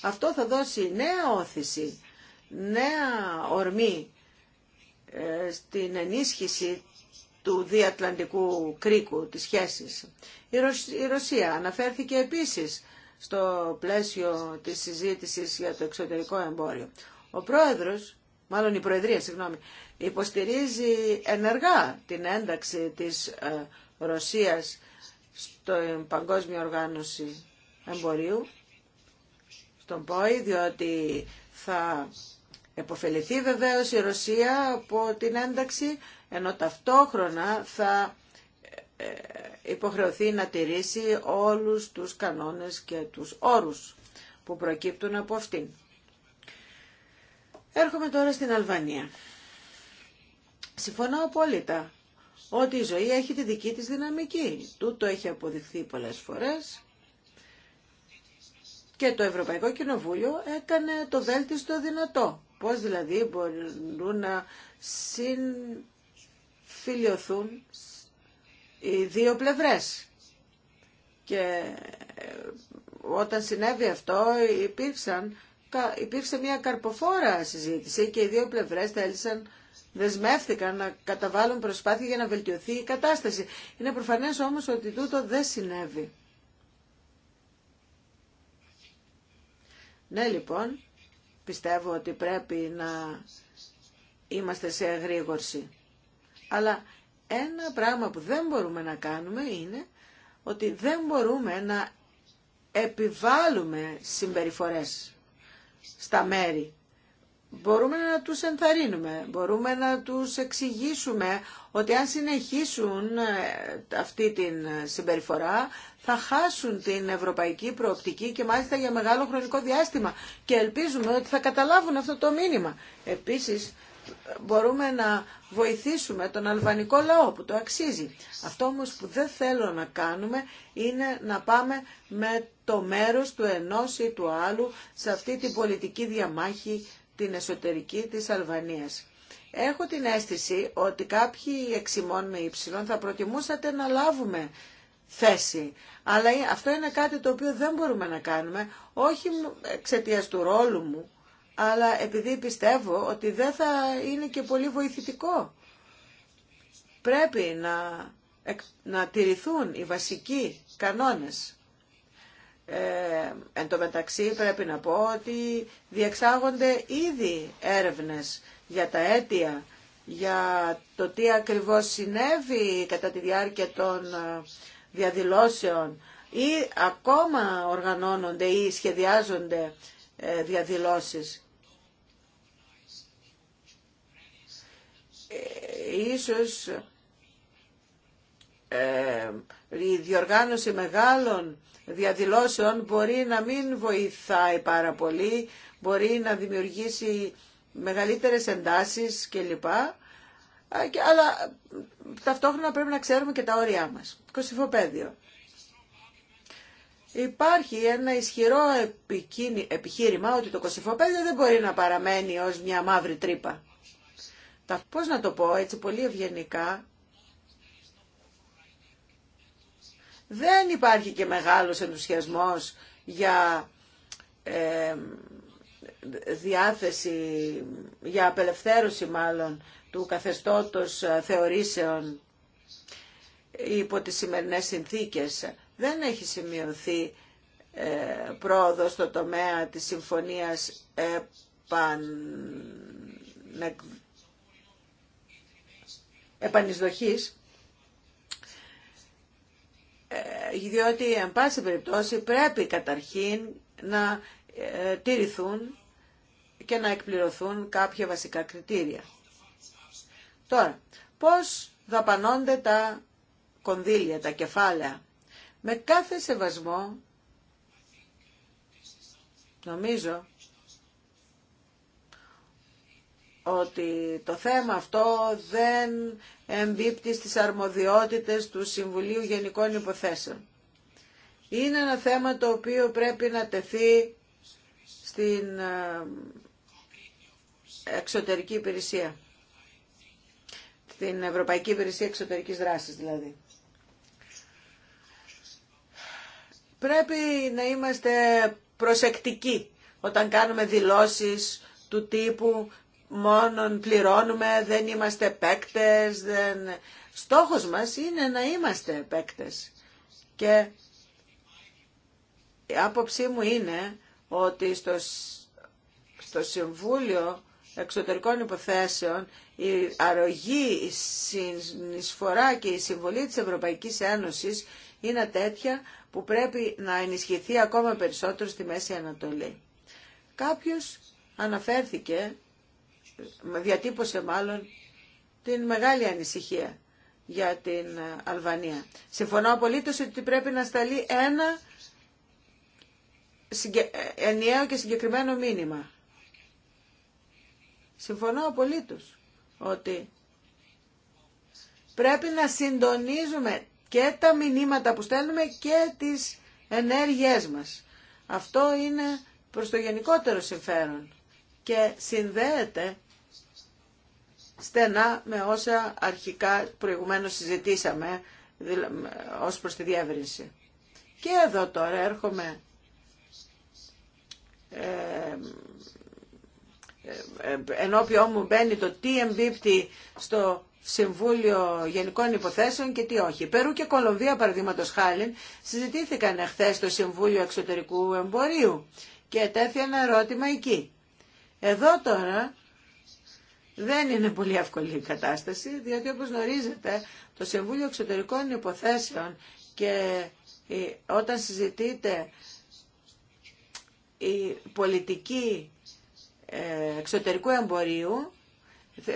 Αυτό θα δώσει νέα όθηση, νέα ορμή ε, στην ενίσχυση του διατλαντικού κρίκου, της σχέσης. Η Ρωσία αναφέρθηκε επίσης στο πλαίσιο της συζήτησης για το εξωτερικό εμπόριο. Ο πρόεδρος, μάλλον η Προεδρία, συγγνώμη, υποστηρίζει ενεργά την ένταξη της ε, Ρωσίας στο Παγκόσμιο Οργάνωση Εμπορίου, στον ΠΟΗ, διότι θα Εποφεληθεί βεβαίως η Ρωσία από την ένταξη, ενώ ταυτόχρονα θα ε, ε, υποχρεωθεί να τηρήσει όλους τους κανόνες και τους όρους που προκύπτουν από αυτήν. Έρχομαι τώρα στην Αλβανία. Συμφωνώ απόλυτα ότι η ζωή έχει τη δική της δυναμική. Τούτο έχει αποδειχθεί πολλές φορές και το Ευρωπαϊκό Κοινοβούλιο έκανε το βέλτιστο δυνατό. Πώς δηλαδή μπορούν να συμφιλειωθούν οι δύο πλευρές. Και ε, όταν συνέβη αυτό υπήρξαν, υπήρξε μια καρποφόρα συζήτηση και οι δύο πλευρές θέλησαν δεσμεύτηκαν να καταβάλουν προσπάθεια για να βελτιωθεί η κατάσταση. Είναι προφανές όμως ότι τούτο δεν συνέβη. Ναι λοιπόν, πιστεύω ότι πρέπει να είμαστε σε εγρήγορση. Αλλά ένα πράγμα που δεν μπορούμε να κάνουμε είναι ότι δεν μπορούμε να επιβάλλουμε συμπεριφορές στα μέρη μπορούμε να τους ενθαρρύνουμε, μπορούμε να τους εξηγήσουμε ότι αν συνεχίσουν ε, αυτή την ε, συμπεριφορά θα χάσουν την ευρωπαϊκή προοπτική και μάλιστα για μεγάλο χρονικό διάστημα και ελπίζουμε ότι θα καταλάβουν αυτό το μήνυμα. Επίσης μπορούμε να βοηθήσουμε τον αλβανικό λαό που το αξίζει. Αυτό όμως που δεν θέλω να κάνουμε είναι να πάμε με το μέρος του ενός ή του άλλου σε αυτή την πολιτική διαμάχη την εσωτερική της Αλβανίας. Έχω την αίσθηση ότι κάποιοι εξημών με ύψιλον θα προτιμούσατε να λάβουμε θέση. Αλλά ε, αυτό είναι κάτι το οποίο δεν μπορούμε να κάνουμε, όχι εξαιτία του ρόλου μου, αλλά επειδή πιστεύω ότι δεν θα είναι και πολύ βοηθητικό. Πρέπει να, να τηρηθούν οι βασικοί κανόνες. Ε, εν τω μεταξύ πρέπει να πω ότι διεξάγονται ήδη έρευνες για τα αίτια, για το τι ακριβώς συνέβη κατά τη διάρκεια των ε, διαδηλώσεων ή ακόμα οργανώνονται ή σχεδιάζονται ε, διαδηλώσεις. Ίσως ε, η διοργάνωση μεγάλων διαδηλώσεων μπορεί να μην βοηθάει πάρα πολύ, μπορεί να δημιουργήσει μεγαλύτερες εντάσεις κλπ. Αλλά ταυτόχρονα πρέπει να ξέρουμε και τα όρια μας. Κωσυφοπαίδιο. Υπάρχει ένα ισχυρό επιχείρημα ότι το Κωσυφοπαίδιο δεν μπορεί να παραμένει ως μια μαύρη τρύπα. Πώς να το πω έτσι πολύ ευγενικά, δεν υπάρχει και μεγάλος ενθουσιασμός για διάθεση, για απελευθέρωση μάλλον του καθεστώτος ε, θεωρήσεων υπό τις σημερινές συνθήκες. Δεν έχει σημειωθεί ε, πρόοδο στο τομέα της συμφωνίας επαν... Ε, διότι εν πάση περιπτώσει πρέπει καταρχήν να ε, τηρηθούν και να εκπληρωθούν κάποια βασικά κριτήρια. Τώρα, πώς δαπανώνται τα κονδύλια, τα κεφάλαια. Με κάθε σεβασμό, νομίζω ότι το θέμα αυτό δεν εμπίπτει στις αρμοδιότητες του Συμβουλίου Γενικών Υποθέσεων. Είναι ένα θέμα το οποίο πρέπει να τεθεί στην ε, εξωτερική υπηρεσία. Στην Ευρωπαϊκή Υπηρεσία Εξωτερικής Δράσης δηλαδή. Πρέπει να είμαστε προσεκτικοί όταν κάνουμε δηλώσεις του τύπου μόνον πληρώνουμε, δεν είμαστε παίκτες, δεν... Στόχος μας είναι να είμαστε παίκτες. Και η άποψή μου είναι ότι στο, στο Συμβούλιο Εξωτερικών Υποθέσεων η αρρωγή, η συνεισφορά και η συμβολή της Ευρωπαϊκής Ένωσης είναι τέτοια που πρέπει να ενισχυθεί ακόμα περισσότερο στη Μέση Ανατολή. Κάποιος αναφέρθηκε διατύπωσε μάλλον την μεγάλη ανησυχία για την Αλβανία. Συμφωνώ απολύτως ότι πρέπει να σταλεί ένα ενιαίο και συγκεκριμένο μήνυμα. Συμφωνώ απολύτως ότι πρέπει να συντονίζουμε και τα μηνύματα που στέλνουμε και τις ενέργειές μας. Αυτό είναι προς το γενικότερο συμφέρον και συνδέεται στενά με όσα αρχικά προηγουμένως συζητήσαμε ως προς τη διεύρυνση. Και εδώ τώρα έρχομαι ε, ε, ε, ενώπιό μου μπαίνει το τι εμπίπτει στο Συμβούλιο Γενικών Υποθέσεων και τι όχι. Περού και Κολομβία, παραδείγματο χάρη, συζητήθηκαν εχθέ στο Συμβούλιο Εξωτερικού Εμπορίου και τέθη ένα ερώτημα εκεί. Εδώ τώρα δεν είναι πολύ εύκολη η κατάσταση, διότι όπως γνωρίζετε το Συμβούλιο Εξωτερικών Υποθέσεων και όταν συζητείτε η πολιτική ε, εξωτερικού εμπορίου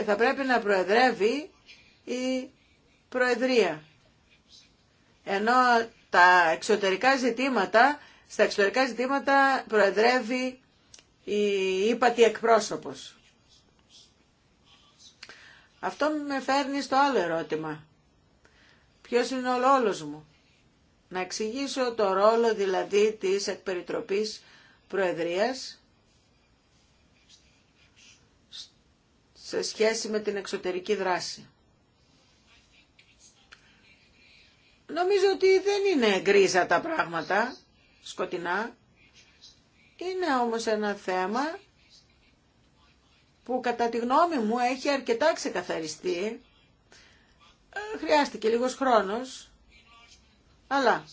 θα πρέπει να προεδρεύει η Προεδρία. Ενώ τα εξωτερικά ζητήματα, στα εξωτερικά ζητήματα προεδρεύει η ύπατη εκπρόσωπος. Αυτό με φέρνει στο άλλο ερώτημα. Ποιος είναι ο ρόλος μου. Να εξηγήσω το ρόλο δηλαδή της εκπεριτροπής Προεδρίας σε σχέση με την εξωτερική δράση. Νομίζω ότι δεν είναι γκρίζα τα πράγματα, σκοτεινά. Είναι όμως ένα θέμα που κατά τη γνώμη μου έχει αρκετά ξεκαθαριστεί. Ε, χρειάστηκε λίγος χρόνος, αλλά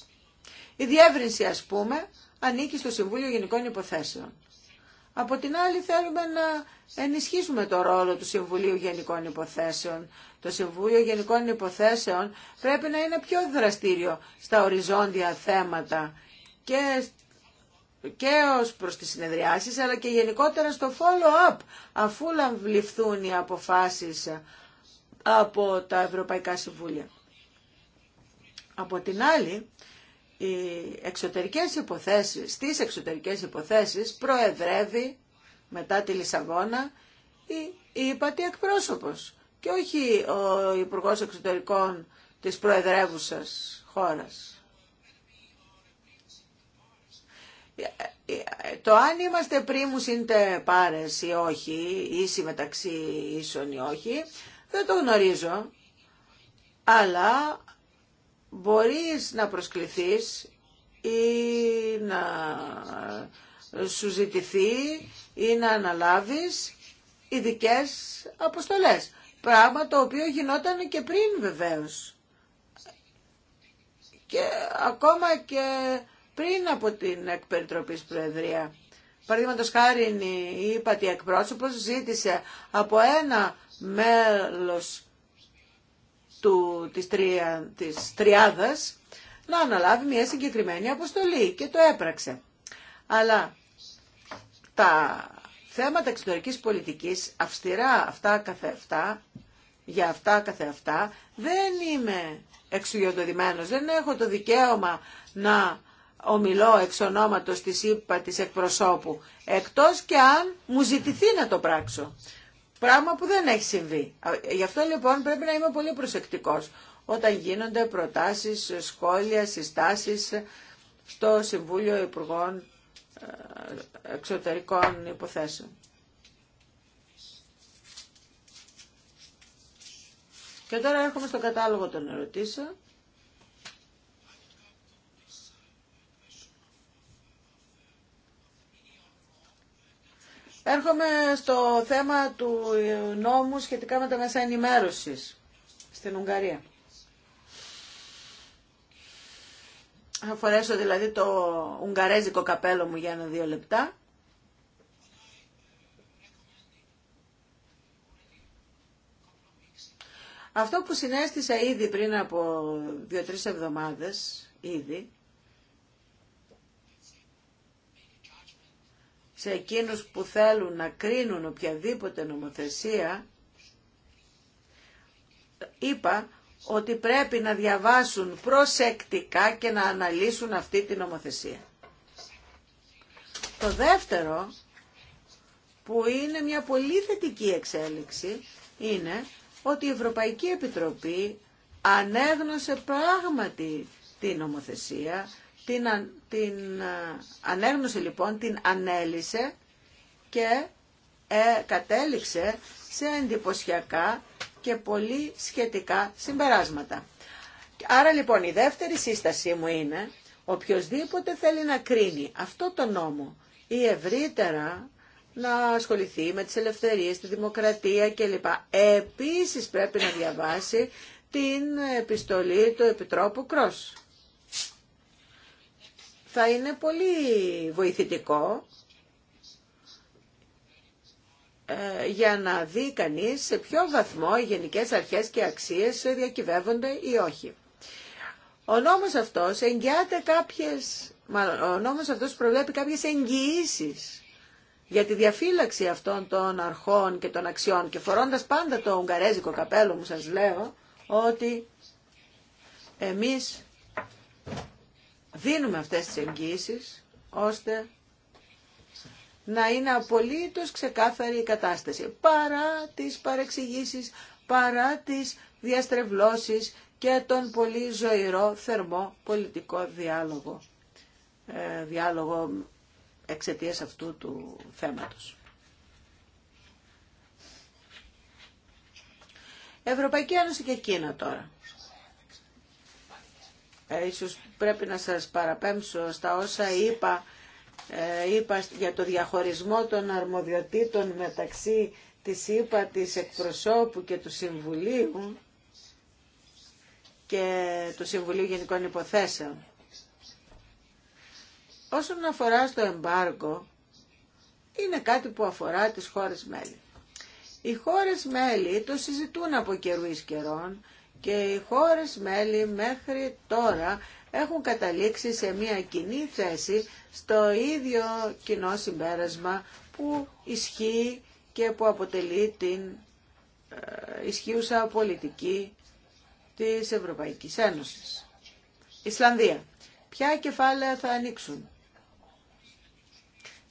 η διεύρυνση ας πούμε ανήκει στο Συμβούλιο Γενικών Υποθέσεων. Από την άλλη θέλουμε να ενισχύσουμε το ρόλο του Συμβουλίου Γενικών Υποθέσεων. Το Συμβούλιο Γενικών Υποθέσεων πρέπει να είναι πιο δραστήριο στα οριζόντια θέματα και και ως προς τις συνεδριάσεις αλλά και γενικότερα στο follow-up αφού λαμβληφθούν οι αποφάσεις από τα Ευρωπαϊκά Συμβούλια. Από την άλλη, οι εξωτερικές υποθέσεις, στις εξωτερικές υποθέσεις προεδρεύει μετά τη Λισαβόνα η, η υπατή και όχι ο Υπουργός Εξωτερικών της προεδρεύουσας χώρας. το αν είμαστε πρίμους είτε πάρες ή όχι, ίσοι μεταξύ ίσων ή όχι, δεν το γνωρίζω. Αλλά μπορείς να προσκληθείς ή να σου ζητηθεί ή να αναλάβεις ειδικέ αποστολές. Πράγμα το οποίο γινόταν και πριν βεβαίως. Και ακόμα και πριν από την εκπεριτροπής Προεδρία. Παραδείγματο χάρη η ύπατη εκπρόσωπο ζήτησε από ένα μέλος του, της, Τριάδας να αναλάβει μια συγκεκριμένη αποστολή και το έπραξε. Αλλά τα θέματα εξωτερικής πολιτικής αυστηρά αυτά καθεαυτά, για αυτά αυτά, δεν είμαι εξουγιοντοδημένος, δεν έχω το δικαίωμα να ομιλώ εξ ονόματος της ΥΠΑ της εκπροσώπου, εκτός και αν μου ζητηθεί να το πράξω. Πράγμα που δεν έχει συμβεί. Γι' αυτό λοιπόν πρέπει να είμαι πολύ προσεκτικός όταν γίνονται προτάσεις, σχόλια, συστάσεις στο Συμβούλιο Υπουργών ε, Εξωτερικών Υποθέσεων. Και τώρα έρχομαι στο κατάλογο των ερωτήσεων. Έρχομαι στο θέμα του νόμου σχετικά με τα μέσα ενημέρωσης στην Ουγγαρία. Θα φορέσω δηλαδή το ουγγαρέζικο καπέλο μου για ένα-δύο λεπτά. Αυτό που συνέστησα ήδη πριν από δύο-τρεις εβδομάδες, ήδη, σε εκείνους που θέλουν να κρίνουν οποιαδήποτε νομοθεσία, είπα ότι πρέπει να διαβάσουν προσεκτικά και να αναλύσουν αυτή τη νομοθεσία. Το δεύτερο, που είναι μια πολύ θετική εξέλιξη, είναι ότι η Ευρωπαϊκή Επιτροπή ανέγνωσε πράγματι τη νομοθεσία την, την λοιπόν την ανέλησε και ε, κατέληξε σε εντυπωσιακά και πολύ σχετικά συμπεράσματα. Άρα λοιπόν η δεύτερη σύστασή μου είναι οποιοδήποτε θέλει να κρίνει αυτό το νόμο ή ευρύτερα να ασχοληθεί με τις ελευθερίες, τη δημοκρατία κλπ. Επίσης πρέπει να διαβάσει την επιστολή του Επιτρόπου Κρόσου θα είναι πολύ βοηθητικό ε, για να δει κανείς σε ποιο βαθμό οι γενικές αρχές και αξίες διακυβεύονται ή όχι. Ο νόμος αυτός κάποιες, ο αυτός προβλέπει κάποιες εγγυήσει για τη διαφύλαξη αυτών των αρχών και των αξιών και φορώντας πάντα το ουγγαρέζικο καπέλο μου σας λέω ότι εμείς δίνουμε αυτές τις εγγύησεις ώστε να είναι απολύτως ξεκάθαρη η κατάσταση. Παρά τις παρεξηγήσεις, παρά τις διαστρεβλώσεις και τον πολύ ζωηρό, θερμό πολιτικό διάλογο, ε, διάλογο εξαιτίας αυτού του θέματος. Ευρωπαϊκή Ένωση και Κίνα τώρα. Ε, πρέπει να σας παραπέμψω στα όσα είπα, ε, είπα για το διαχωρισμό των αρμοδιοτήτων μεταξύ της είπα της εκπροσώπου και του Συμβουλίου και του Συμβουλίου Γενικών Υποθέσεων. Όσον αφορά στο εμπάργκο, είναι κάτι που αφορά τις χώρες μέλη. Οι χώρες μέλη το συζητούν από καιρού καιρών και οι χώρες μέλη μέχρι τώρα έχουν καταλήξει σε μια κοινή θέση στο ίδιο κοινό συμπέρασμα που ισχύει και που αποτελεί την ε, ισχύουσα πολιτική της Ευρωπαϊκής Ένωσης. Ισλανδία. Ποια κεφάλαια θα ανοίξουν.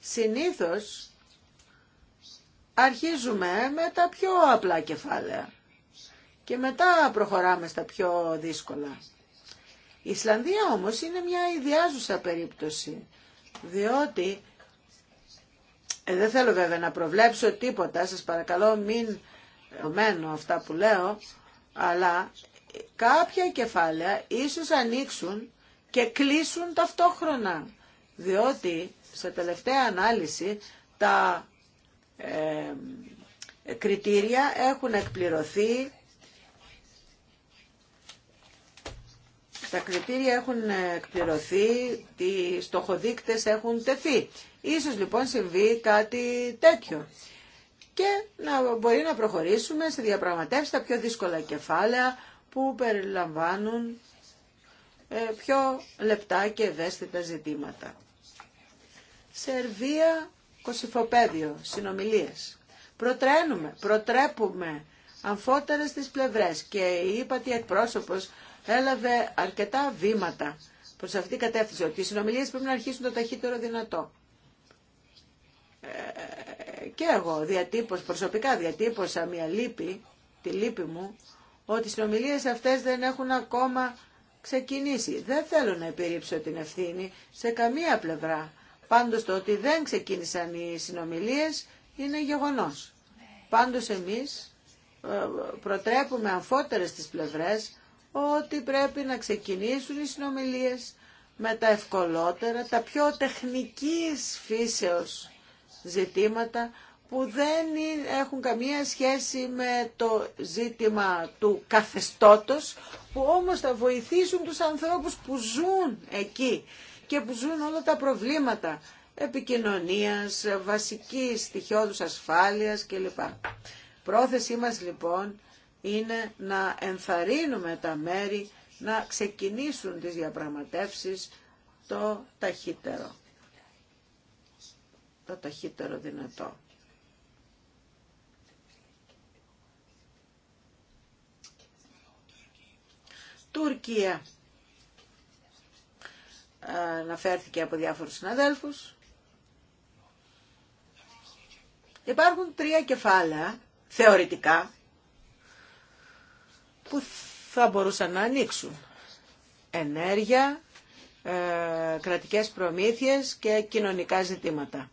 Συνήθως αρχίζουμε με τα πιο απλά κεφάλαια και μετά προχωράμε στα πιο δύσκολα. Η Ισλανδία όμως είναι μια ιδιάζουσα περίπτωση, διότι ε, δεν θέλω βέβαια να προβλέψω τίποτα, σας παρακαλώ μην ομένω αυτά που λέω, αλλά κάποια κεφάλαια ίσως ανοίξουν και κλείσουν ταυτόχρονα, διότι σε τελευταία ανάλυση τα ε, ε, κριτήρια έχουν εκπληρωθεί τα κριτήρια έχουν εκπληρωθεί, οι στοχοδείκτες έχουν τεθεί. Ίσως λοιπόν συμβεί κάτι τέτοιο και να μπορεί να προχωρήσουμε σε διαπραγματεύσεις τα πιο δύσκολα κεφάλαια που περιλαμβάνουν ε, πιο λεπτά και ευαίσθητα ζητήματα. Σερβία, Κωσυφοπέδιο, συνομιλίες. Προτρένουμε, προτρέπουμε αμφότερες τις πλευρές και η ύπατη εκπρόσωπος έλαβε αρκετά βήματα προς αυτή την κατεύθυνση, ότι οι συνομιλίες πρέπει να αρχίσουν το ταχύτερο δυνατό. Ε, και εγώ διατύπωσα προσωπικά διατύπωσα μια λύπη, τη λύπη μου, ότι οι συνομιλίες αυτές δεν έχουν ακόμα ξεκινήσει. Δεν θέλω να επιρρύψω την ευθύνη σε καμία πλευρά. Πάντως το ότι δεν ξεκίνησαν οι συνομιλίες είναι γεγονός. Πάντως εμείς ε, προτρέπουμε αμφότερες τις πλευρές ότι πρέπει να ξεκινήσουν οι συνομιλίες με τα ευκολότερα, τα πιο τεχνικής φύσεως ζητήματα που δεν έχουν καμία σχέση με το ζήτημα του καθεστώτος, που όμως θα βοηθήσουν τους ανθρώπους που ζουν εκεί και που ζουν όλα τα προβλήματα επικοινωνίας, βασικής στοιχειώδους ασφάλειας κλπ. Πρόθεσή μας λοιπόν είναι να ενθαρρύνουμε τα μέρη να ξεκινήσουν τις διαπραγματεύσεις το ταχύτερο. Το ταχύτερο δυνατό. Τουρκία. Αναφέρθηκε από διάφορους συναδέλφους. Υπάρχουν τρία κεφάλαια, θεωρητικά, που θα μπορούσαν να ανοίξουν. Ενέργεια, ε, κρατικές προμήθειες και κοινωνικά ζητήματα.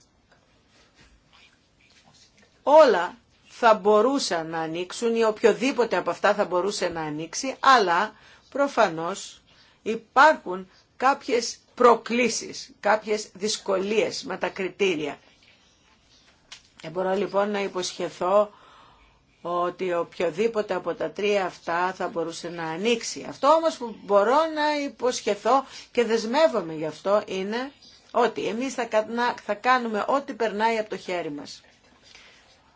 Όλα θα μπορούσαν να ανοίξουν ή οποιοδήποτε από αυτά θα μπορούσε να ανοίξει, αλλά προφανώς υπάρχουν κάποιες προκλήσεις, κάποιες δυσκολίες με τα κριτήρια. ε μπορώ λοιπόν να υποσχεθώ ότι οποιοδήποτε από τα τρία αυτά θα μπορούσε να ανοίξει. Αυτό όμως που μπορώ να υποσχεθώ και δεσμεύομαι γι' αυτό είναι ότι εμείς θα κάνουμε ό,τι περνάει από το χέρι μας.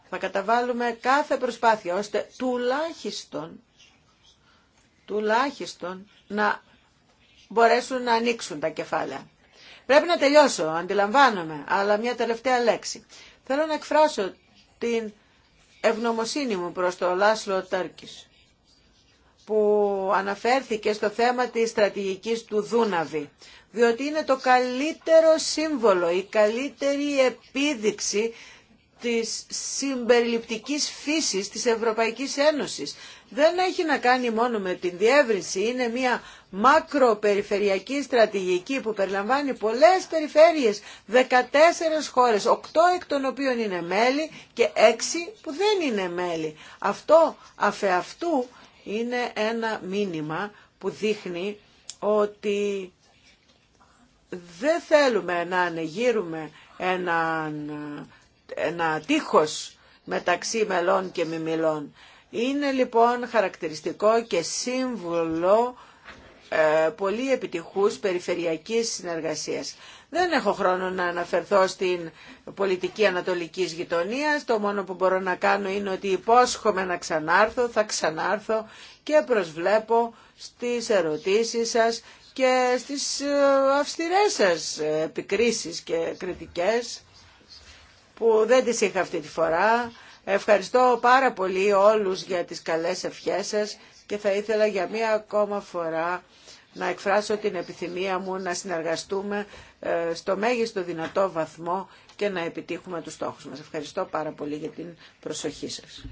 Θα καταβάλουμε κάθε προσπάθεια ώστε τουλάχιστον, τουλάχιστον να μπορέσουν να ανοίξουν τα κεφάλαια. Πρέπει να τελειώσω, αντιλαμβάνομαι, αλλά μια τελευταία λέξη. Θέλω να εκφράσω την ευγνωμοσύνη μου προς τον Λάσλο Τάρκης που αναφέρθηκε στο θέμα της στρατηγικής του Δούναβη, διότι είναι το καλύτερο σύμβολο, η καλύτερη επίδειξη της συμπεριληπτικής φύσης της Ευρωπαϊκής Ένωσης. Δεν έχει να κάνει μόνο με την διεύρυνση, είναι μια μακροπεριφερειακή στρατηγική που περιλαμβάνει πολλές περιφέρειες, 14 χώρες, 8 εκ των οποίων είναι μέλη και 6 που δεν είναι μέλη. Αυτό αφεαυτού είναι ένα μήνυμα που δείχνει ότι δεν θέλουμε να ανεγείρουμε ένα, ένα τείχος μεταξύ μελών και μελών. Είναι λοιπόν χαρακτηριστικό και σύμβολο ε, πολύ επιτυχούς περιφερειακής συνεργασίας. Δεν έχω χρόνο να αναφερθώ στην πολιτική ανατολικής γειτονίας. Το μόνο που μπορώ να κάνω είναι ότι υπόσχομαι να ξανάρθω, θα ξανάρθω και προσβλέπω στις ερωτήσεις σας και στις ε, αυστηρές σας επικρίσεις και κριτικές που δεν τις είχα αυτή τη φορά. Ευχαριστώ πάρα πολύ όλους για τις καλές ευχές σας και θα ήθελα για μία ακόμα φορά να εκφράσω την επιθυμία μου να συνεργαστούμε ε, στο μέγιστο δυνατό βαθμό και να επιτύχουμε τους στόχους μας. Ευχαριστώ πάρα πολύ για την προσοχή σας.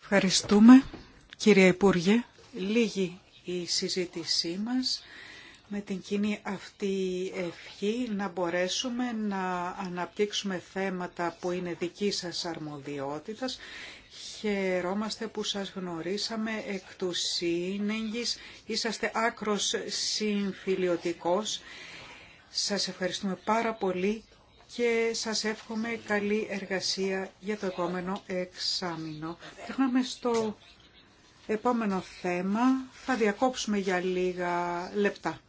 Ευχαριστούμε κύριε Υπουργέ. Λίγη η συζήτησή μας με την κοινή αυτή ευχή να μπορέσουμε να αναπτύξουμε θέματα που είναι δική σας αρμοδιότητας Χαιρόμαστε που σας γνωρίσαμε εκ του σύνεγγης. Είσαστε άκρος συμφιλιωτικός. Σας ευχαριστούμε πάρα πολύ και σας εύχομαι καλή εργασία για το επόμενο εξάμεινο. Περνάμε στο επόμενο θέμα. Θα διακόψουμε για λίγα λεπτά.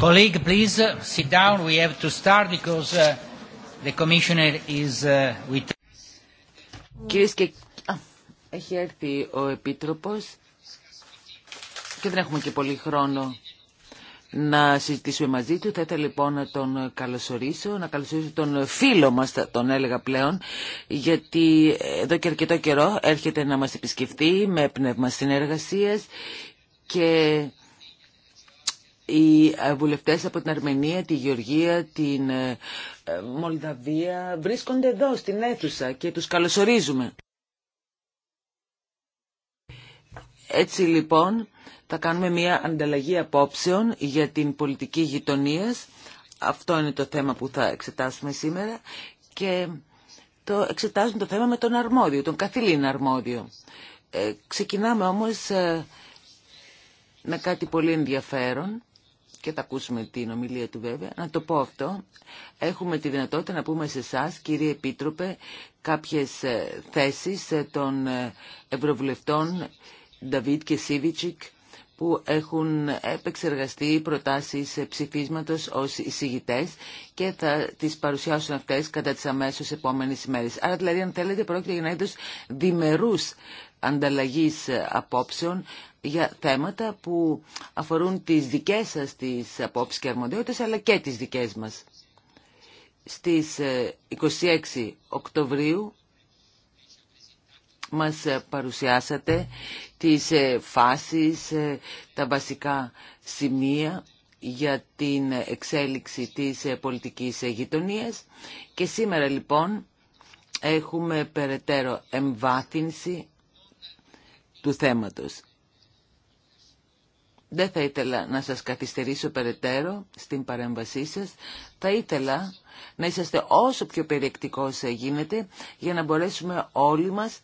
Colleague, please uh, sit down. We have to start because uh, uh, Κυρίες και έχει έρθει ο Επίτροπος και δεν έχουμε και πολύ χρόνο να συζητήσουμε μαζί του. Θα ήθελα λοιπόν να τον καλωσορίσω, να καλωσορίσω τον φίλο μας, τον έλεγα πλέον, γιατί εδώ και αρκετό καιρό έρχεται να μας επισκεφτεί με πνεύμα συνεργασίας και οι ε, βουλευτές από την Αρμενία, τη Γεωργία, την ε, ε, Μολδαβία βρίσκονται εδώ στην αίθουσα και τους καλωσορίζουμε. Έτσι λοιπόν θα κάνουμε μια ανταλλαγή απόψεων για την πολιτική γειτονίας. Αυτό είναι το θέμα που θα εξετάσουμε σήμερα και το εξετάζουμε το θέμα με τον αρμόδιο, τον καθήλυνα αρμόδιο. ξεκινάμε όμως με κάτι πολύ ενδιαφέρον και θα ακούσουμε την ομιλία του βέβαια, να το πω αυτό. Έχουμε τη δυνατότητα να πούμε σε εσά, κύριε Επίτροπε, κάποιες ε, θέσεις ε, των ε, Ευρωβουλευτών Νταβίτ και Σίβιτσικ που έχουν επεξεργαστεί προτάσεις ψηφίσματος ως εισηγητές και θα τις παρουσιάσουν αυτές κατά τις αμέσως επόμενες ημέρες. Άρα δηλαδή αν θέλετε πρόκειται για ένα είδο διμερούς ανταλλαγής απόψεων για θέματα που αφορούν τις δικές σας τις απόψεις και αρμοδιότητες, αλλά και τις δικές μας. Στις 26 ε, Οκτωβρίου μας ε, παρουσιάσατε τις ε, φάσεις, τα βασικά σημεία για την εξέλιξη της πολιτικής γειτονίας και σήμερα λοιπόν έχουμε περαιτέρω εμβάθυνση του θέματος. Δεν θα ήθελα να σας καθυστερήσω περαιτέρω στην παρέμβασή σας. Θα ήθελα να είσαστε όσο πιο περιεκτικός γίνεται για να μπορέσουμε όλοι μας,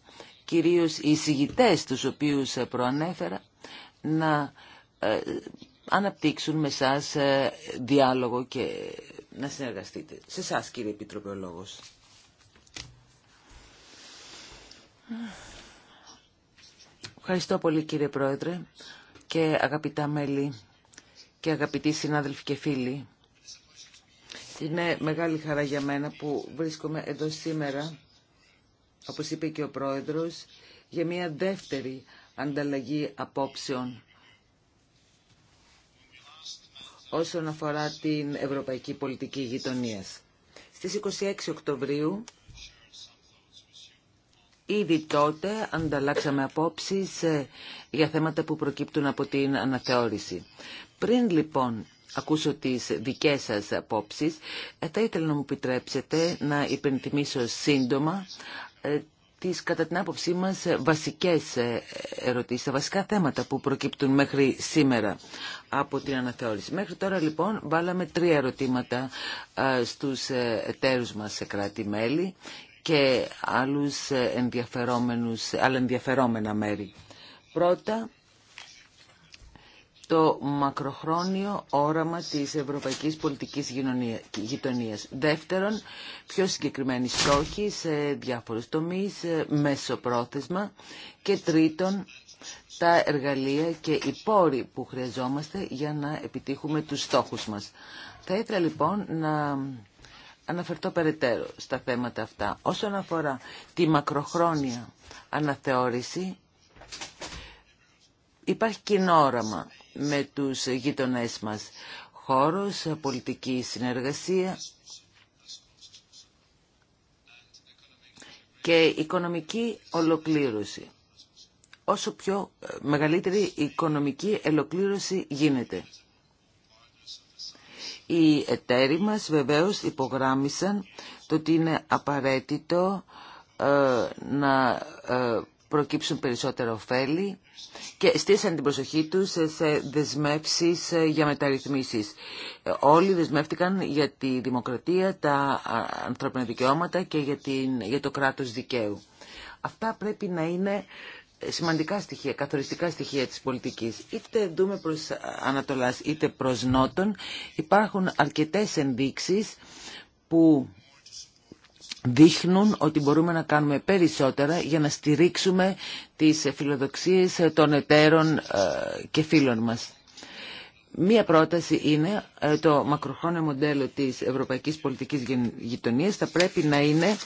κυρίως οι συγητές τους οποίους προανέφερα, να ε, αναπτύξουν με σας ε, διάλογο και να συνεργαστείτε. Σε εσά κύριε Επιτροπεολόγος. Ευχαριστώ πολύ κύριε Πρόεδρε και αγαπητά μέλη και αγαπητοί συνάδελφοι και φίλοι. Είναι μεγάλη χαρά για μένα που βρίσκομαι εδώ σήμερα, όπως είπε και ο Πρόεδρος, για μια δεύτερη ανταλλαγή απόψεων όσον αφορά την ευρωπαϊκή πολιτική γειτονίας. Στις 26 Οκτωβρίου Ήδη τότε ανταλλάξαμε απόψεις ε, για θέματα που προκύπτουν από την αναθεώρηση. Πριν λοιπόν ακούσω τις δικές σας απόψεις, ε, θα ήθελα να μου επιτρέψετε να υπενθυμίσω σύντομα ε, τις κατά την άποψή μας βασικές ερωτήσεις, τα βασικά θέματα που προκύπτουν μέχρι σήμερα από την αναθεώρηση. Μέχρι τώρα λοιπόν βάλαμε τρία ερωτήματα στους εταίρους μας σε κράτη-μέλη και άλλους ενδιαφερόμενους, άλλα ενδιαφερόμενα μέρη. Πρώτα, το μακροχρόνιο όραμα της ευρωπαϊκής πολιτικής γειτονίας. Δεύτερον, πιο συγκεκριμένοι στόχοι σε διάφορους τομείς, ε, μεσοπρόθεσμα. Και τρίτον, τα εργαλεία και οι πόροι που χρειαζόμαστε για να επιτύχουμε τους στόχους μας. Θα ήθελα λοιπόν να αναφερθώ περαιτέρω στα θέματα αυτά. Όσον αφορά τη μακροχρόνια αναθεώρηση, υπάρχει κοινό όραμα με τους γείτονές μας. Χώρος, πολιτική συνεργασία και οικονομική ολοκλήρωση. Όσο πιο μεγαλύτερη οικονομική ολοκλήρωση γίνεται. Οι εταίροι μας βεβαίως υπογράμμισαν το ότι είναι απαραίτητο ε, να ε, προκύψουν περισσότερα ωφέλη και στήσαν την προσοχή τους σε δεσμεύσεις ε, για μεταρρυθμίσεις. Όλοι δεσμεύτηκαν για τη δημοκρατία, τα ανθρώπινα δικαιώματα και για, την, για το κράτος δικαίου. Αυτά πρέπει να είναι σημαντικά στοιχεία, καθοριστικά στοιχεία της πολιτικής. Είτε δούμε προς Ανατολάς είτε προς Νότον υπάρχουν αρκετές ενδείξεις που δείχνουν ότι μπορούμε να κάνουμε περισσότερα για να στηρίξουμε τις φιλοδοξίες των εταίρων ε, και φίλων μας. Μία πρόταση είναι ε, το μακροχρόνιο μοντέλο της ευρωπαϊκής πολιτικής γειτονίας θα πρέπει να είναι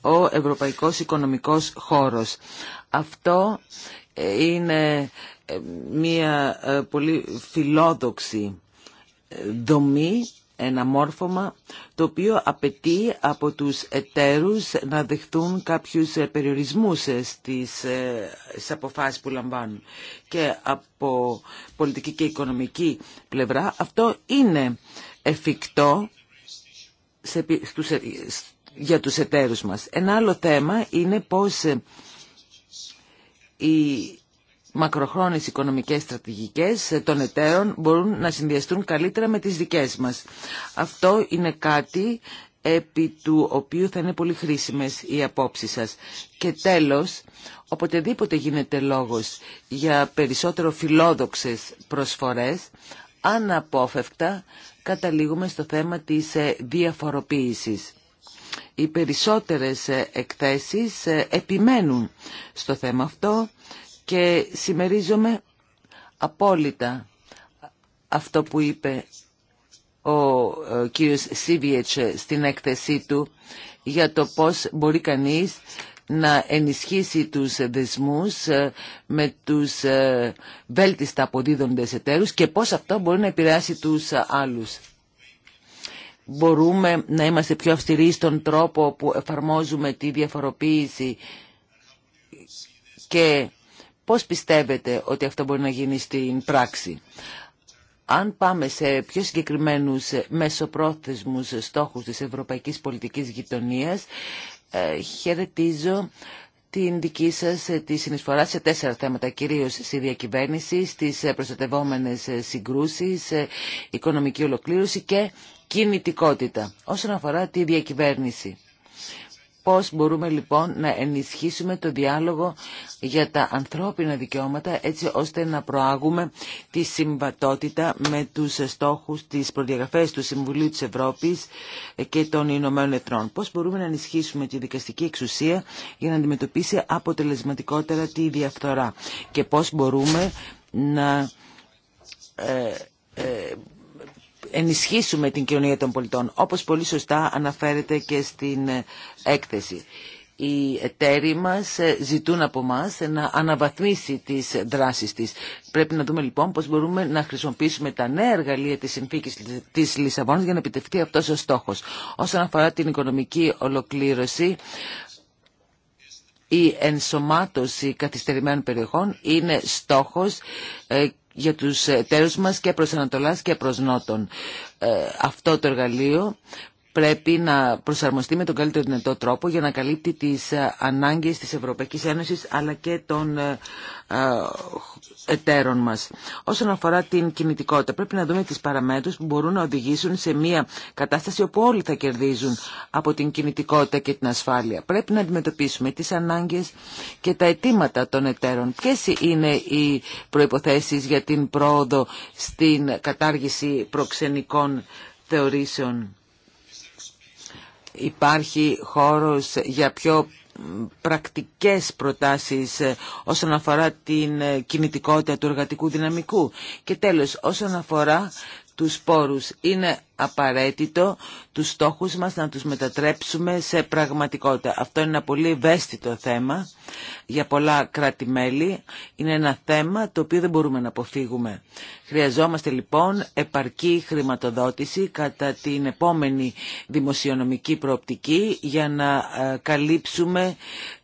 ο ευρωπαϊκός οικονομικός χώρος. Αυτό ε, είναι ε, μία πολύ φιλόδοξη δομή ένα μόρφωμα το οποίο απαιτεί από τους εταίρους να δεχτούν κάποιους ε, περιορισμούς ε, στις, ε, στις αποφάσεις που λαμβάνουν. Και από πολιτική και οικονομική πλευρά αυτό είναι εφικτό για τους εταίρους μας. Ένα άλλο θέμα είναι πώς η μακροχρόνιες οικονομικές στρατηγικές των εταίρων μπορούν να συνδυαστούν καλύτερα με τις δικές μας. Αυτό είναι κάτι επί του οποίου θα είναι πολύ χρήσιμες οι απόψεις σας. Και τέλος, οποτεδήποτε γίνεται λόγος για περισσότερο φιλόδοξες προσφορές, αναπόφευκτα καταλήγουμε στο θέμα της ε, διαφοροποίησης. Οι περισσότερες ε, εκθέσεις ε, επιμένουν στο θέμα αυτό και συμμερίζομαι απόλυτα αυτό που είπε ο κύριος Σίβιετς στην έκθεσή του για το πώς μπορεί κανείς να ενισχύσει τους δεσμούς ε, με τους ε, βέλτιστα αποδίδοντες εταίρους και πώς αυτό μπορεί να επηρεάσει τους άλλους. Μπορούμε να είμαστε πιο αυστηροί στον τρόπο που εφαρμόζουμε τη διαφοροποίηση και Πώς πιστεύετε ότι αυτό μπορεί να γίνει στην πράξη. Αν πάμε σε πιο συγκεκριμένους ε, μεσοπρόθεσμους στόχους της ευρωπαϊκής πολιτικής γειτονίας, ε, χαιρετίζω την δική σας ε, τη συνεισφορά σε τέσσερα θέματα, κυρίως στη διακυβέρνηση, στις προστατευόμενες συγκρούσεις, οικονομική ολοκλήρωση και κινητικότητα. Όσον αφορά τη διακυβέρνηση, Πώς μπορούμε λοιπόν να ενισχύσουμε το διάλογο για τα ανθρώπινα δικαιώματα έτσι ώστε να προάγουμε τη συμβατότητα με τους στόχους, της Προδιαγραφής του Συμβουλίου της Ευρώπης και των Ηνωμένων Εθνών. Πώς μπορούμε να ενισχύσουμε τη δικαστική εξουσία για να αντιμετωπίσει αποτελεσματικότερα τη διαφθορά και πώς μπορούμε να ε, ε, ενισχύσουμε την κοινωνία των πολιτών, όπως πολύ σωστά αναφέρεται και στην ε, έκθεση. Οι εταίροι μας ε, ζητούν από μας να αναβαθμίσει τις δράσεις της. Πρέπει να δούμε λοιπόν πώς μπορούμε να χρησιμοποιήσουμε τα νέα εργαλεία της συνθήκης της Λισαβόνας για να επιτευχθεί αυτός ο στόχος. Όσον αφορά την οικονομική ολοκλήρωση, η ενσωμάτωση καθυστερημένων περιοχών είναι στόχος ε, για τους εταίρους μας και προς Ανατολάς και προς Νότον. Ε, αυτό το εργαλείο πρέπει να προσαρμοστεί με τον καλύτερο δυνατό τρόπο για να καλύπτει τις ε, ανάγκες της Ευρωπαϊκής Ένωσης αλλά και των ε, ε, εταίρων μας. Όσον αφορά την κινητικότητα, πρέπει να δούμε τις παραμέτρους που μπορούν να οδηγήσουν σε μια κατάσταση όπου όλοι θα κερδίζουν από την κινητικότητα και την ασφάλεια. Πρέπει να αντιμετωπίσουμε τις ανάγκες και τα αιτήματα των εταίρων. Ποιε είναι οι προϋποθέσεις για την πρόοδο στην κατάργηση προξενικών θεωρήσεων υπάρχει χώρος για πιο πρακτικές προτάσεις ε, όσον αφορά την ε, κινητικότητα του εργατικού δυναμικού. Και τέλος, όσον αφορά τους πόρους, είναι απαραίτητο τους στόχους μας να τους μετατρέψουμε σε πραγματικότητα. Αυτό είναι ένα πολύ ευαίσθητο θέμα για πολλά κράτη-μέλη. Είναι ένα θέμα το οποίο δεν μπορούμε να αποφύγουμε. Χρειαζόμαστε λοιπόν επαρκή χρηματοδότηση κατά την επόμενη δημοσιονομική προοπτική για να ε, καλύψουμε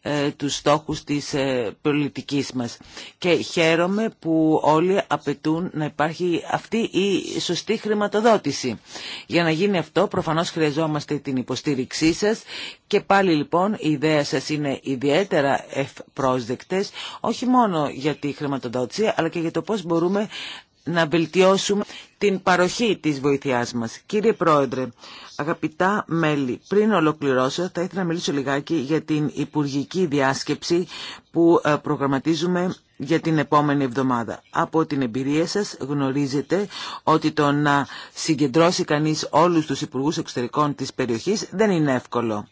ε, τους στόχους της ε, πολιτικής μας. Και χαίρομαι που όλοι απαιτούν να υπάρχει αυτή η σωστή χρηματοδότηση. Για να γίνει αυτό προφανώς χρειαζόμαστε την υποστήριξή σας και πάλι λοιπόν η ιδέα σας είναι ιδιαίτερα ευπρόσδεκτες όχι μόνο για τη χρηματοδότηση αλλά και για το πώς μπορούμε να βελτιώσουμε την παροχή της βοήθειάς μας. Κύριε Πρόεδρε, αγαπητά μέλη, πριν ολοκληρώσω θα ήθελα να μιλήσω λιγάκι για την Υπουργική Διάσκεψη που ε, προγραμματίζουμε για την επόμενη εβδομάδα. Από την εμπειρία σας γνωρίζετε ότι το να συγκεντρώσει κανείς όλους τους Υπουργούς Εξωτερικών της περιοχής δεν είναι εύκολο.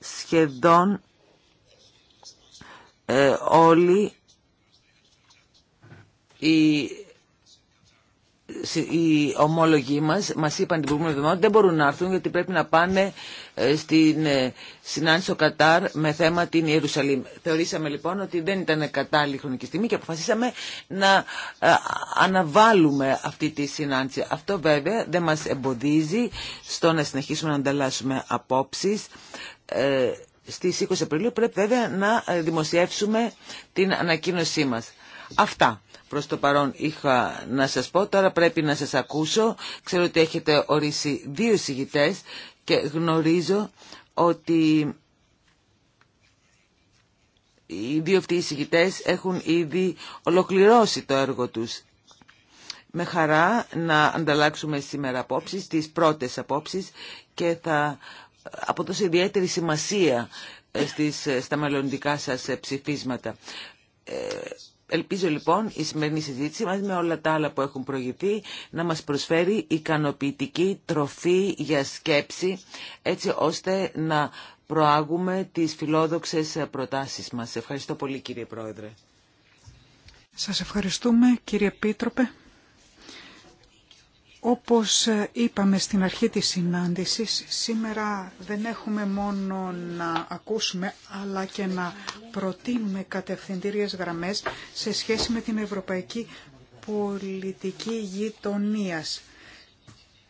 Σχεδόν ε, όλοι οι οι ομόλογοι μας μας είπαν την προηγούμενη εβδομάδα ότι δεν μπορούν να έρθουν γιατί πρέπει να πάνε ε, στην ε, συνάντηση στο Κατάρ με θέμα την Ιερουσαλήμ. Θεωρήσαμε λοιπόν ότι δεν ήταν κατάλληλη χρονική στιγμή και αποφασίσαμε να ε, αναβάλουμε αυτή τη συνάντηση. Αυτό βέβαια δεν μας εμποδίζει στο να συνεχίσουμε να ανταλλάσσουμε απόψεις. Στις 20 Απριλίου πρέπει βέβαια να δημοσιεύσουμε την ανακοίνωσή μας. Αυτά προς το παρόν είχα να σας πω. Τώρα πρέπει να σας ακούσω. Ξέρω ότι έχετε ορίσει δύο συγητές και γνωρίζω ότι οι δύο αυτοί οι έχουν ήδη ολοκληρώσει το έργο τους. Με χαρά να ανταλλάξουμε σήμερα απόψεις, τις πρώτες απόψεις και θα αποδώσω ιδιαίτερη σημασία ε, στις, ε, στα μελλοντικά σας ε, ψηφίσματα. Ελπίζω λοιπόν η σημερινή συζήτηση μαζί με όλα τα άλλα που έχουν προηγηθεί να μας προσφέρει ικανοποιητική τροφή για σκέψη έτσι ώστε να προάγουμε τις φιλόδοξες προτάσεις μας. Ευχαριστώ πολύ κύριε Πρόεδρε. Σας ευχαριστούμε κύριε Πίτροπε. Όπως ε, είπαμε στην αρχή της συνάντησης, σήμερα δεν έχουμε μόνο να ακούσουμε, αλλά και να προτείνουμε κατευθυντήριες γραμμές σε σχέση με την ευρωπαϊκή πολιτική γειτονίας.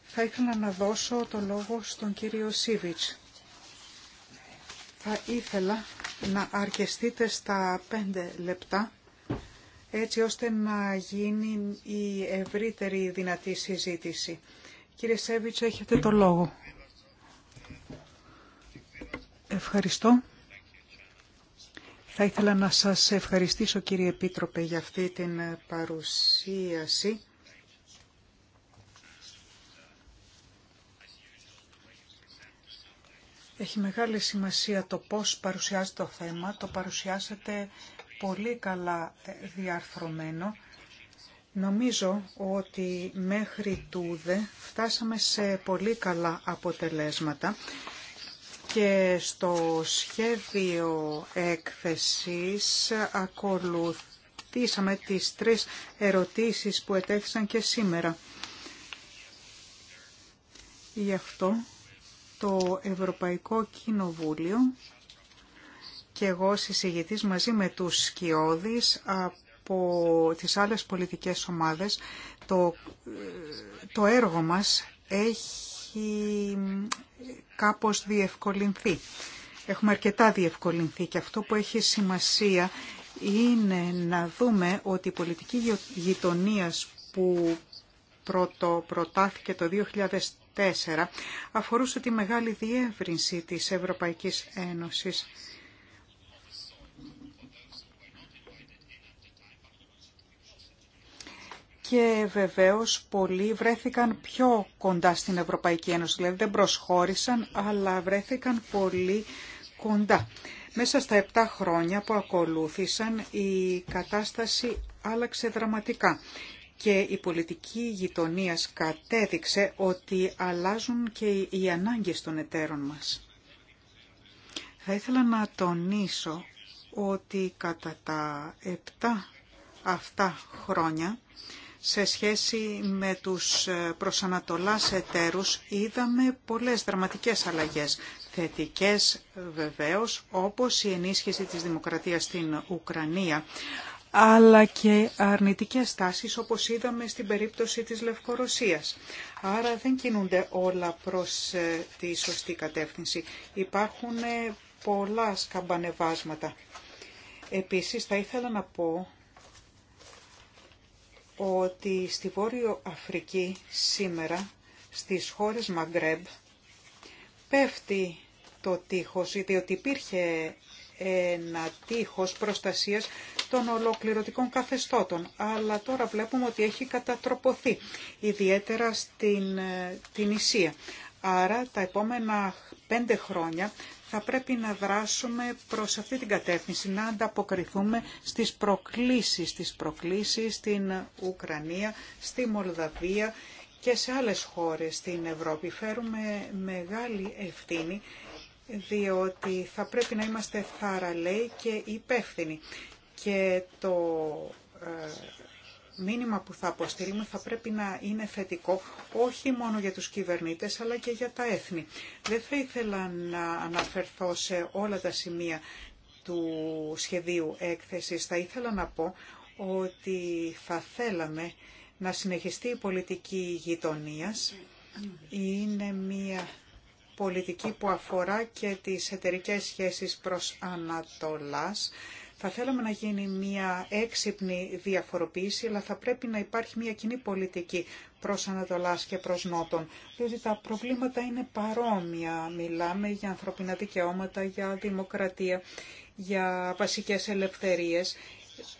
Θα ήθελα να δώσω το λόγο στον κύριο Σίβιτς. Θα ήθελα να αρκεστείτε στα πέντε λεπτά έτσι ώστε να γίνει η ευρύτερη δυνατή συζήτηση. Κύριε Σέβιτς, έχετε το λόγο. Ευχαριστώ. Θα ήθελα να σας ευχαριστήσω κύριε Επίτροπε για αυτή την παρουσίαση. Έχει μεγάλη σημασία το πώς παρουσιάζεται το θέμα. Το παρουσιάσατε πολύ καλά ε, διαρθρωμένο. Νομίζω ότι μέχρι τούδε φτάσαμε σε πολύ καλά αποτελέσματα και στο σχέδιο έκθεσης ακολουθήσαμε τις τρεις ερωτήσεις που ετέθησαν και σήμερα. Γι' αυτό το Ευρωπαϊκό Κοινοβούλιο και εγώ εισηγητής μαζί με τους σκιώδεις από τις άλλες πολιτικές ομάδες. Το, το έργο μας έχει κάπως διευκολυνθεί. Έχουμε αρκετά διευκολυνθεί και αυτό που έχει σημασία είναι να δούμε ότι η πολιτική γειτονίας που πρώτο προτάθηκε το 2004 αφορούσε τη μεγάλη διεύρυνση της Ευρωπαϊκής Ένωσης και βεβαίως πολλοί βρέθηκαν πιο κοντά στην Ευρωπαϊκή Ένωση, δηλαδή δεν προσχώρησαν, αλλά βρέθηκαν πολύ κοντά. Μέσα στα 7 χρόνια που ακολούθησαν η κατάσταση άλλαξε δραματικά και η πολιτική γειτονία κατέδειξε ότι αλλάζουν και οι ανάγκες των εταίρων μας. Θα ήθελα να τονίσω ότι κατά τα 7 αυτά χρόνια σε σχέση με τους ε, προσανατολάς εταίρους είδαμε πολλές δραματικές αλλαγές, θετικές βεβαίως, όπως η ενίσχυση της δημοκρατίας στην Ουκρανία, αλλά και αρνητικές τάσεις όπως είδαμε στην περίπτωση της Λευκορωσίας. Άρα δεν κινούνται όλα προς ε, τη σωστή κατεύθυνση. Υπάρχουν ε, πολλά σκαμπανεβάσματα. Επίσης θα ήθελα να πω ότι στη Βόρειο Αφρική σήμερα, στις χώρες Μαγκρέμπ, πέφτει το τείχος, διότι υπήρχε ένα τείχος προστασίας των ολοκληρωτικών καθεστώτων. Αλλά τώρα βλέπουμε ότι έχει κατατροποθεί, ιδιαίτερα στην ε, Ισία. Άρα τα επόμενα πέντε χρόνια θα πρέπει να δράσουμε προς αυτή την κατεύθυνση, να ανταποκριθούμε στις προκλήσεις, στις προκλήσεις στην Ουκρανία, στη Μολδαβία και σε άλλες χώρες στην Ευρώπη. Φέρουμε μεγάλη ευθύνη, διότι θα πρέπει να είμαστε θαραλέοι και υπεύθυνοι. Και το ε, μήνυμα που θα αποστείλουμε θα πρέπει να είναι θετικό όχι μόνο για τους κυβερνήτες αλλά και για τα έθνη. Δεν θα ήθελα να αναφερθώ σε όλα τα σημεία του σχεδίου έκθεσης. Θα ήθελα να πω ότι θα θέλαμε να συνεχιστεί η πολιτική γειτονίας. Είναι μια πολιτική που αφορά και τις εταιρικές σχέσεις προς Ανατολάς θα θέλαμε να γίνει μια έξυπνη διαφοροποίηση, αλλά θα πρέπει να υπάρχει μια κοινή πολιτική προς Ανατολάς και προς Νότον, διότι τα προβλήματα είναι παρόμοια. Μιλάμε για ανθρωπινά δικαιώματα, για δημοκρατία, για βασικές ελευθερίες.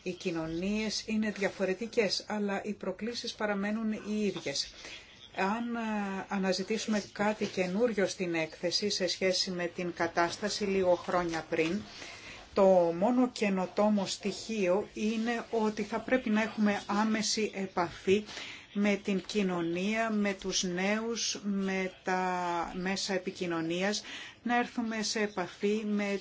Οι κοινωνίες είναι διαφορετικές, αλλά οι προκλήσεις παραμένουν οι ίδιες. Αν ε, αναζητήσουμε κάτι καινούριο στην έκθεση σε σχέση με την κατάσταση λίγο χρόνια πριν, το μόνο καινοτόμο στοιχείο είναι ότι θα πρέπει να έχουμε άμεση επαφή με την κοινωνία, με τους νέους, με τα μέσα επικοινωνίας, να έρθουμε σε επαφή με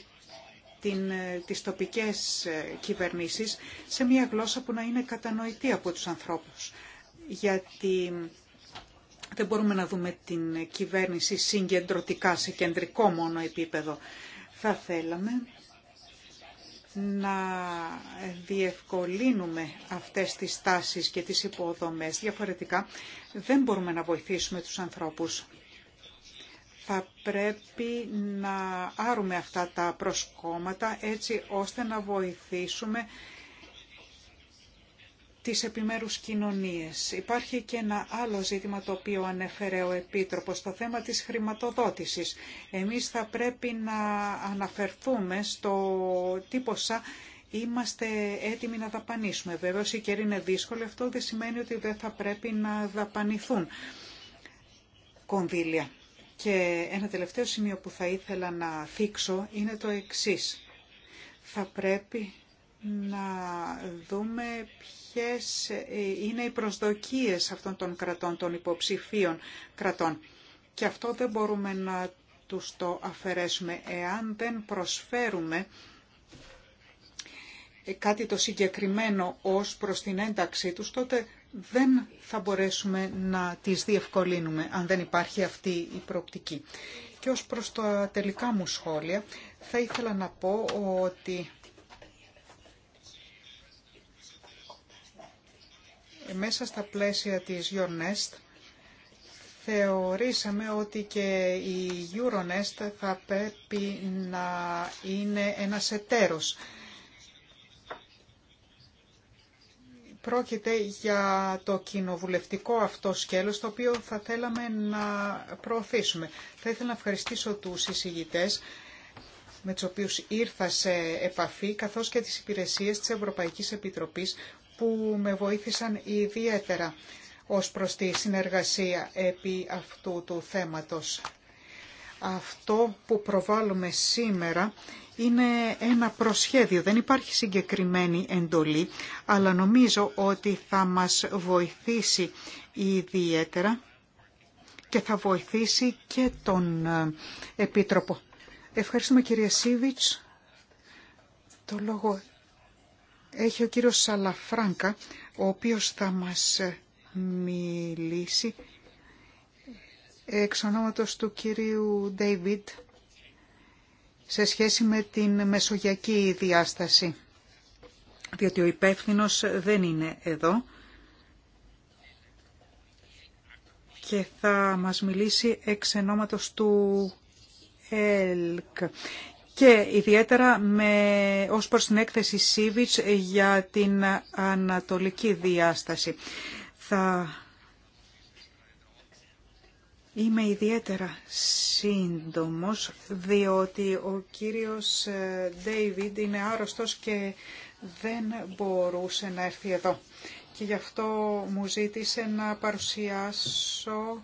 την, τις τοπικές κυβερνήσεις σε μια γλώσσα που να είναι κατανοητή από τους ανθρώπους. Γιατί δεν μπορούμε να δούμε την κυβέρνηση συγκεντρωτικά, σε κεντρικό μόνο επίπεδο. Θα θέλαμε να διευκολύνουμε αυτές τις τάσεις και τις υποδομές. Διαφορετικά δεν μπορούμε να βοηθήσουμε τους ανθρώπους. Θα πρέπει να άρουμε αυτά τα προσκόμματα έτσι ώστε να βοηθήσουμε τις επιμέρους κοινωνίες. Υπάρχει και ένα άλλο ζήτημα το οποίο ανέφερε ο Επίτροπος, το θέμα της χρηματοδότησης. Εμείς θα πρέπει να αναφερθούμε στο τι ποσά είμαστε έτοιμοι να δαπανίσουμε. Βέβαια, η καιρή είναι δύσκολη, αυτό δεν σημαίνει ότι δεν θα πρέπει να δαπανηθούν κονδύλια. Και ένα τελευταίο σημείο που θα ήθελα να θίξω είναι το εξής. Θα πρέπει να δούμε ποιες ε, είναι οι προσδοκίες αυτών των κρατών, των υποψηφίων κρατών. Και αυτό δεν μπορούμε να τους το αφαιρέσουμε εάν δεν προσφέρουμε κάτι το συγκεκριμένο ως προς την ένταξή τους, τότε δεν θα μπορέσουμε να τις διευκολύνουμε αν δεν υπάρχει αυτή η προοπτική. Και ως προς τα τελικά μου σχόλια, θα ήθελα να πω ότι Μέσα στα πλαίσια της Euronest θεωρήσαμε ότι και η Euronest θα πρέπει να είναι ένας εταίρος. Πρόκειται για το κοινοβουλευτικό αυτό σκέλος, το οποίο θα θέλαμε να προωθήσουμε. Θα ήθελα να ευχαριστήσω τους εισηγητές με τους οποίους ήρθα σε επαφή, καθώς και τις υπηρεσίες της Ευρωπαϊκής Επιτροπής που με βοήθησαν ιδιαίτερα ως προς τη συνεργασία επί αυτού του θέματος. Αυτό που προβάλλουμε σήμερα είναι ένα προσχέδιο, δεν υπάρχει συγκεκριμένη εντολή, αλλά νομίζω ότι θα μας βοηθήσει ιδιαίτερα και θα βοηθήσει και τον ε, Επίτροπο. Ευχαριστούμε κυρία Σίβιτς. Το λόγο έχει ο κύριος Σαλαφράνκα, ο οποίος θα μας μιλήσει εξ ονόματος του κυρίου Ντέιβιντ σε σχέση με την μεσογειακή διάσταση, διότι ο υπεύθυνο δεν είναι εδώ και θα μας μιλήσει εξ ονόματος του ΕΛΚ και ιδιαίτερα με, ως προς την έκθεση Σίβιτς για την ανατολική διάσταση. Θα Είμαι ιδιαίτερα σύντομος, διότι ο κύριος ε, Ντέιβιντ είναι άρρωστος και δεν μπορούσε να έρθει εδώ. Και γι' αυτό μου ζήτησε να παρουσιάσω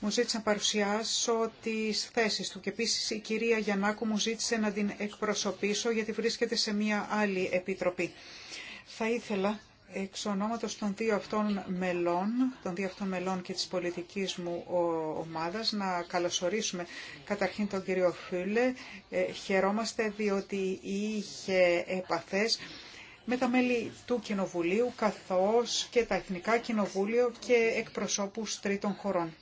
μου ζήτησε να παρουσιάσω τις θέσεις του και επίσης η κυρία Γιαννάκου μου ζήτησε να την εκπροσωπήσω γιατί βρίσκεται σε μια άλλη επιτροπή. Θα ήθελα εξ ονόματος των δύο αυτών μελών, των δύο μελών και της πολιτικής μου ομάδας να καλωσορίσουμε καταρχήν τον κύριο Φούλε. Ε, χαιρόμαστε διότι είχε επαθές με τα μέλη του Κοινοβουλίου καθώς και τα Εθνικά Κοινοβούλιο και εκπροσώπους τρίτων χωρών.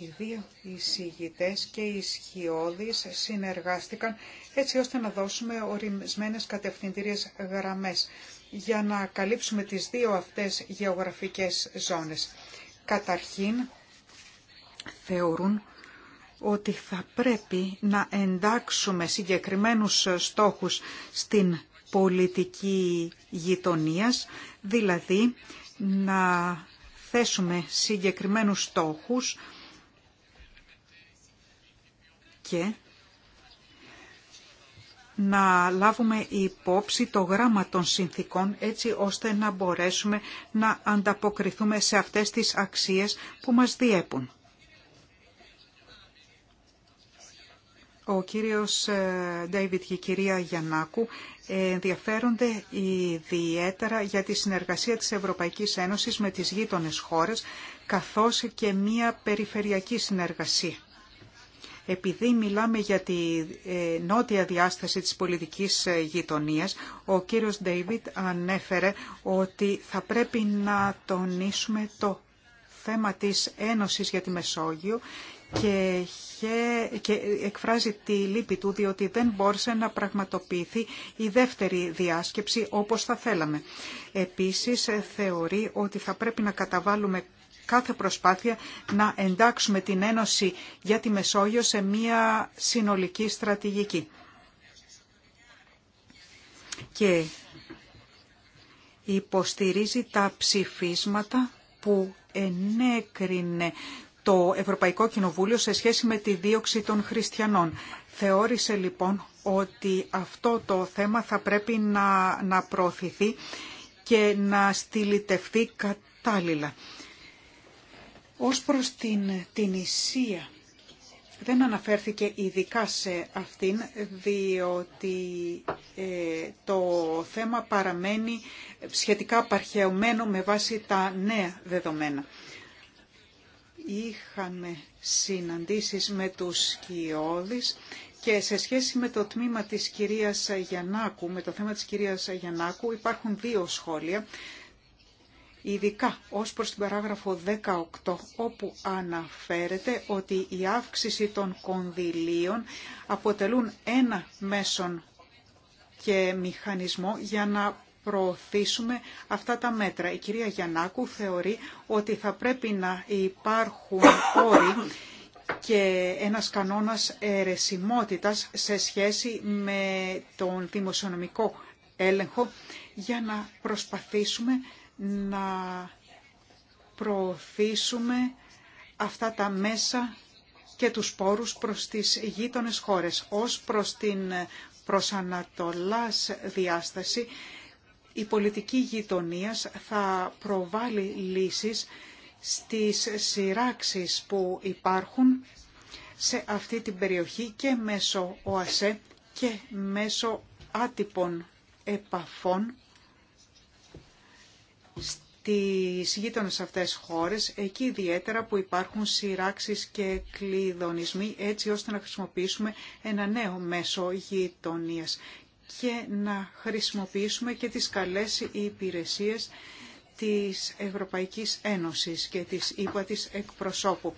Οι δύο εισηγητές και οι ισχυώδεις συνεργάστηκαν έτσι ώστε να δώσουμε ορισμένες κατευθυντήριες γραμμές για να καλύψουμε τις δύο αυτές γεωγραφικές ζώνες. Καταρχήν, θεωρούν ότι θα πρέπει να εντάξουμε συγκεκριμένους στόχους στην πολιτική γειτονίας, δηλαδή να θέσουμε συγκεκριμένους στόχους και να λάβουμε υπόψη το γράμμα των συνθήκων έτσι ώστε να μπορέσουμε να ανταποκριθούμε σε αυτές τις αξίες που μας διέπουν. Ο κύριος ε, Ντέιβιτ και η κυρία Γιαννάκου ενδιαφέρονται ιδιαίτερα για τη συνεργασία της Ευρωπαϊκής Ένωσης με τις γείτονες χώρες καθώς και μια περιφερειακή συνεργασία. Επειδή μιλάμε για τη ε, νότια διάσταση της πολιτικής ε, γειτονίας, ο κύριος Ντέιβιτ ανέφερε ότι θα πρέπει να τονίσουμε το θέμα της Ένωσης για τη Μεσόγειο και, και εκφράζει τη λύπη του διότι δεν μπόρεσε να πραγματοποιηθεί η δεύτερη διάσκεψη όπως θα θέλαμε. Επίσης ε, θεωρεί ότι θα πρέπει να καταβάλουμε κάθε προσπάθεια να εντάξουμε την Ένωση για τη Μεσόγειο σε μια συνολική στρατηγική. Και υποστηρίζει τα ψηφίσματα που ενέκρινε το Ευρωπαϊκό Κοινοβούλιο σε σχέση με τη δίωξη των χριστιανών. Θεώρησε λοιπόν ότι αυτό το θέμα θα πρέπει να, να προωθηθεί και να στυλιτευτεί κατάλληλα. Ως προς την, την Ισία, δεν αναφέρθηκε ειδικά σε αυτήν, διότι ε, το θέμα παραμένει σχετικά παρχαιωμένο με βάση τα νέα δεδομένα. Είχαμε συναντήσεις με τους σκιώδεις και σε σχέση με το τμήμα της κυρίας Γιαννάκου, με το θέμα της κυρίας Γιαννάκου υπάρχουν δύο σχόλια ειδικά ως προς την παράγραφο 18, όπου αναφέρεται ότι η αύξηση των κονδυλίων αποτελούν ένα μέσον και μηχανισμό για να προωθήσουμε αυτά τα μέτρα. Η κυρία Γιαννάκου θεωρεί ότι θα πρέπει να υπάρχουν όροι και ένας κανόνας αιρεσιμότητας σε σχέση με τον δημοσιονομικό έλεγχο για να προσπαθήσουμε να προωθήσουμε αυτά τα μέσα και τους πόρους προς τις γείτονες χώρες. Ως προς την προσανατολάς διάσταση, η πολιτική γειτονίας θα προβάλλει λύσεις στις σειράξεις που υπάρχουν σε αυτή την περιοχή και μέσω ΟΑΣΕ και μέσω άτυπων επαφών στις γείτονες αυτές χώρες, εκεί ιδιαίτερα που υπάρχουν σειράξεις και κλειδονισμοί, έτσι ώστε να χρησιμοποιήσουμε ένα νέο μέσο γειτονίας και να χρησιμοποιήσουμε και τις καλές υπηρεσίες της Ευρωπαϊκής Ένωσης και της ΥΠΑ της εκπροσώπου.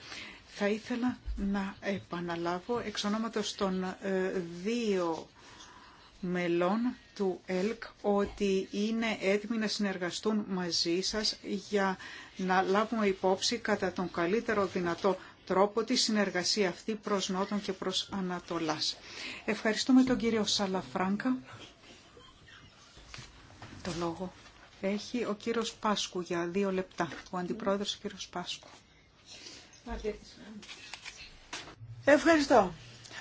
Θα ήθελα να επαναλάβω εξ ονόματος των ε, δύο μελών του ΕΛΚ ότι είναι έτοιμοι να συνεργαστούν μαζί σας για να λάβουμε υπόψη κατά τον καλύτερο δυνατό τρόπο τη συνεργασία αυτή προς Νότον και προς Ανατολάς. Ευχαριστούμε τον κύριο Σαλαφράγκα. Το λόγο έχει ο κύριος Πάσκου για δύο λεπτά. Ο αντιπρόεδρος ο κύριος Πάσκου. Ευχαριστώ.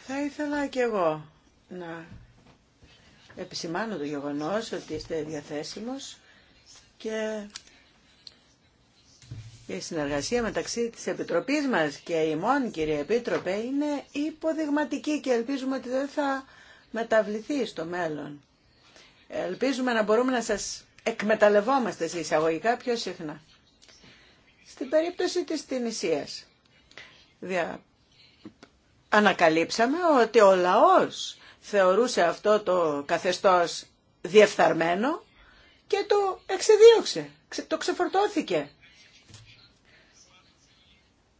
Θα ήθελα και εγώ να επισημάνω το γεγονός ότι είστε διαθέσιμος και η συνεργασία μεταξύ της Επιτροπής μας και ημών, κυρία Επίτροπε, είναι υποδειγματική και ελπίζουμε ότι δεν θα μεταβληθεί στο μέλλον. Ελπίζουμε να μπορούμε να σας εκμεταλλευόμαστε σε εισαγωγικά πιο συχνά. Στην περίπτωση της Τινησίας, δια... ανακαλύψαμε ότι ο λαός θεωρούσε αυτό το καθεστώς διεφθαρμένο και το εξεδίωξε, το ξεφορτώθηκε.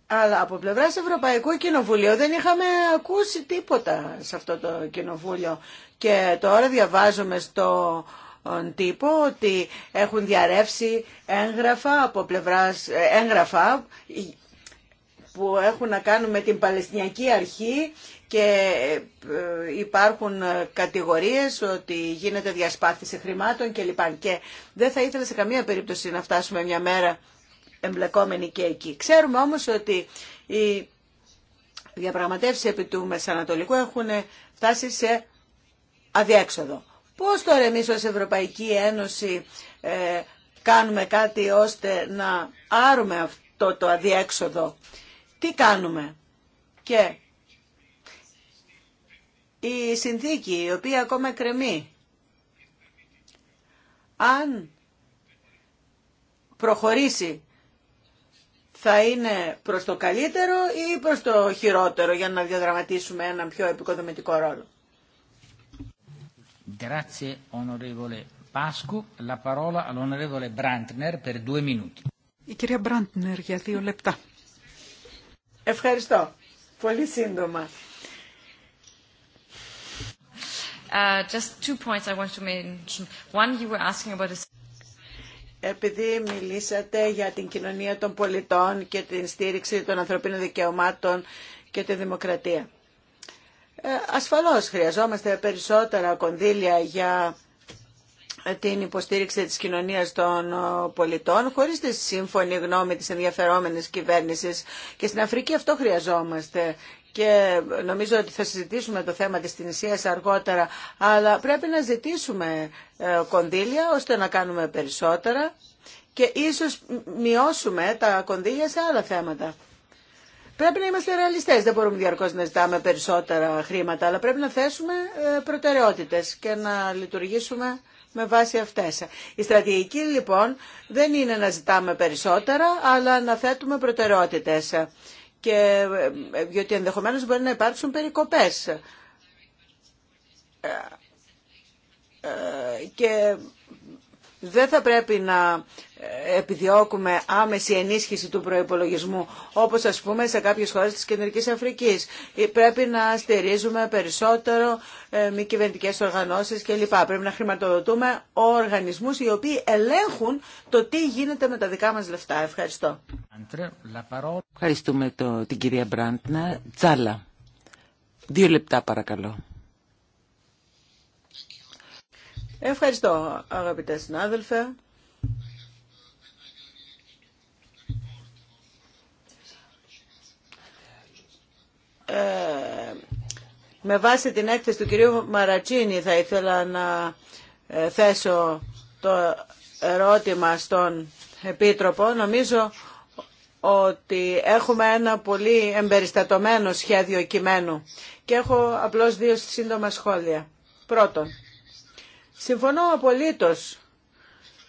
Αλλά από πλευράς Ευρωπαϊκού Κοινοβουλίου δεν είχαμε ακούσει τίποτα σε αυτό το κοινοβούλιο. Και τώρα διαβάζουμε στο τύπο ότι έχουν διαρρεύσει έγγραφα από πλευράς, ε, έγγραφα που έχουν να κάνουν με την Παλαιστινιακή Αρχή και ε, υπάρχουν ε, κατηγορίες ότι γίνεται διασπάθηση χρημάτων κλπ. Και δεν θα ήθελα σε καμία περίπτωση να φτάσουμε μια μέρα εμπλεκόμενοι και εκεί. Ξέρουμε όμως ότι οι διαπραγματεύσεις επί του Μεσανατολικού έχουν φτάσει σε αδιέξοδο. Πώς τώρα εμείς ως Ευρωπαϊκή Ένωση ε, κάνουμε κάτι ώστε να άρουμε αυτό το αδιέξοδο. Τι κάνουμε. Και η συνθήκη η οποία ακόμα κρεμεί. Αν προχωρήσει θα είναι προς το καλύτερο ή προς το χειρότερο για να διαδραματίσουμε έναν πιο επικοδομητικό ρόλο. Η κυρία Μπραντνερ για δύο λεπτά. Ευχαριστώ. Πολύ σύντομα. Uh, just two points I want to mention. One, you were asking about Επειδή μιλήσατε για την κοινωνία των πολιτών και την στήριξη των ανθρωπίνων δικαιωμάτων και τη δημοκρατία. Ε, ασφαλώς χρειαζόμαστε περισσότερα κονδύλια για την υποστήριξη της κοινωνίας των ε, πολιτών χωρίς τη σύμφωνη γνώμη της ενδιαφερόμενης κυβέρνησης και στην Αφρική αυτό χρειαζόμαστε και νομίζω ότι θα συζητήσουμε το θέμα της Τινησίας αργότερα, αλλά πρέπει να ζητήσουμε ε, κονδύλια ώστε να κάνουμε περισσότερα και ίσως μειώσουμε τα κονδύλια σε άλλα θέματα. Πρέπει να είμαστε ρεαλιστέ. Δεν μπορούμε διαρκώ να ζητάμε περισσότερα χρήματα, αλλά πρέπει να θέσουμε ε, προτεραιότητες και να λειτουργήσουμε με βάση αυτέ. Η στρατηγική λοιπόν δεν είναι να ζητάμε περισσότερα, αλλά να θέτουμε προτεραιότητε και ε, διότι ενδεχομένως μπορεί να υπάρξουν περικοπές. Ε, ε, και δεν θα πρέπει να ε, επιδιώκουμε άμεση ενίσχυση του προϋπολογισμού, όπως ας πούμε σε κάποιες χώρες της Κεντρικής Αφρικής. Ε, πρέπει να στηρίζουμε περισσότερο ε, μη κυβερνητικέ οργανώσεις κλπ. Πρέπει να χρηματοδοτούμε οργανισμούς οι οποίοι ελέγχουν το τι γίνεται με τα δικά μας λεφτά. Ευχαριστώ. Ευχαριστούμε την κυρία Μπραντνα. Τζάλα. Δύο λεπτά παρακαλώ. Ευχαριστώ αγαπητέ συνάδελφε. Ε, με βάση την έκθεση του κυρίου Μαρατσίνη θα ήθελα να ε, θέσω το ερώτημα στον Επίτροπο. Νομίζω ότι έχουμε ένα πολύ εμπεριστατωμένο σχέδιο κειμένου και έχω απλώς δύο σύντομα σχόλια. Πρώτον, Συμφωνώ απολύτω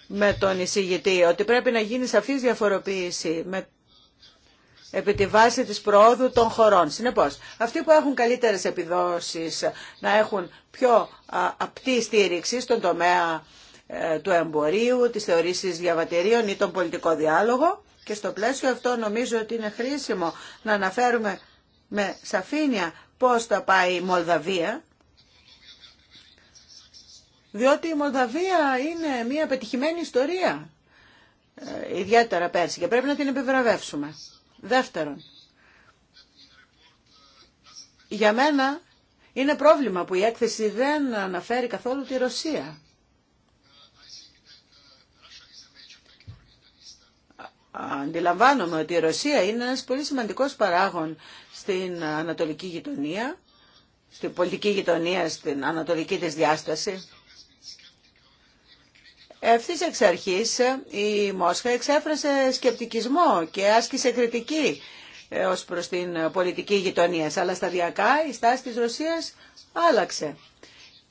με τον εισηγητή ότι πρέπει να γίνει σαφή διαφοροποίηση με επί τη βάση της προόδου των χωρών. Συνεπώς, αυτοί που έχουν καλύτερες επιδόσεις να έχουν πιο απτή στήριξη στον τομέα ε, του εμπορίου, της θεωρήση διαβατηρίων ή τον πολιτικό διάλογο και στο πλαίσιο αυτό νομίζω ότι είναι χρήσιμο να αναφέρουμε με σαφήνεια πώς θα πάει η Μολδαβία διότι η Μολδαβία είναι μια πετυχημένη ιστορία, ε, ιδιαίτερα πέρσι, και πρέπει να την επιβραβεύσουμε. Δεύτερον, για μένα είναι πρόβλημα που η έκθεση δεν αναφέρει καθόλου τη Ρωσία. Αντιλαμβάνομαι ότι η Ρωσία είναι ένας πολύ σημαντικός παράγων στην ανατολική γειτονία, στην πολιτική γειτονία, στην ανατολική της διάσταση. Ευθύ εξ αρχή η Μόσχα εξέφρασε σκεπτικισμό και άσκησε κριτική ε, ως προς την πολιτική γειτονία. Αλλά σταδιακά η στάση της Ρωσίας άλλαξε.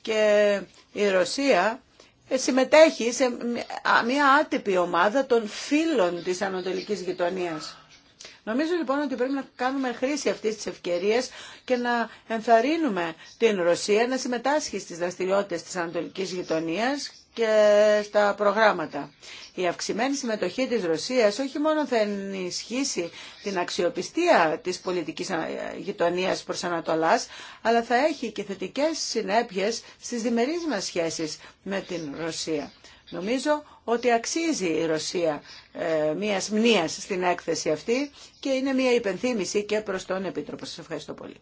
Και η Ρωσία ε, συμμετέχει σε μια άτυπη ομάδα των φίλων της Ανατολικής Γειτονίας. Νομίζω λοιπόν ότι πρέπει να κάνουμε χρήση αυτής της ευκαιρίας και να ενθαρρύνουμε την Ρωσία να συμμετάσχει στις δραστηριότητες της Ανατολικής Γειτονίας και στα προγράμματα. Η αυξημένη συμμετοχή της Ρωσίας όχι μόνο θα ενισχύσει την αξιοπιστία της πολιτικής γειτονίας προς Ανατολάς, αλλά θα έχει και θετικές συνέπειες στις διμερείς μας σχέσεις με την Ρωσία. Νομίζω ότι αξίζει η Ρωσία ε, μίας μνήας στην έκθεση αυτή και είναι μια υπενθύμηση και προς τον Επίτροπο. Σας ευχαριστώ πολύ.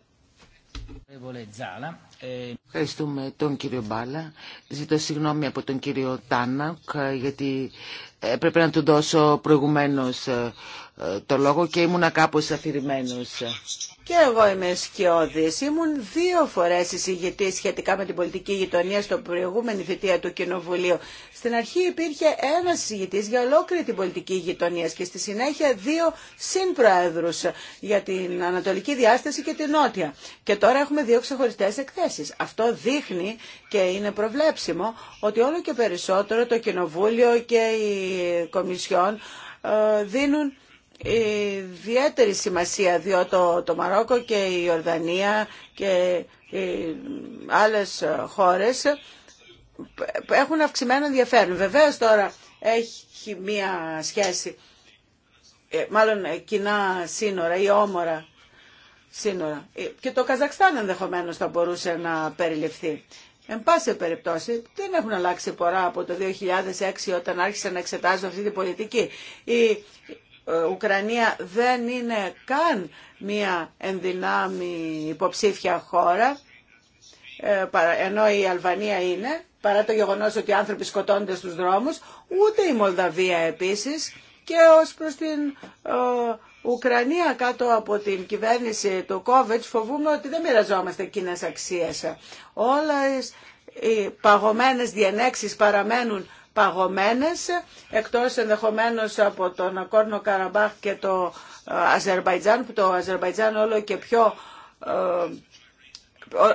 Eh, Ευχαριστούμε τον κύριο Μπάλα. Ζητώ συγγνώμη από τον κύριο Τάνακ ε, γιατί έπρεπε να του δώσω προηγουμένως ε, ε, το λόγο και ήμουνα κάπως αφηρημένος. Και εγώ είμαι σκιώδης. Ήμουν δύο φορέ εισηγητή σχετικά με την πολιτική γειτονία στο προηγούμενη θητεία του Κοινοβουλίου. Στην αρχή υπήρχε ένα εισηγητής για ολόκληρη την πολιτική γειτονία και στη συνέχεια δύο συνπροέδρους για την ανατολική διάσταση και την νότια. Και τώρα έχουμε δύο ξεχωριστέ εκθέσει. Αυτό δείχνει και είναι προβλέψιμο ότι όλο και περισσότερο το Κοινοβούλιο και οι Κομισιόν ε, δίνουν ιδιαίτερη σημασία διότι το, το Μαρόκο και η Ορδανία και οι άλλες χώρες έχουν αυξημένο ενδιαφέρον. Βεβαίως τώρα έχει μία σχέση, ε, μάλλον κοινά σύνορα ή όμορα σύνορα. Ε, και το Καζακστάν ενδεχομένως θα μπορούσε να περιληφθεί. Εν πάση περιπτώσει, δεν έχουν αλλάξει πορά από το 2006 όταν άρχισαν να εξετάζουν αυτή την πολιτική. Η ε, Ουκρανία δεν είναι καν μία ενδυνάμει υποψήφια χώρα, ε, ενώ η Αλβανία είναι, παρά το γεγονός ότι οι άνθρωποι σκοτώνται στους δρόμους, ούτε η Μολδαβία επίσης και ως προς την ε, Ουκρανία κάτω από την κυβέρνηση του Κόβετς φοβούμε ότι δεν μοιραζόμαστε κοινέ αξίες. Όλες οι παγωμένες διενέξεις παραμένουν παγωμένες εκτός ενδεχομένως από τον Ακόρνο Καραμπάχ και το ε, Αζερβαϊτζάν που το Αζερβαϊτζάν όλο και πιο ε,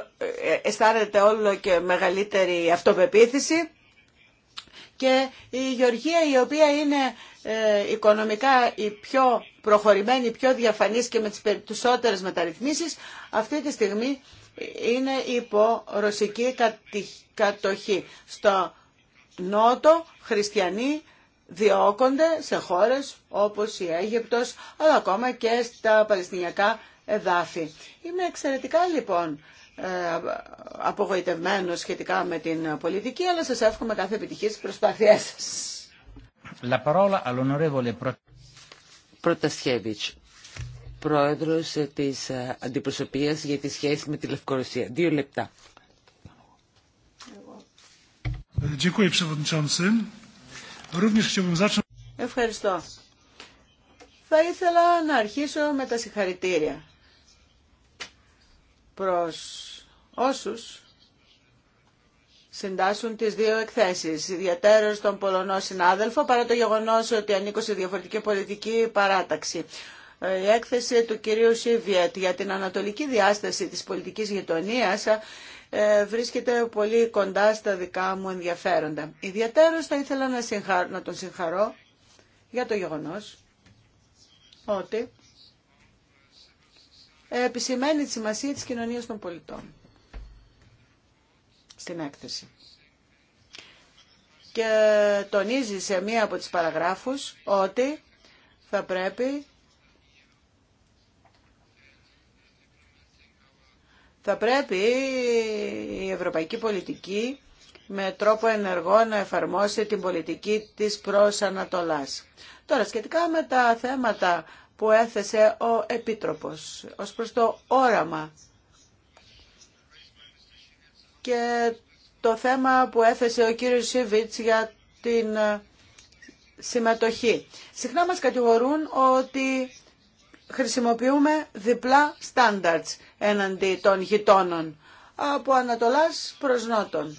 ε, αισθάνεται όλο και μεγαλύτερη αυτοπεποίθηση και η Γεωργία η οποία είναι οικονομικά η πιο προχωρημένη, η πιο διαφανής και με τις περισσότερες μεταρρυθμίσεις αυτή τη στιγμή είναι υπό ρωσική κατοχή. Στο Νότο χριστιανοί διώκονται σε χώρες όπως η Αίγυπτος, αλλά ακόμα και στα Παλαιστινιακά εδάφη. Είμαι εξαιρετικά λοιπόν ε, απογοητευμένος σχετικά με την πολιτική, αλλά σας εύχομαι κάθε επιτυχία στις προσπάθειές σας. La parola all'onorevole πρόεδρος της ε, αντιπροσωπείας για τη σχέση με τη Λευκορωσία. Δύο λεπτά. Ευχαριστώ. Θα ήθελα να αρχίσω με τα συγχαρητήρια προς όσους συντάσσουν τις δύο εκθέσεις, ιδιαίτερα στον Πολωνό συνάδελφο, παρά το γεγονός ότι ανήκω σε διαφορετική πολιτική παράταξη. Ε, η έκθεση του κυρίου Σίβιετ για την ανατολική διάσταση της πολιτικής γειτονίας ε, βρίσκεται πολύ κοντά στα δικά μου ενδιαφέροντα. Ιδιαίτερως θα ήθελα να, συγχα... να τον συγχαρώ για το γεγονός ότι επισημαίνει τη σημασία της κοινωνίας των πολιτών στην έκθεση. Και τονίζει σε μία από τις παραγράφους ότι θα πρέπει Θα πρέπει η ευρωπαϊκή πολιτική με τρόπο ενεργό να εφαρμόσει την πολιτική της προς Ανατολάς. Τώρα, σχετικά με τα θέματα που έθεσε ο Επίτροπος ως προς το όραμα και το θέμα που έθεσε ο κύριος Σιβίτς για την συμμετοχή. Συχνά μας κατηγορούν ότι χρησιμοποιούμε διπλά standards έναντι των γειτόνων από Ανατολάς προς Νότον.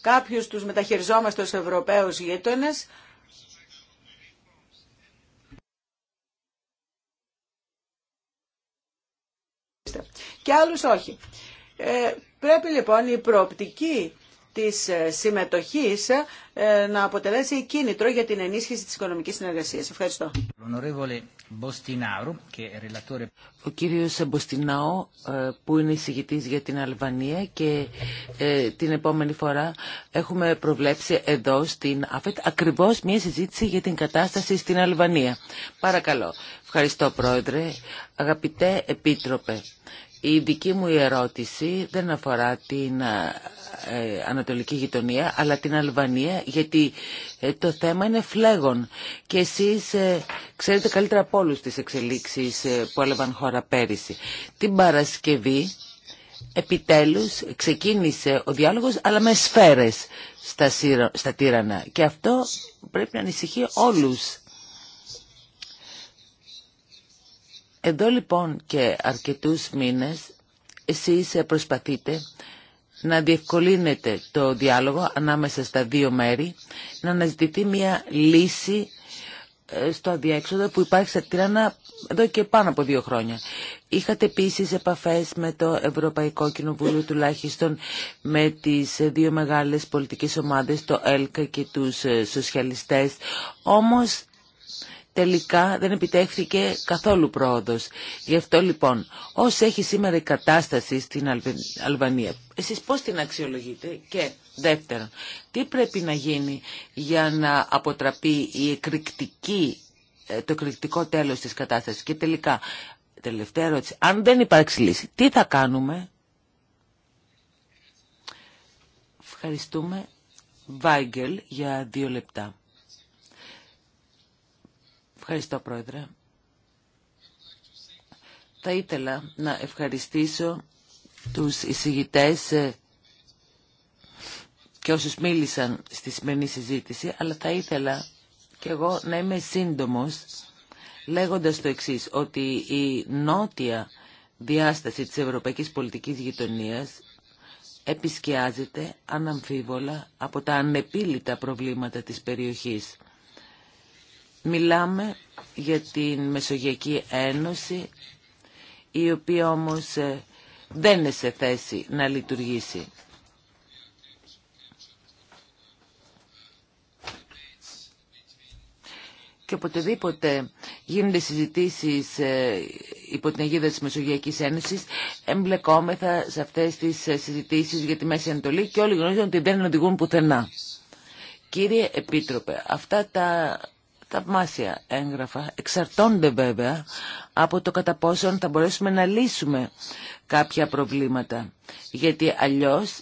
Κάποιους τους μεταχειριζόμαστε ως Ευρωπαίους γείτονες, και άλλους όχι. Ε, πρέπει λοιπόν η προοπτική της ε, συμμετοχής ε, να αποτελέσει κίνητρο για την ενίσχυση της οικονομικής συνεργασίας. Ευχαριστώ. Ο κύριος Μποστινάου ε, που είναι εισηγητής για την Αλβανία και την επόμενη φορά έχουμε προβλέψει εδώ στην ΑΦΕΤ ακριβώς μια συζήτηση για την κατάσταση στην Αλβανία. Παρακαλώ. Ευχαριστώ Πρόεδρε. Αγαπητέ Επίτροπε, η δική μου ερώτηση δεν αφορά την ε, ε, Ανατολική Γειτονία αλλά την Αλβανία γιατί ε, το θέμα είναι φλέγον και εσείς ξέρετε καλύτερα από όλους τις εξελίξεις που έλαβαν χώρα πέρυσι. Την Παρασκευή επιτέλους ξεκίνησε ο διάλογος αλλά με σφαίρες στα, τύρανα και αυτό πρέπει να ανησυχεί όλους Εδώ λοιπόν και αρκετούς μήνες εσείς προσπαθείτε να διευκολύνετε το διάλογο ανάμεσα στα δύο μέρη, να αναζητηθεί μια λύση ε, στο αδιέξοδο που υπάρχει στα τυραννά εδώ και πάνω από δύο χρόνια. Είχατε επίσης επαφές με το Ευρωπαϊκό Κοινοβούλιο τουλάχιστον με τις δύο μεγάλες πολιτικές ομάδες, το ΕΛΚΑ και τους ε, σοσιαλιστές. Όμως τελικά δεν επιτέχθηκε καθόλου πρόοδος. Γι' αυτό λοιπόν, όσο έχει σήμερα η κατάσταση στην Αλβανία, εσείς πώς την αξιολογείτε και δεύτερον, τι πρέπει να γίνει για να αποτραπεί η ε, το εκρηκτικό τέλος της κατάστασης και τελικά, τελευταία ερώτηση, αν δεν υπάρξει λύση, τι θα κάνουμε. Ευχαριστούμε. Βάγγελ για δύο λεπτά. Ευχαριστώ, Πρόεδρε. Θα ήθελα να ευχαριστήσω τους εισηγητές ε, και όσους μίλησαν στη σημερινή συζήτηση, αλλά θα ήθελα και εγώ να είμαι σύντομος λέγοντας το εξής, ότι η νότια διάσταση της ευρωπαϊκής πολιτικής γειτονίας επισκιάζεται αναμφίβολα από τα ανεπίλητα προβλήματα της περιοχής. Μιλάμε για την Μεσογειακή Ένωση, η οποία όμως ε, δεν είναι σε θέση να λειτουργήσει. και οποτεδήποτε γίνονται συζητήσεις ε, υπό την αιγίδα της Μεσογειακής Ένωσης εμπλεκόμεθα σε αυτές τις ε, συζητήσεις για τη Μέση Ανατολή και όλοι γνωρίζουν ότι δεν οδηγούν πουθενά. Κύριε Επίτροπε, αυτά τα θαυμάσια έγγραφα. Εξαρτώνται βέβαια από το κατά πόσον θα μπορέσουμε να λύσουμε κάποια προβλήματα. Γιατί αλλιώς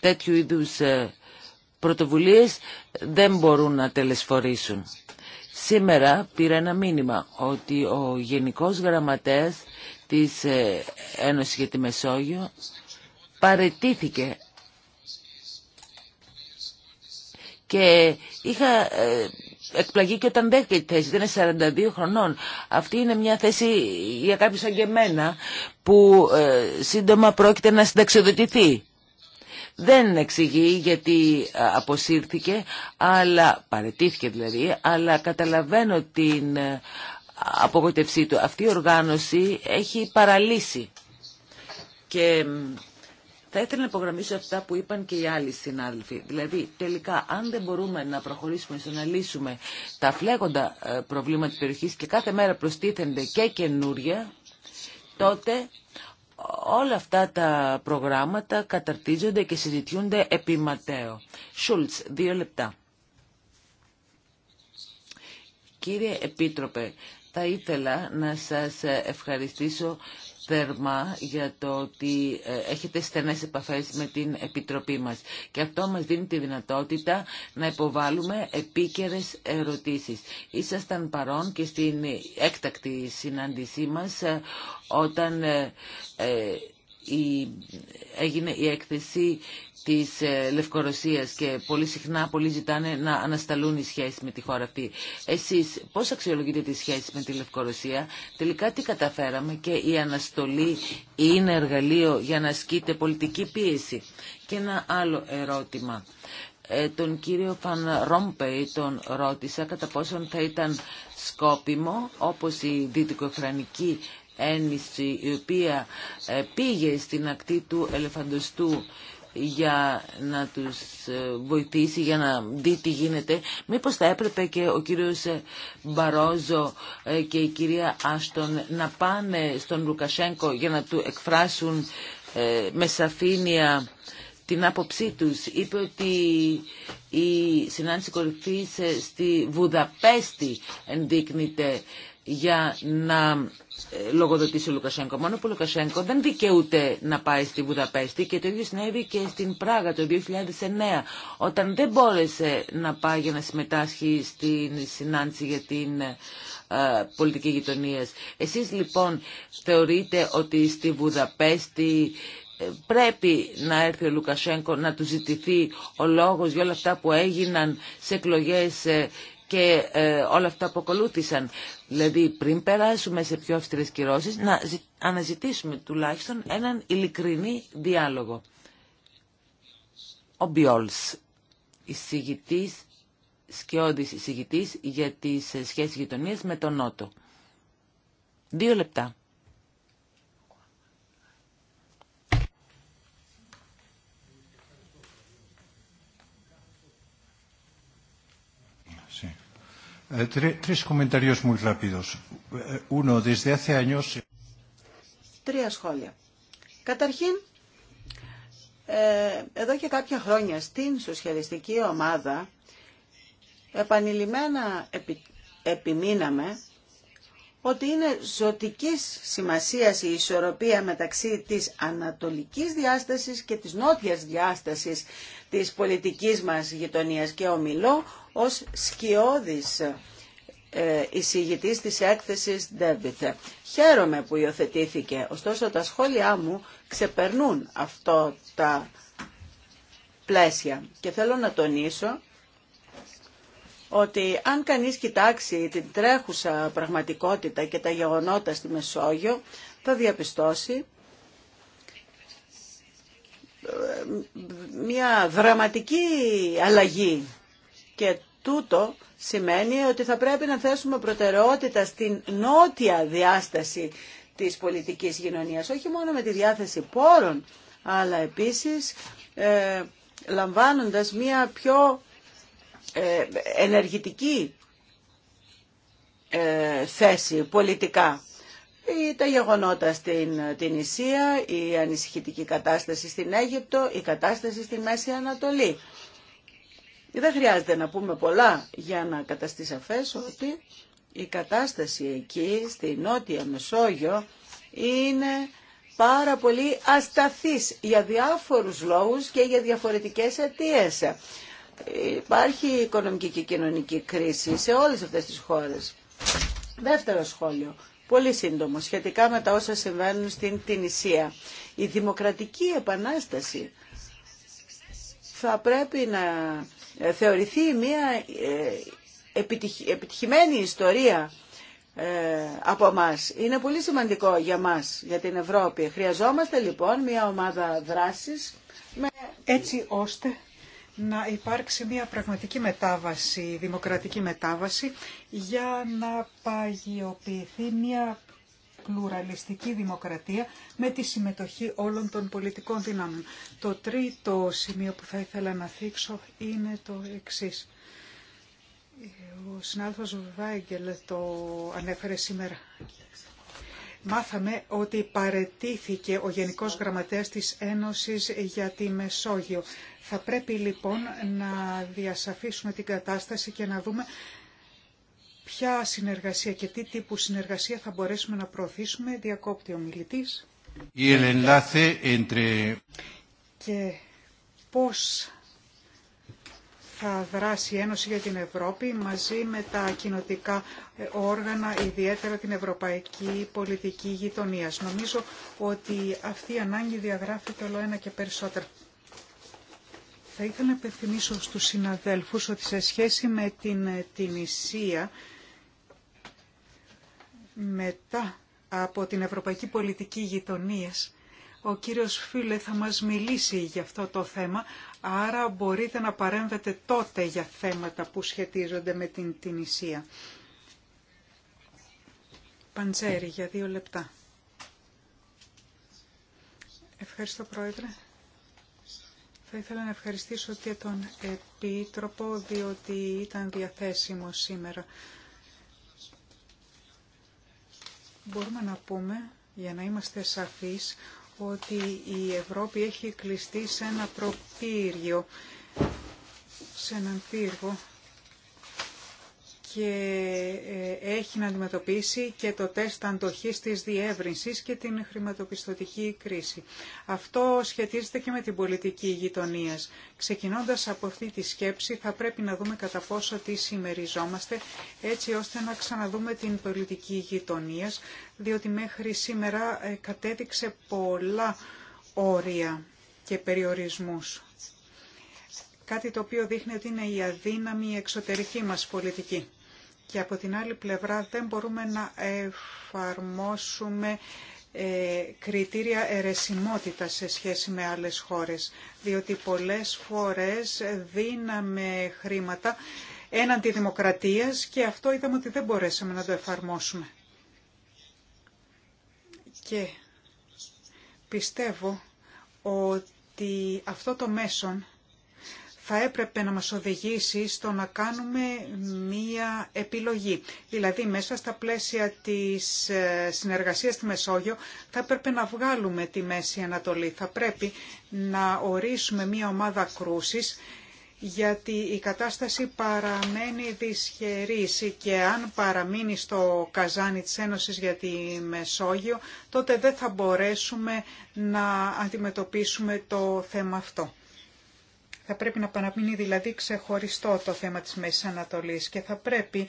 τέτοιου είδους ε, πρωτοβουλίες δεν μπορούν να τελεσφορήσουν. Σήμερα πήρα ένα μήνυμα ότι ο Γενικός Γραμματέας της ε, Ένωσης για τη Μεσόγειο παρετήθηκε Και είχα ε, εκπλαγεί και όταν δέχτηκε τη θέση, ήταν 42 χρονών. Αυτή είναι μια θέση για κάποιους σαν και εμένα που ε, σύντομα πρόκειται να συνταξιοδοτηθεί. Δεν εξηγεί γιατί ε, αποσύρθηκε, αλλά παρετήθηκε δηλαδή, αλλά καταλαβαίνω την απογοητευσή του. Αυτή η οργάνωση έχει παραλύσει. Και θα ήθελα να υπογραμμίσω αυτά που είπαν και οι άλλοι συνάδελφοι. Δηλαδή, τελικά, αν δεν μπορούμε να προχωρήσουμε στο να λύσουμε τα φλέγοντα ε, προβλήματα της περιοχής και κάθε μέρα προστίθενται και καινούρια, τότε όλα αυτά τα προγράμματα καταρτίζονται και συζητιούνται επί Ματέο. Σούλτς, δύο λεπτά. Κύριε Επίτροπε, θα ήθελα να σας ευχαριστήσω θερμά για το ότι ε, έχετε στενές επαφές με την Επιτροπή μας. Και αυτό μας δίνει τη δυνατότητα να υποβάλουμε επίκαιρες ερωτήσεις. Ήσασταν παρόν και στην έκτακτη συνάντησή μας ε, όταν ε, η, έγινε η έκθεση της ε, Λευκορωσίας και πολύ συχνά πολλοί ζητάνε να ανασταλούν οι σχέσεις με τη χώρα αυτή. Εσείς πώς αξιολογείτε τις σχέσεις με τη Λευκορωσία, τελικά τι καταφέραμε και η αναστολή είναι εργαλείο για να ασκείται πολιτική πίεση. Και ένα άλλο ερώτημα. Ε, τον κύριο Φαν Ρόμπεϊ τον ρώτησα κατά πόσον θα ήταν σκόπιμο όπως η δυτικοεφρανική ένιση η οποία ε, πήγε στην ακτή του ελεφαντοστού για να τους ε, βοηθήσει, για να δει τι γίνεται. Μήπως θα έπρεπε και ο κύριος ε, Μπαρόζο ε, και η κυρία Άστον να πάνε στον Λουκασέγκο για να του εκφράσουν με σαφήνεια την άποψή τους. Είπε ότι η συνάντηση κορυφής στη Βουδαπέστη ενδείκνυται για να ε, λογοδοτήσει ο Λουκασέγκο. Μόνο που ο Λουκασέγκο δεν δικαιούται να πάει στη Βουδαπέστη και το ίδιο συνέβη και στην Πράγα το 2009 όταν δεν μπόρεσε να πάει για να συμμετάσχει στην συνάντηση για την ε, πολιτική γειτονία. Εσείς λοιπόν θεωρείτε ότι στη Βουδαπέστη ε, πρέπει να έρθει ο Λουκασέγκο να του ζητηθεί ο λόγος για όλα αυτά που έγιναν σε εκλογές και ε, όλα αυτά που ακολούθησαν. Δηλαδή πριν περάσουμε σε πιο αυστηρές κυρώσεις να αναζητήσουμε τουλάχιστον έναν ειλικρινή διάλογο. Ο Μπιόλς, εισηγητής, σκιώδης εισηγητής για τις ε, σχέσεις γειτονίας με τον Νότο. Δύο λεπτά. Ε, ε, Τρία σχόλια. Καταρχήν, ε, εδώ και κάποια χρόνια στην σοσιαλιστική ομάδα επανειλημμένα επιμείναμε ότι είναι ζωτικής σημασίας η ισορροπία μεταξύ της ανατολικής διάστασης και της νότιας διάστασης της πολιτικής μας γειτονίας και ομιλώ ως σκιώδης ε, εισηγητής της έκθεσης Ντέβιτ. Χαίρομαι που υιοθετήθηκε, ωστόσο τα σχόλιά μου ξεπερνούν αυτό τα πλαίσια και θέλω να τονίσω ότι αν κανείς κοιτάξει την τρέχουσα πραγματικότητα και τα γεγονότα στη Μεσόγειο, θα διαπιστώσει ε, μια δραματική αλλαγή και τούτο σημαίνει ότι θα πρέπει να θέσουμε προτεραιότητα στην νότια διάσταση της πολιτικής κοινωνία, όχι μόνο με τη διάθεση πόρων, αλλά επίσης ε, λαμβάνοντας μια πιο ε, ενεργητική ε, θέση πολιτικά. Ε, τα γεγονότα στην την Ισία, η ανησυχητική κατάσταση στην Αίγυπτο, η κατάσταση στη Μέση Ανατολή. Δεν χρειάζεται να πούμε πολλά για να καταστεί σαφές ότι η κατάσταση εκεί στη Νότια Μεσόγειο είναι πάρα πολύ ασταθής για διάφορους λόγους και για διαφορετικές αιτίες υπάρχει οικονομική και κοινωνική κρίση σε όλες αυτές τις χώρες. Δεύτερο σχόλιο, πολύ σύντομο, σχετικά με τα όσα συμβαίνουν στην Τινησία. Η δημοκρατική επανάσταση θα πρέπει να θεωρηθεί μια ε, επιτυχημένη ιστορία ε, από εμά. Είναι πολύ σημαντικό για μας, για την Ευρώπη. Χρειαζόμαστε λοιπόν μια ομάδα δράσης με... έτσι ώστε να υπάρξει μια πραγματική μετάβαση, δημοκρατική μετάβαση, για να παγιοποιηθεί μια πλουραλιστική δημοκρατία με τη συμμετοχή όλων των πολιτικών δυνάμεων. Το τρίτο σημείο που θα ήθελα να θίξω είναι το εξής. Ο συνάδελφος Βάγκελ το ανέφερε σήμερα μάθαμε ότι παρετήθηκε ο Γενικός Γραμματέας της Ένωσης για τη Μεσόγειο. Θα πρέπει λοιπόν να διασαφίσουμε την κατάσταση και να δούμε ποια συνεργασία και τι τύπου συνεργασία θα μπορέσουμε να προωθήσουμε. Διακόπτει ο μιλητής. Και πώς θα δράσει η Ένωση για την Ευρώπη μαζί με τα κοινοτικά ε, όργανα, ιδιαίτερα την Ευρωπαϊκή Πολιτική Γειτονίας. Νομίζω ότι αυτή η ανάγκη διαγράφεται όλο ένα και περισσότερο. Θα ήθελα να υπενθυμίσω στους συναδέλφους ότι σε σχέση με την, ε, την μετά από την Ευρωπαϊκή Πολιτική Γειτονίας, ο κύριος Φίλε θα μας μιλήσει για αυτό το θέμα, Άρα μπορείτε να παρέμβετε τότε για θέματα που σχετίζονται με την Τινησία. Παντζέρη για δύο λεπτά. Ευχαριστώ Πρόεδρε. Θα ήθελα να ευχαριστήσω και τον Επίτροπο διότι ήταν διαθέσιμο σήμερα. Μπορούμε να πούμε, για να είμαστε σαφείς, ότι η Ευρώπη έχει κλειστεί σε ένα προπύργιο, σε έναν πύργο και ε, έχει να αντιμετωπίσει και το τεστ αντοχής της διεύρυνσης και την χρηματοπιστωτική κρίση. Αυτό σχετίζεται και με την πολιτική γειτονία. Ξεκινώντας από αυτή τη σκέψη θα πρέπει να δούμε κατά πόσο τι συμμεριζόμαστε έτσι ώστε να ξαναδούμε την πολιτική γειτονία, διότι μέχρι σήμερα ε, κατέδειξε πολλά όρια και περιορισμούς κάτι το οποίο δείχνει ότι είναι η αδύναμη εξωτερική μας πολιτική και από την άλλη πλευρά δεν μπορούμε να εφαρμόσουμε ε, κριτήρια ερεσιμότητα σε σχέση με άλλες χώρες, διότι πολλές φορές δίναμε χρήματα έναντι δημοκρατίας και αυτό είδαμε ότι δεν μπορέσαμε να το εφαρμόσουμε. Και πιστεύω ότι αυτό το μέσον θα έπρεπε να μας οδηγήσει στο να κάνουμε μία επιλογή. Δηλαδή μέσα στα πλαίσια της ε, συνεργασίας στη Μεσόγειο θα έπρεπε να βγάλουμε τη Μέση Ανατολή. Θα πρέπει να ορίσουμε μία ομάδα κρούσης γιατί η κατάσταση παραμένει δυσχερής και αν παραμείνει στο καζάνι της Ένωσης για τη Μεσόγειο, τότε δεν θα μπορέσουμε να αντιμετωπίσουμε το θέμα αυτό. Θα πρέπει να παραμείνει δηλαδή ξεχωριστό το θέμα της Μέσης Ανατολής και θα πρέπει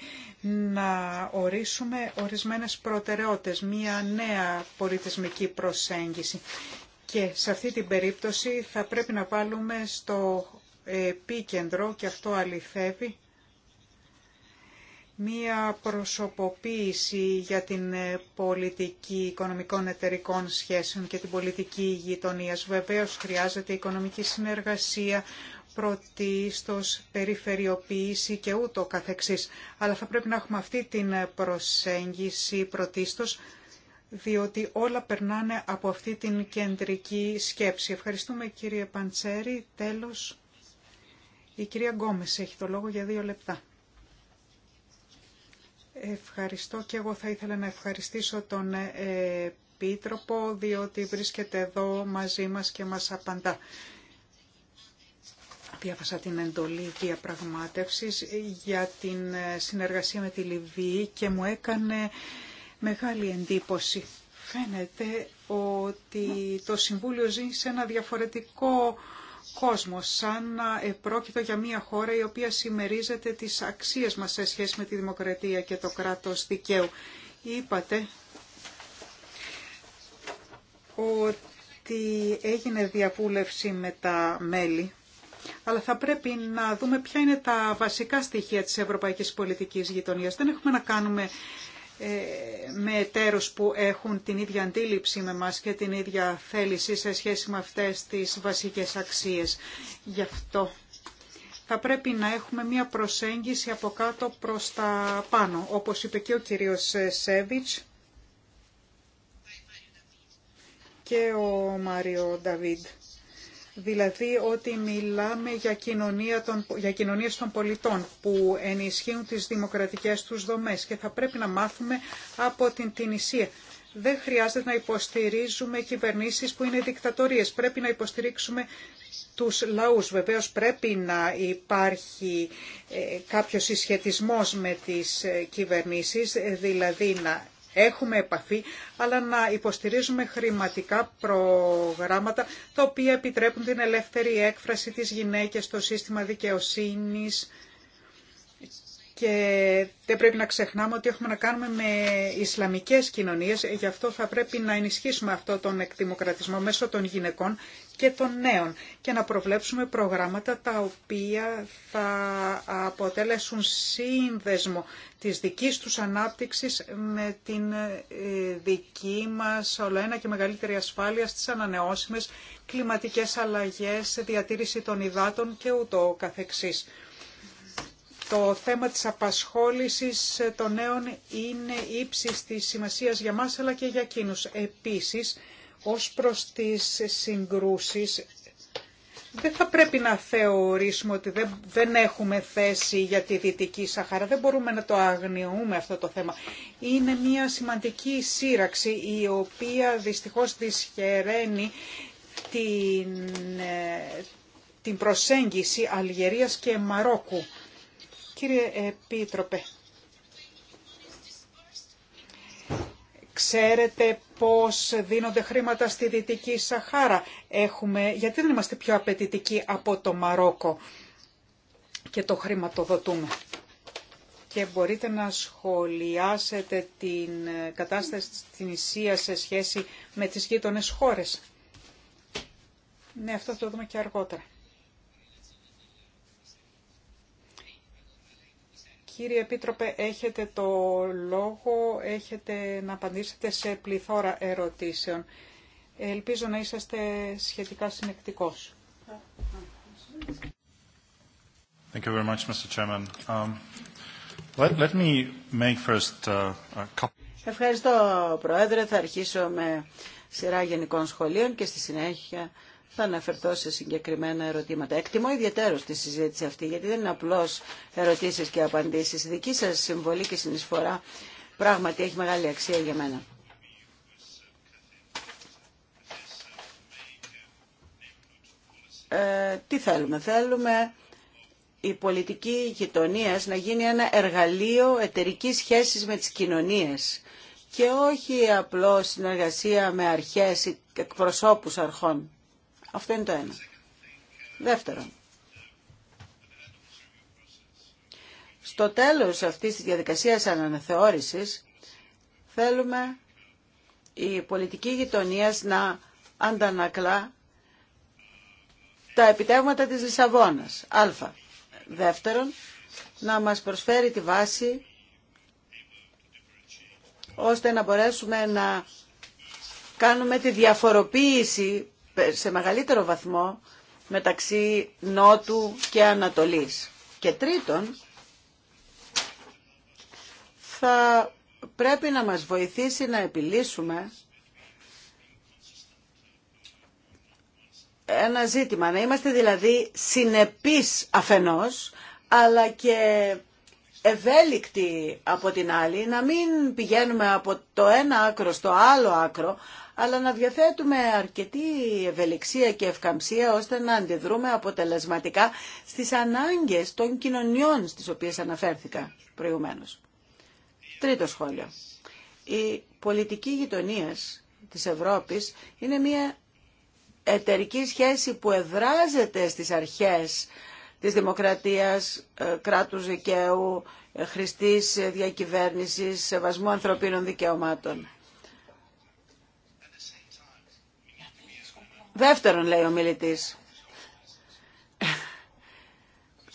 να ορίσουμε ορισμένες προτεραιότητες, μία νέα πολιτισμική προσέγγιση. Και σε αυτή την περίπτωση θα πρέπει να βάλουμε στο επίκεντρο, και αυτό αληθεύει, μία προσωποποίηση για την ε, πολιτική οικονομικών εταιρικών σχέσεων και την πολιτική γειτονία. Βεβαίω χρειάζεται οικονομική συνεργασία, πρωτίστως περιφερειοποίηση και ούτω καθεξής. Αλλά θα πρέπει να έχουμε αυτή την προσέγγιση πρωτίστως, διότι όλα περνάνε από αυτή την κεντρική σκέψη. Ευχαριστούμε κύριε Παντσέρη. Τέλος, η κυρία Γκόμες έχει το λόγο για δύο λεπτά. Ευχαριστώ και εγώ θα ήθελα να ευχαριστήσω τον Επίτροπο διότι βρίσκεται εδώ μαζί μας και μας απαντά. Διάβασα την εντολή διαπραγμάτευσης για την συνεργασία με τη Λιβύη και μου έκανε μεγάλη εντύπωση. Φαίνεται ότι το Συμβούλιο ζει σε ένα διαφορετικό κόσμο, σαν να πρόκειται για μια χώρα η οποία συμμερίζεται τις αξίες μας σε σχέση με τη δημοκρατία και το κράτος δικαίου. Είπατε ότι έγινε διαβούλευση με τα μέλη, αλλά θα πρέπει να δούμε ποια είναι τα βασικά στοιχεία της ευρωπαϊκής πολιτικής γειτονίας. Δεν έχουμε να κάνουμε ε, με εταίρους που έχουν την ίδια αντίληψη με μας και την ίδια θέληση σε σχέση με αυτές τις βασικές αξίες. Γι' αυτό θα πρέπει να έχουμε μια προσέγγιση από κάτω προς τα πάνω, όπως είπε και ο κύριος Σέβιτς και ο Μάριο Νταβίδ. Δηλαδή ότι μιλάμε για, κοινωνία των, για κοινωνίες των πολιτών που ενισχύουν τις δημοκρατικές τους δομές και θα πρέπει να μάθουμε από την Τινησία. Δεν χρειάζεται να υποστηρίζουμε κυβερνήσεις που είναι δικτατορίες. Πρέπει να υποστηρίξουμε τους λαούς. Βεβαίως πρέπει να υπάρχει κάποιο ε, κάποιος συσχετισμός με τις ε, κυβερνήσεις, δηλαδή να έχουμε επαφή, αλλά να υποστηρίζουμε χρηματικά προγράμματα τα οποία επιτρέπουν την ελεύθερη έκφραση της γυναίκας στο σύστημα δικαιοσύνης, και δεν πρέπει να ξεχνάμε ότι έχουμε να κάνουμε με Ισλαμικές κοινωνίες, γι' αυτό θα πρέπει να ενισχύσουμε αυτό τον εκδημοκρατισμό μέσω των γυναικών και των νέων και να προβλέψουμε προγράμματα τα οποία θα αποτελέσουν σύνδεσμο της δικής τους ανάπτυξης με την ε, δική μας ολοένα και μεγαλύτερη ασφάλεια στις ανανεώσιμες κλιματικές αλλαγές, διατήρηση των υδάτων και ούτω καθεξής το θέμα της απασχόλησης των νέων είναι ύψης της σημασίας για μας αλλά και για εκείνους. Επίσης, ως προς τις συγκρούσεις, δεν θα πρέπει να θεωρήσουμε ότι δεν, έχουμε θέση για τη Δυτική Σαχάρα. Δεν μπορούμε να το αγνοούμε αυτό το θέμα. Είναι μια σημαντική σύραξη η οποία δυστυχώς δυσχεραίνει την, ε, την προσέγγιση Αλγερίας και Μαρόκου Κύριε Επίτροπε, ξέρετε πώς δίνονται χρήματα στη Δυτική Σαχάρα. Έχουμε, γιατί δεν είμαστε πιο απαιτητικοί από το Μαρόκο και το χρηματοδοτούμε. Και μπορείτε να σχολιάσετε την κατάσταση της νησία σε σχέση με τις γείτονες χώρες. Ναι, αυτό θα το δούμε και αργότερα. Κύριε Επίτροπε, έχετε το λόγο, έχετε να απαντήσετε σε πληθώρα ερωτήσεων. Ελπίζω να είσαστε σχετικά συνεκτικός. Thank you very much, Mr. Um, uh, Ευχαριστώ, Πρόεδρε. Θα αρχίσω με σειρά γενικών σχολείων και στη συνέχεια θα αναφερθώ σε συγκεκριμένα ερωτήματα. Εκτιμώ ιδιαίτερο τη συζήτηση αυτή, γιατί δεν είναι απλώ ερωτήσει και απαντήσει. Η δική σα συμβολή και συνεισφορά πράγματι έχει μεγάλη αξία για μένα. Ε, τι θέλουμε. Θέλουμε η πολιτική γειτονία να γίνει ένα εργαλείο εταιρική σχέσης με τις κοινωνίες και όχι απλώς συνεργασία με αρχές ή εκπροσώπους αρχών. Αυτό είναι το ένα. Δεύτερον, στο τέλος αυτής της διαδικασίας αναθεώρησης θέλουμε η πολιτική γειτονία να αντανακλά τα επιτεύγματα της Λισαβόνας. Α. Δεύτερον, να μας προσφέρει τη βάση ώστε να μπορέσουμε να κάνουμε τη διαφοροποίηση σε μεγαλύτερο βαθμό μεταξύ Νότου και Ανατολής. Και τρίτον, θα πρέπει να μας βοηθήσει να επιλύσουμε ένα ζήτημα. Να είμαστε δηλαδή συνεπείς αφενός, αλλά και ευέλικτοι από την άλλη, να μην πηγαίνουμε από το ένα άκρο στο άλλο άκρο, αλλά να διαθέτουμε αρκετή ευελιξία και ευκαμψία ώστε να αντιδρούμε αποτελεσματικά στις ανάγκες των κοινωνιών στις οποίες αναφέρθηκα προηγουμένως. Τρίτο σχόλιο. Η πολιτική γειτονία της Ευρώπης είναι μια εταιρική σχέση που εδράζεται στις αρχές της δημοκρατίας, ε, κράτους δικαίου, ε, χρηστής ε, διακυβέρνησης, σεβασμού ανθρωπίνων δικαιωμάτων. Δεύτερον, λέει ο μιλητή.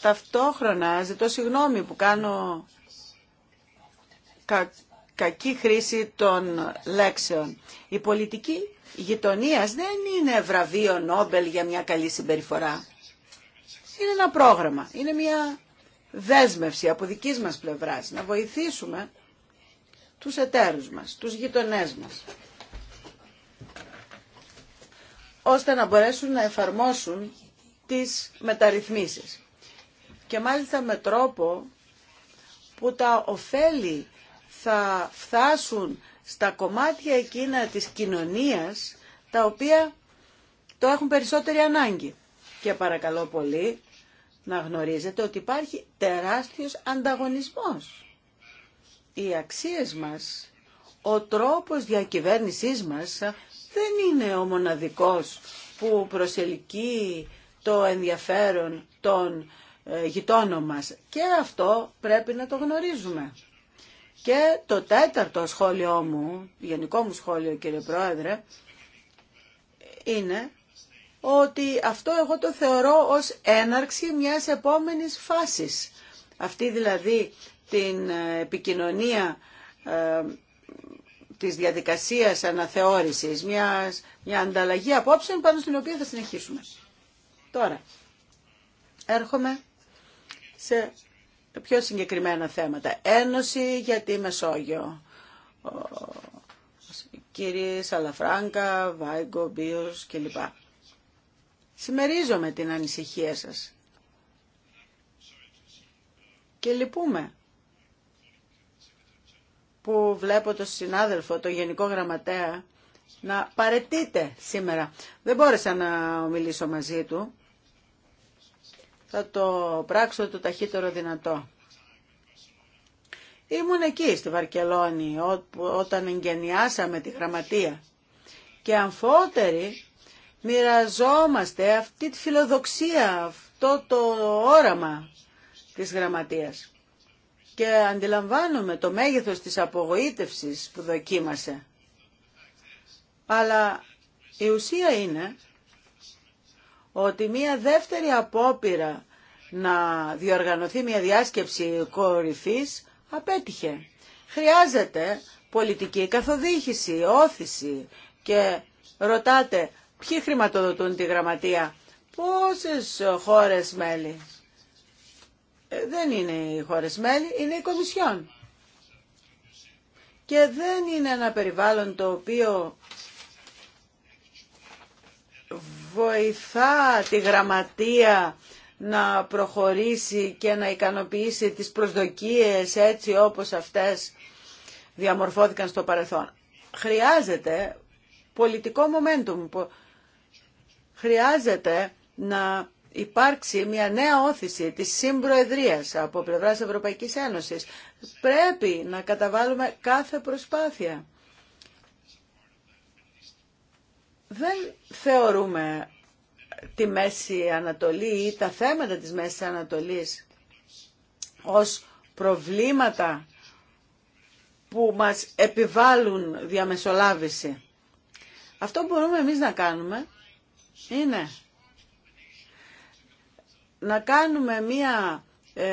Ταυτόχρονα ζητώ συγγνώμη που κάνω κακή χρήση των λέξεων. Η πολιτική γειτονία δεν είναι βραβείο Νόμπελ για μια καλή συμπεριφορά. Είναι ένα πρόγραμμα, είναι μια δέσμευση από δικής μας πλευράς να βοηθήσουμε τους εταίρους μας, τους γειτονές μας ώστε να μπορέσουν να εφαρμόσουν τις μεταρρυθμίσεις. Και μάλιστα με τρόπο που τα ωφέλη θα φτάσουν στα κομμάτια εκείνα της κοινωνίας τα οποία το έχουν περισσότερη ανάγκη. Και παρακαλώ πολύ να γνωρίζετε ότι υπάρχει τεράστιος ανταγωνισμός. Οι αξίες μας, ο τρόπος διακυβέρνησής μας δεν είναι ο μοναδικός που προσελκύει το ενδιαφέρον των ε, γειτόνων μας. Και αυτό πρέπει να το γνωρίζουμε. Και το τέταρτο σχόλιο μου, γενικό μου σχόλιο κύριε Πρόεδρε, είναι ότι αυτό εγώ το θεωρώ ως έναρξη μιας επόμενης φάσης. Αυτή δηλαδή την ε, επικοινωνία ε, της διαδικασίας αναθεώρησης, μιας, μια ανταλλαγή απόψεων πάνω στην οποία θα συνεχίσουμε. Τώρα, έρχομαι σε πιο συγκεκριμένα θέματα. Ένωση για τη Μεσόγειο. Κύριε Σαλαφράγκα, Βάγκο, Μπίος κλπ. Συμμερίζομαι την ανησυχία σας. Και λυπούμε που βλέπω τον συνάδελφο, τον Γενικό Γραμματέα, να παρετείται σήμερα. Δεν μπόρεσα να μιλήσω μαζί του. Θα το πράξω το ταχύτερο δυνατό. Ήμουν εκεί στη Βαρκελόνη όταν εγγενιάσαμε τη γραμματεία και αμφότεροι μοιραζόμαστε αυτή τη φιλοδοξία, αυτό το όραμα της γραμματείας και αντιλαμβάνομαι το μέγεθος της απογοήτευσης που δοκίμασε. Αλλά η ουσία είναι ότι μία δεύτερη απόπειρα να διοργανωθεί μια διάσκεψη κορυφής απέτυχε. Χρειάζεται πολιτική καθοδήγηση, όθηση και ρωτάτε ποιοι χρηματοδοτούν τη γραμματεία, πόσες χώρες μέλη δεν είναι οι χώρες μέλη, είναι η Κομισιόν. Και δεν είναι ένα περιβάλλον το οποίο βοηθά τη γραμματεία να προχωρήσει και να ικανοποιήσει τις προσδοκίες έτσι όπως αυτές διαμορφώθηκαν στο παρελθόν. Χρειάζεται πολιτικό momentum, χρειάζεται να υπάρξει μια νέα όθηση της συμπροεδρίας από πλευράς Ευρωπαϊκής Ένωσης. Πρέπει να καταβάλουμε κάθε προσπάθεια. Δεν θεωρούμε τη Μέση Ανατολή ή τα θέματα της Μέσης Ανατολής ως προβλήματα που μας επιβάλλουν διαμεσολάβηση. Αυτό που μπορούμε εμείς να κάνουμε είναι να κάνουμε μία ε,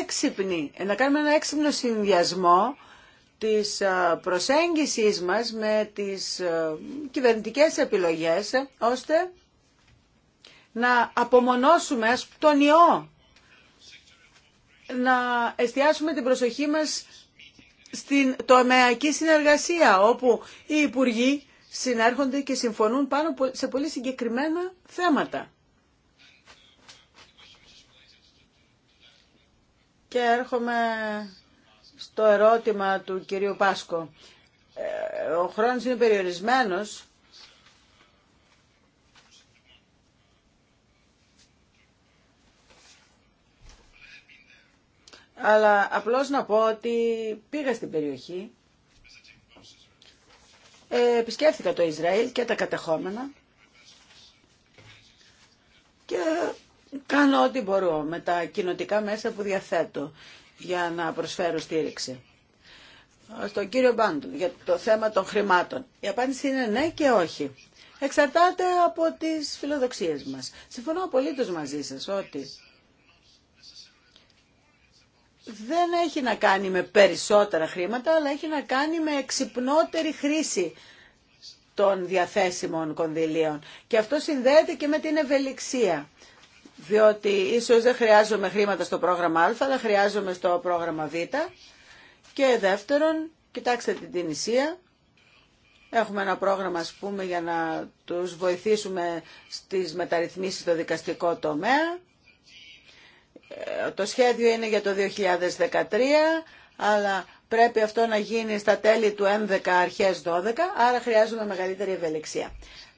έξυπνη, να κάνουμε ένα έξυπνο συνδυασμό της ε, προσέγγισης μας με τις ε, κυβερνητικές επιλογές ώστε να απομονώσουμε τον ιό, να εστιάσουμε την προσοχή μας στην τομεακή συνεργασία όπου οι υπουργοί συνέρχονται και συμφωνούν πάνω σε πολύ συγκεκριμένα θέματα. Και έρχομαι στο ερώτημα του κυρίου Πάσκο. Ε, ο χρόνος είναι περιορισμένος. Αλλά απλώς να πω ότι πήγα στην περιοχή, ε, επισκέφθηκα το Ισραήλ και τα κατεχόμενα και κάνω ό,τι μπορώ με τα κοινοτικά μέσα που διαθέτω για να προσφέρω στήριξη. Στον κύριο Μπάντου για το θέμα των χρημάτων. Η απάντηση είναι ναι και όχι. Εξαρτάται από τις φιλοδοξίες μας. Συμφωνώ απολύτως μαζί σας ότι δεν έχει να κάνει με περισσότερα χρήματα, αλλά έχει να κάνει με εξυπνότερη χρήση των διαθέσιμων κονδυλίων. Και αυτό συνδέεται και με την ευελιξία διότι ίσως δεν χρειάζομαι χρήματα στο πρόγραμμα Α, αλλά χρειάζομαι στο πρόγραμμα Β. Και δεύτερον, κοιτάξτε την Τινησία. Έχουμε ένα πρόγραμμα, ας πούμε, για να τους βοηθήσουμε στις μεταρρυθμίσεις στο δικαστικό τομέα. Ε, το σχέδιο είναι για το 2013, αλλά πρέπει αυτό να γίνει στα τέλη του 11 αρχές 12, άρα χρειάζομαι μεγαλύτερη ευελιξία.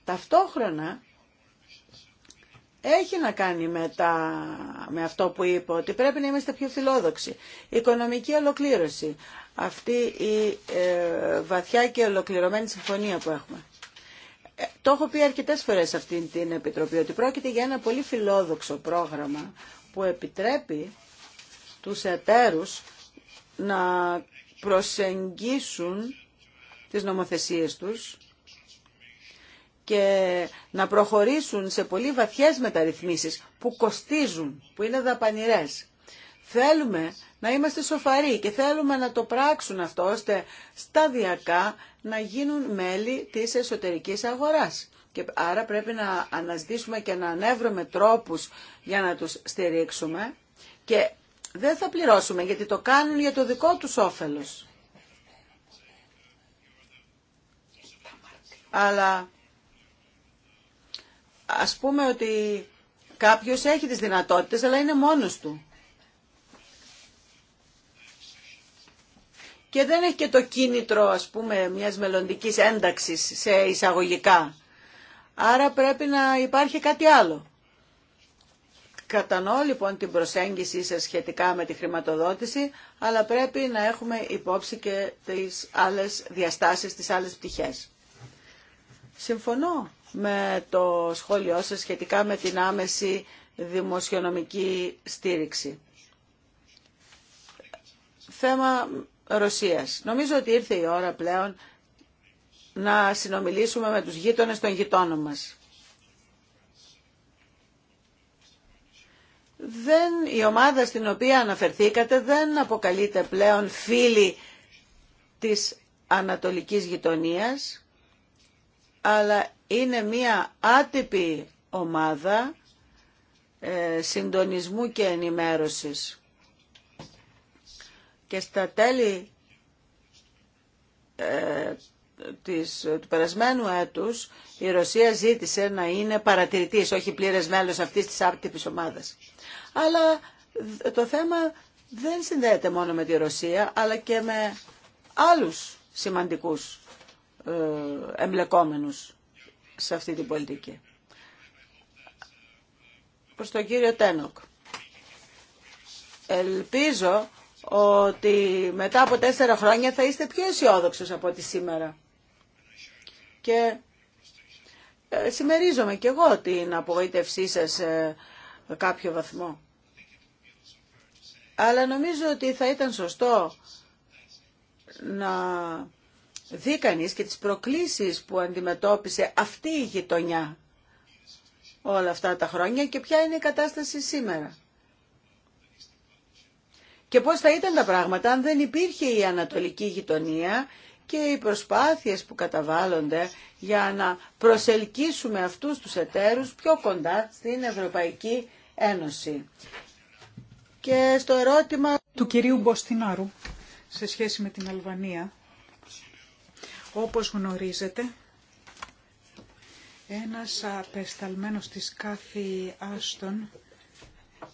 Ταυτόχρονα έχει να κάνει με, τα, με αυτό που είπα, ότι πρέπει να είμαστε πιο φιλόδοξοι. Οικονομική ολοκλήρωση. Αυτή η ε, βαθιά και ολοκληρωμένη συμφωνία που έχουμε. Ε, το έχω πει αρκετές φορές σε αυτή την Επιτροπή, ότι πρόκειται για ένα πολύ φιλόδοξο πρόγραμμα που επιτρέπει τους εταίρους να προσεγγίσουν τις νομοθεσίες τους και να προχωρήσουν σε πολύ βαθιές μεταρρυθμίσεις που κοστίζουν, που είναι δαπανηρές. Θέλουμε να είμαστε σοφαροί και θέλουμε να το πράξουν αυτό ώστε σταδιακά να γίνουν μέλη της εσωτερικής αγοράς. Και άρα πρέπει να αναζητήσουμε και να ανέβρουμε τρόπους για να τους στηρίξουμε και δεν θα πληρώσουμε γιατί το κάνουν για το δικό τους όφελος. Αλλά Ας πούμε ότι κάποιος έχει τις δυνατότητες αλλά είναι μόνος του. Και δεν έχει και το κίνητρο, ας πούμε, μιας μελλοντικής ένταξης σε εισαγωγικά. Άρα πρέπει να υπάρχει κάτι άλλο. Κατανοώ λοιπόν την προσέγγιση σας σχετικά με τη χρηματοδότηση, αλλά πρέπει να έχουμε υπόψη και τις άλλες διαστάσεις, τις άλλες πτυχές. Συμφωνώ με το σχόλιο σας σχετικά με την άμεση δημοσιονομική στήριξη. Θέμα Ρωσίας. Νομίζω ότι ήρθε η ώρα πλέον να συνομιλήσουμε με τους γείτονες των γειτόνων μας. Δεν, η ομάδα στην οποία αναφερθήκατε δεν αποκαλείται πλέον φίλη της Ανατολικής Γειτονίας, αλλά είναι μια άτυπη ομάδα ε, συντονισμού και ενημέρωσης. Και στα τέλη ε, της, του περασμένου έτους η Ρωσία ζήτησε να είναι παρατηρητής, όχι πλήρες μέλος αυτής της άτυπης ομάδας. Αλλά το θέμα δεν συνδέεται μόνο με τη Ρωσία, αλλά και με άλλους σημαντικούς ε, εμπλεκόμενους σε αυτή την πολιτική. Προς τον κύριο Τένοκ. Ελπίζω ότι μετά από τέσσερα χρόνια θα είστε πιο αισιόδοξο από ό,τι σήμερα. Και ε, συμμερίζομαι κι εγώ την απογοήτευσή σας σε κάποιο βαθμό. Αλλά νομίζω ότι θα ήταν σωστό να δει και τις προκλήσεις που αντιμετώπισε αυτή η γειτονιά όλα αυτά τα χρόνια και ποια είναι η κατάσταση σήμερα. Και πώς θα ήταν τα πράγματα αν δεν υπήρχε η ανατολική γειτονία και οι προσπάθειες που καταβάλλονται για να προσελκύσουμε αυτούς τους εταίρους πιο κοντά στην Ευρωπαϊκή Ένωση. Και στο ερώτημα του κυρίου Μποστινάρου σε σχέση με την Αλβανία, όπως γνωρίζετε, ένας απεσταλμένος της Κάθη Άστον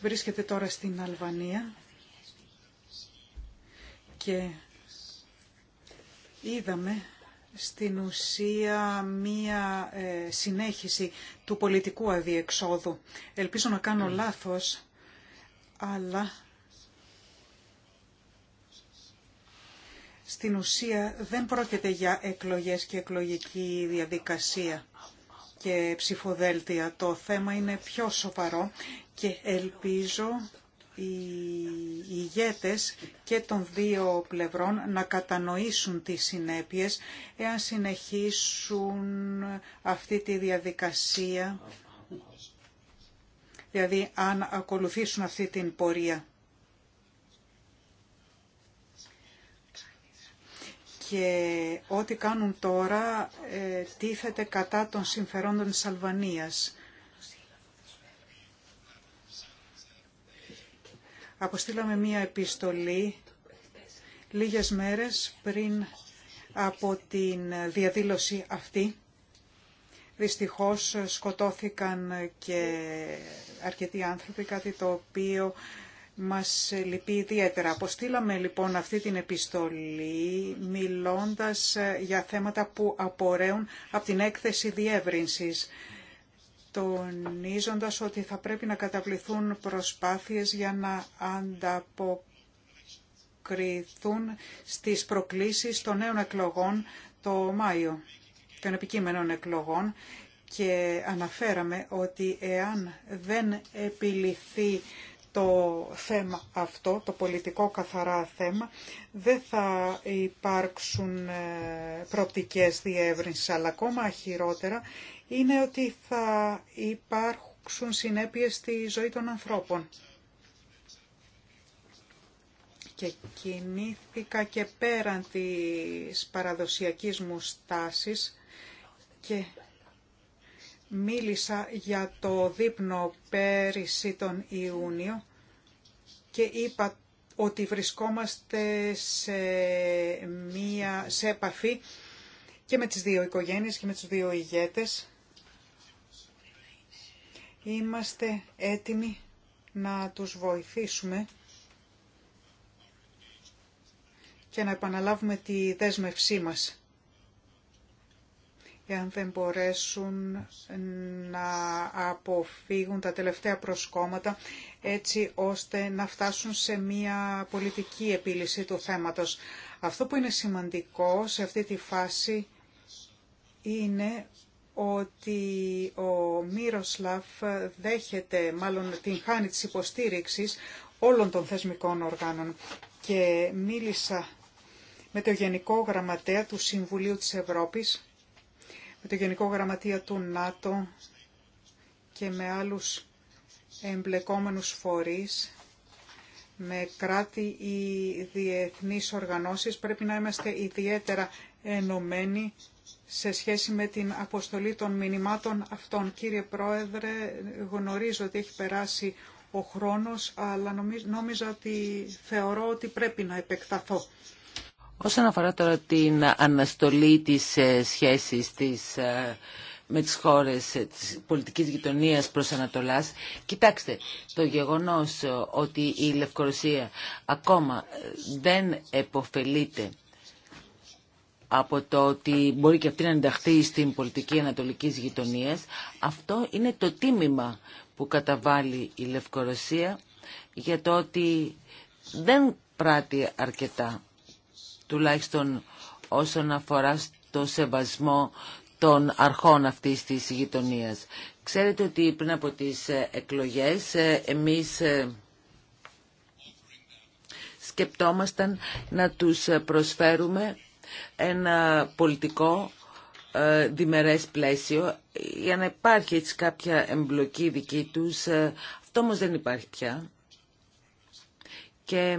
βρίσκεται τώρα στην Αλβανία και είδαμε στην ουσία μία ε, συνέχιση του πολιτικού αδιεξόδου. Ελπίζω να κάνω λάθος, αλλά στην ουσία δεν πρόκειται για εκλογές και εκλογική διαδικασία και ψηφοδέλτια. Το θέμα είναι πιο σοβαρό και ελπίζω οι ηγέτες και των δύο πλευρών να κατανοήσουν τις συνέπειες εάν συνεχίσουν αυτή τη διαδικασία, δηλαδή αν ακολουθήσουν αυτή την πορεία. και ό,τι κάνουν τώρα ε, τίθεται κατά των συμφερόντων της Αλβανίας. Αποστήλαμε μία επιστολή λίγες μέρες πριν από την διαδήλωση αυτή. Δυστυχώς σκοτώθηκαν και αρκετοί άνθρωποι, κάτι το οποίο μας λυπεί ιδιαίτερα. Αποστήλαμε λοιπόν αυτή την επιστολή μιλώντας ε, για θέματα που απορρέουν από την έκθεση διεύρυνσης τονίζοντας ότι θα πρέπει να καταβληθούν προσπάθειες για να ανταποκριθούν στις προκλήσεις των νέων εκλογών το Μάιο, των επικείμενων εκλογών και αναφέραμε ότι εάν δεν επιληθεί το θέμα αυτό, το πολιτικό καθαρά θέμα, δεν θα υπάρξουν ε, προπτικές διεύρυνσης, αλλά ακόμα χειρότερα είναι ότι θα υπάρξουν συνέπειες στη ζωή των ανθρώπων. Και κινήθηκα και πέραν της παραδοσιακής μου στάσης και Μίλησα για το δείπνο πέρυσι τον Ιούνιο και είπα ότι βρισκόμαστε σε, μία, σε επαφή και με τις δύο οικογένειες και με τους δύο ηγέτες. Είμαστε έτοιμοι να τους βοηθήσουμε και να επαναλάβουμε τη δέσμευσή μας εάν δεν μπορέσουν να αποφύγουν τα τελευταία προσκόμματα έτσι ώστε να φτάσουν σε μια πολιτική επίλυση του θέματος. Αυτό που είναι σημαντικό σε αυτή τη φάση είναι ότι ο Μύροσλαφ δέχεται, μάλλον την χάνει της υποστήριξης όλων των θεσμικών οργάνων και μίλησα με το Γενικό Γραμματέα του Συμβουλίου της Ευρώπης με το Γενικό Γραμματεία του ΝΑΤΟ και με άλλους εμπλεκόμενους φορείς, με κράτη ή διεθνείς οργανώσεις. Πρέπει να είμαστε ιδιαίτερα ενωμένοι σε σχέση με την αποστολή των μηνυμάτων αυτών. Κύριε Πρόεδρε, γνωρίζω ότι έχει περάσει ο χρόνος, αλλά νόμιζα ότι θεωρώ ότι πρέπει να επεκταθώ. Όσον αφορά τώρα την αναστολή της ε, σχέσης της ε, με τις χώρες ε, της πολιτικής γειτονίας προς Ανατολάς. Κοιτάξτε, το γεγονός ότι η Λευκορωσία ακόμα δεν επωφελείται από το ότι μπορεί και αυτή να ενταχθεί στην πολιτική ανατολικής γειτονίας, αυτό είναι το τίμημα που καταβάλει η Λευκορωσία για το ότι δεν πράττει αρκετά τουλάχιστον όσον αφορά στο σεβασμό των αρχών αυτής της γειτονία. Ξέρετε ότι πριν από τις ε, εκλογές ε, εμείς ε, σκεπτόμασταν να τους προσφέρουμε ένα πολιτικό διμερές πλαίσιο για να υπάρχει κάποια εμπλοκή δική τους. Αυτό όμως δεν υπάρχει πια. Και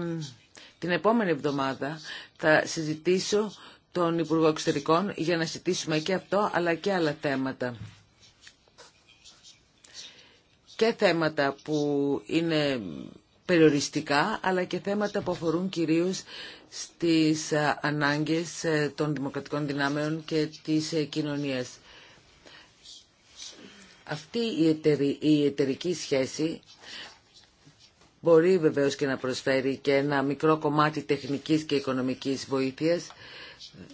την επόμενη εβδομάδα θα συζητήσω τον Υπουργό Εξωτερικών για να συζητήσουμε και αυτό αλλά και άλλα θέματα. Και θέματα που είναι περιοριστικά αλλά και θέματα που αφορούν κυρίως στις ε, ανάγκες ε, των δημοκρατικών δυνάμεων και της ε, κοινωνίας. Αυτή η εταιρική σχέση μπορεί βεβαίως και να προσφέρει και ένα μικρό κομμάτι τεχνικής και οικονομικής βοήθειας.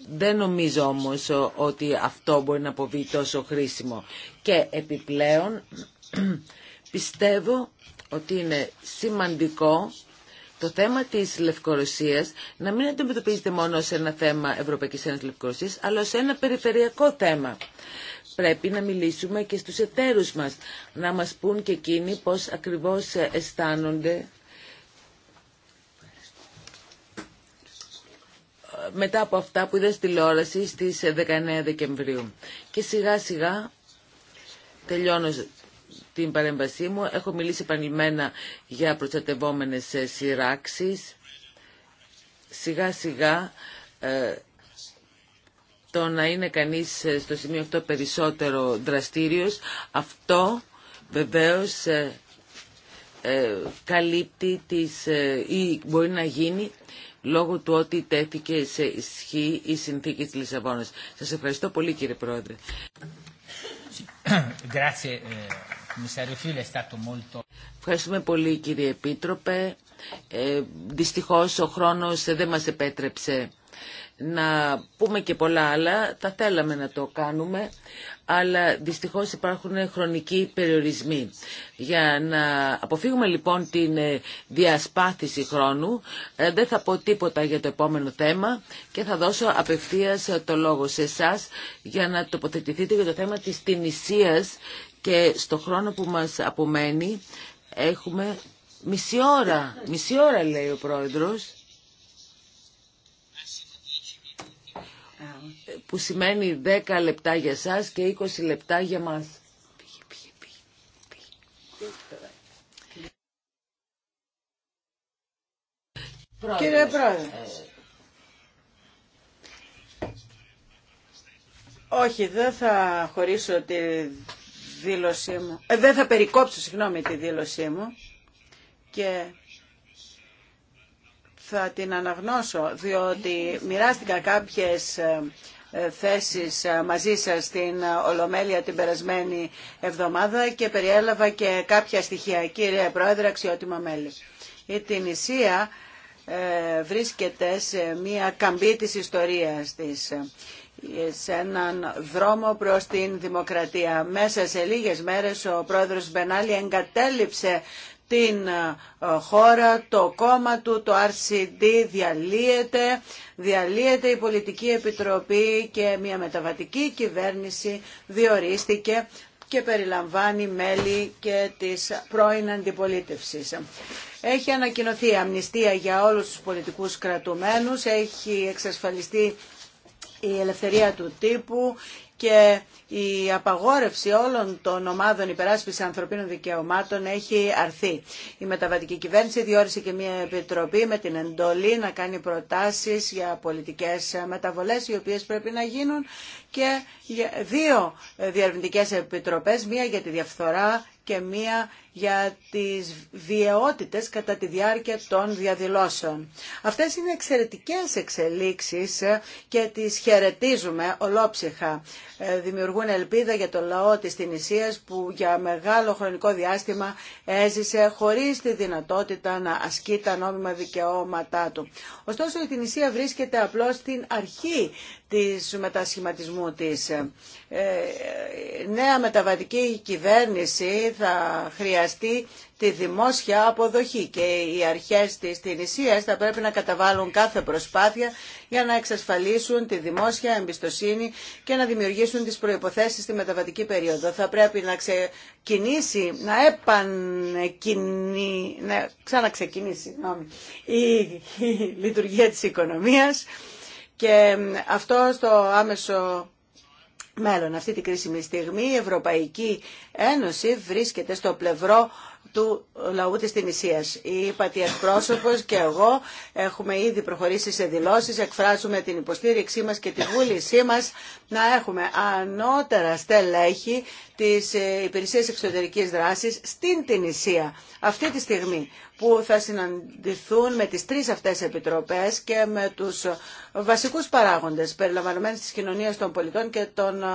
Δεν νομίζω όμως ότι αυτό μπορεί να αποβεί τόσο χρήσιμο. Και επιπλέον (clears throat) πιστεύω ότι είναι σημαντικό το θέμα της Λευκορωσίας να μην αντιμετωπίζεται μόνο σε ένα θέμα Ευρωπαϊκής Ένωσης Λευκορωσίας, αλλά σε ένα περιφερειακό θέμα πρέπει να μιλήσουμε και στους εταίρους μας, να μας πούν και εκείνοι πώς ακριβώς αισθάνονται μετά από αυτά που είδα στη τηλεόραση στις 19 Δεκεμβρίου. Και σιγά σιγά τελειώνω την παρέμβασή μου. Έχω μιλήσει επανειλημμένα για προστατευόμενες ε, σειράξεις. Σιγά σιγά ε, το να είναι κανείς ε, στο σημείο αυτό περισσότερο δραστήριος, αυτό βεβαίως ε, ε, καλύπτει τις, η συνθήκη της Λισαβόνας. Σας ευχαριστώ πολύ κύριε Πρόεδρε. (coughs) Eh, Ευχαριστούμε πολύ κύριε Επίτροπε. Ε, δυστυχώς ο χρόνος δεν μας επέτρεψε να πούμε και πολλά άλλα, τα θέλαμε να το κάνουμε, αλλά δυστυχώς υπάρχουν χρονικοί περιορισμοί. Για να αποφύγουμε λοιπόν την ε, διασπάθηση χρόνου, ε, δεν θα πω τίποτα για το επόμενο θέμα και θα δώσω απευθείας ε, το λόγο σε εσά για να τοποθετηθείτε για το θέμα της τυνησίας και στο χρόνο που μας απομένει έχουμε μισή ώρα, μισή ώρα λέει ο πρόεδρος. που σημαίνει 10 λεπτά για σας και 20 λεπτά για μας. Κύριε Πρόεδρε. Ε, Όχι, δεν θα χωρίσω τη δήλωσή μου. Ε, δεν θα περικόψω, συγγνώμη, τη δήλωσή μου. Και θα την αναγνώσω, διότι μοιράστηκα κάποιες ε, ε, θέσεις ε, μαζί σας στην Ολομέλεια την περασμένη εβδομάδα και περιέλαβα και κάποια στοιχεία. Κύριε Πρόεδρε, αξιότιμα μέλη. Η Τινησία βρίσκεται σε μία καμπή της ιστορίας της σε έναν δρόμο προς την δημοκρατία. Μέσα σε λίγες μέρες ο πρόεδρος Μπενάλη εγκατέλειψε την ε, χώρα, το κόμμα του, το RCD διαλύεται, διαλύεται η Πολιτική Επιτροπή και μια μεταβατική κυβέρνηση διορίστηκε και περιλαμβάνει μέλη και της πρώην αντιπολίτευσης. Έχει ανακοινωθεί αμνηστία για όλους τους πολιτικούς κρατουμένους, έχει εξασφαλιστεί η ελευθερία του τύπου, και η απαγόρευση όλων των ομάδων υπεράσπιση ανθρωπίνων δικαιωμάτων έχει αρθεί. Η μεταβατική κυβέρνηση διόρισε και μια επιτροπή με την εντολή να κάνει προτάσεις για πολιτικές μεταβολές οι οποίες πρέπει να γίνουν και δύο διαρευνητικές επιτροπές, μία για τη διαφθορά και μία για τις βιαιότητες κατά τη διάρκεια των διαδηλώσεων. Αυτές είναι εξαιρετικές εξελίξεις και τις χαιρετίζουμε ολόψυχα. Ε, δημιουργούν ελπίδα για το λαό της Τινησίας που για μεγάλο χρονικό διάστημα έζησε χωρίς τη δυνατότητα να ασκεί τα νόμιμα δικαιώματά του. Ωστόσο η Τινησία βρίσκεται απλώς στην αρχή της μετασχηματισμού της. Ε, ε, νέα μεταβατική κυβέρνηση θα χρειαστεί χρειαστεί τη δημόσια αποδοχή και οι αρχές της Τινησίας θα πρέπει να καταβάλουν κάθε προσπάθεια για να εξασφαλίσουν τη δημόσια εμπιστοσύνη και να δημιουργήσουν τις προϋποθέσεις στη μεταβατική περίοδο. Θα πρέπει να ξεκινήσει, να, επανεκκινήσει, να ξαναξεκινήσει η, η λειτουργία της οικονομίας και αυτό στο άμεσο μέλλον. Αυτή τη κρίσιμη στιγμή η Ευρωπαϊκή Ένωση βρίσκεται στο πλευρό του λαού της Τινησίας. Η Πατή Εκπρόσωπος και εγώ έχουμε ήδη προχωρήσει σε δηλώσεις, εκφράζουμε την υποστήριξή μας και τη βούλησή μας να έχουμε ανώτερα στελέχη της ε, Υπηρεσίας Εξωτερικής Δράσης στην Τινησία αυτή τη στιγμή που θα συναντηθούν με τις τρεις αυτές επιτροπές και με τους βασικούς παράγοντες περιλαμβανομένες της κοινωνίας των πολιτών και των ε,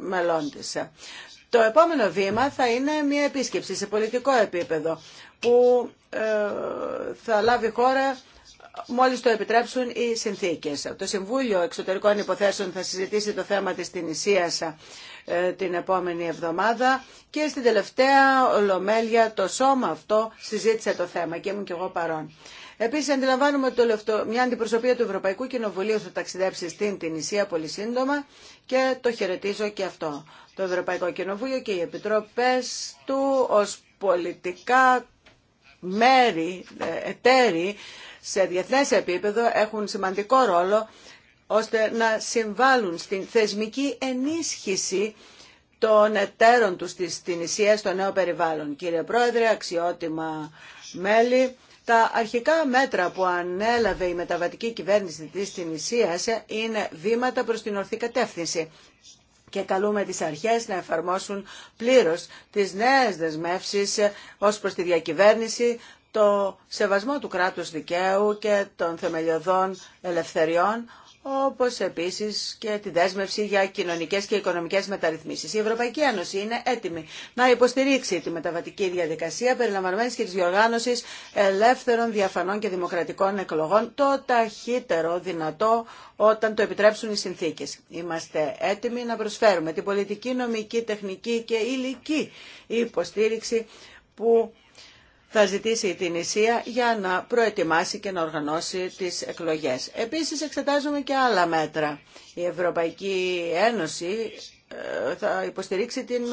μελών της. Το επόμενο βήμα θα είναι μια επίσκεψη σε πολιτικό επίπεδο που ε, θα λάβει χώρα μόλις το επιτρέψουν οι συνθήκες. Το Συμβούλιο Εξωτερικών Υποθέσεων θα συζητήσει το θέμα της Τινησίας ε, την επόμενη εβδομάδα και στην τελευταία ολομέλεια το σώμα αυτό συζήτησε το θέμα και ήμουν και εγώ παρόν. Επίση, αντιλαμβάνουμε ότι μια αντιπροσωπεία του Ευρωπαϊκού Κοινοβουλίου θα ταξιδέψει στην Τινησία πολύ σύντομα και το χαιρετίζω και αυτό. Το Ευρωπαϊκό Κοινοβούλιο και οι επιτροπέ του ω πολιτικά μέρη, ε, εταίροι σε διεθνέ επίπεδο έχουν σημαντικό ρόλο ώστε να συμβάλλουν στην θεσμική ενίσχυση των εταίρων τους της Ισία στο νέο περιβάλλον. Κύριε Πρόεδρε, αξιότιμα μέλη, τα αρχικά μέτρα που ανέλαβε η μεταβατική κυβέρνηση της Τινησίας είναι βήματα προς την ορθή κατεύθυνση και καλούμε τις αρχές να εφαρμόσουν πλήρως τις νέες δεσμεύσεις ως προς τη διακυβέρνηση, το σεβασμό του κράτους δικαίου και των θεμελιωδών ελευθεριών, όπως επίσης και τη δέσμευση για κοινωνικές και οικονομικές μεταρρυθμίσεις. Η Ευρωπαϊκή Ένωση είναι έτοιμη να υποστηρίξει τη μεταβατική διαδικασία περιλαμβανομένης και της διοργάνωσης ελεύθερων, διαφανών και δημοκρατικών εκλογών το ταχύτερο δυνατό όταν το επιτρέψουν οι συνθήκες. Είμαστε έτοιμοι να προσφέρουμε την πολιτική, νομική, τεχνική και υλική υποστήριξη που θα ζητήσει την Ισία για να προετοιμάσει και να οργανώσει τις εκλογές. Επίσης εξετάζουμε και άλλα μέτρα. Η Ευρωπαϊκή Ένωση ε, θα υποστηρίξει την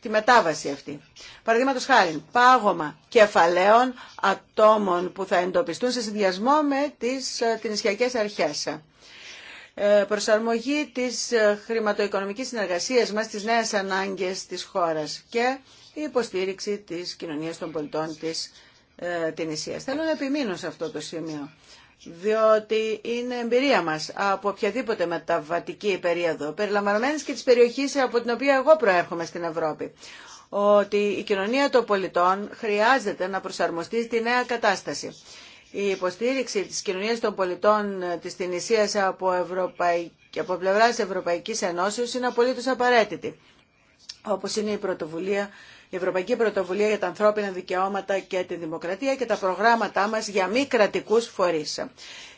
τη μετάβαση αυτή. Παραδείγματος χάρη, πάγωμα κεφαλαίων ατόμων που θα εντοπιστούν σε συνδυασμό με τις ε, νησιακές αρχές ε, προσαρμογή της χρηματοοικονομικής συνεργασίας μας στις νέες ανάγκες της χώρας και η υποστήριξη της κοινωνίας των πολιτών της ε, Τινησίας. Θέλω να επιμείνω σε αυτό το σημείο, διότι είναι εμπειρία μας από οποιαδήποτε μεταβατική περίοδο, περιλαμβανομένης και της περιοχής από την οποία εγώ προέρχομαι στην Ευρώπη, ότι η κοινωνία των πολιτών χρειάζεται να προσαρμοστεί στη νέα κατάσταση. Η υποστήριξη της κοινωνίας των πολιτών ε, της Τινησίας από, Ευρωπαϊ... από πλευράς Ευρωπαϊκής Ενώσεως είναι απολύτως απαραίτητη, όπως είναι η πρωτοβουλία η Ευρωπαϊκή Πρωτοβουλία για τα Ανθρώπινα Δικαιώματα και τη Δημοκρατία και τα προγράμματά μας για μη κρατικούς φορείς.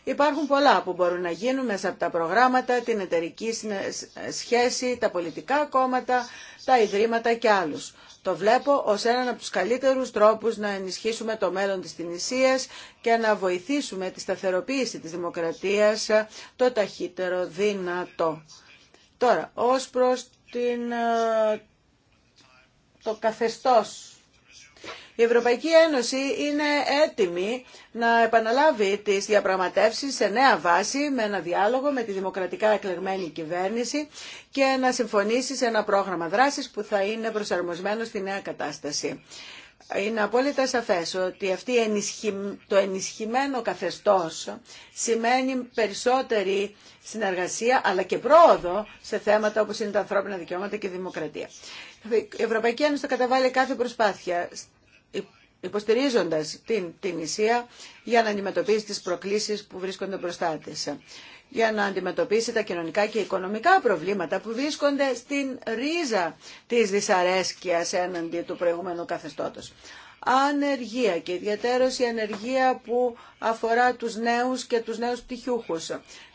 Υπάρχουν πολλά που μπορούν να γίνουν μέσα από τα προγράμματα, την εταιρική σχέση, τα πολιτικά κόμματα, τα ιδρύματα και άλλους. Το βλέπω ως έναν από τους καλύτερους τρόπους να ενισχύσουμε το μέλλον της Τινησίας και να βοηθήσουμε τη σταθεροποίηση της δημοκρατίας το ταχύτερο δυνατό. Τώρα, ως προς την, ε, το καθεστώς. Η Ευρωπαϊκή Ένωση είναι έτοιμη να επαναλάβει τις διαπραγματεύσεις σε νέα βάση με ένα διάλογο με τη δημοκρατικά εκλεγμένη κυβέρνηση και να συμφωνήσει σε ένα πρόγραμμα δράσης που θα είναι προσαρμοσμένο στη νέα κατάσταση. Είναι απόλυτα σαφές ότι το ενισχυμένο καθεστώς σημαίνει περισσότερη συνεργασία αλλά και πρόοδο σε θέματα όπως είναι τα ανθρώπινα δικαιώματα και η δημοκρατία. Η Ευρωπαϊκή Ένωση θα καταβάλει κάθε προσπάθεια υποστηρίζοντας την, την Ισία για να αντιμετωπίσει τις προκλήσεις που βρίσκονται μπροστά της για να αντιμετωπίσει τα κοινωνικά και οικονομικά προβλήματα που βρίσκονται στην ρίζα της δυσαρέσκειας έναντι του προηγούμενου καθεστώτος. Ανεργία και ιδιαίτερως η ανεργία που αφορά τους νέους και τους νέους πτυχιούχους.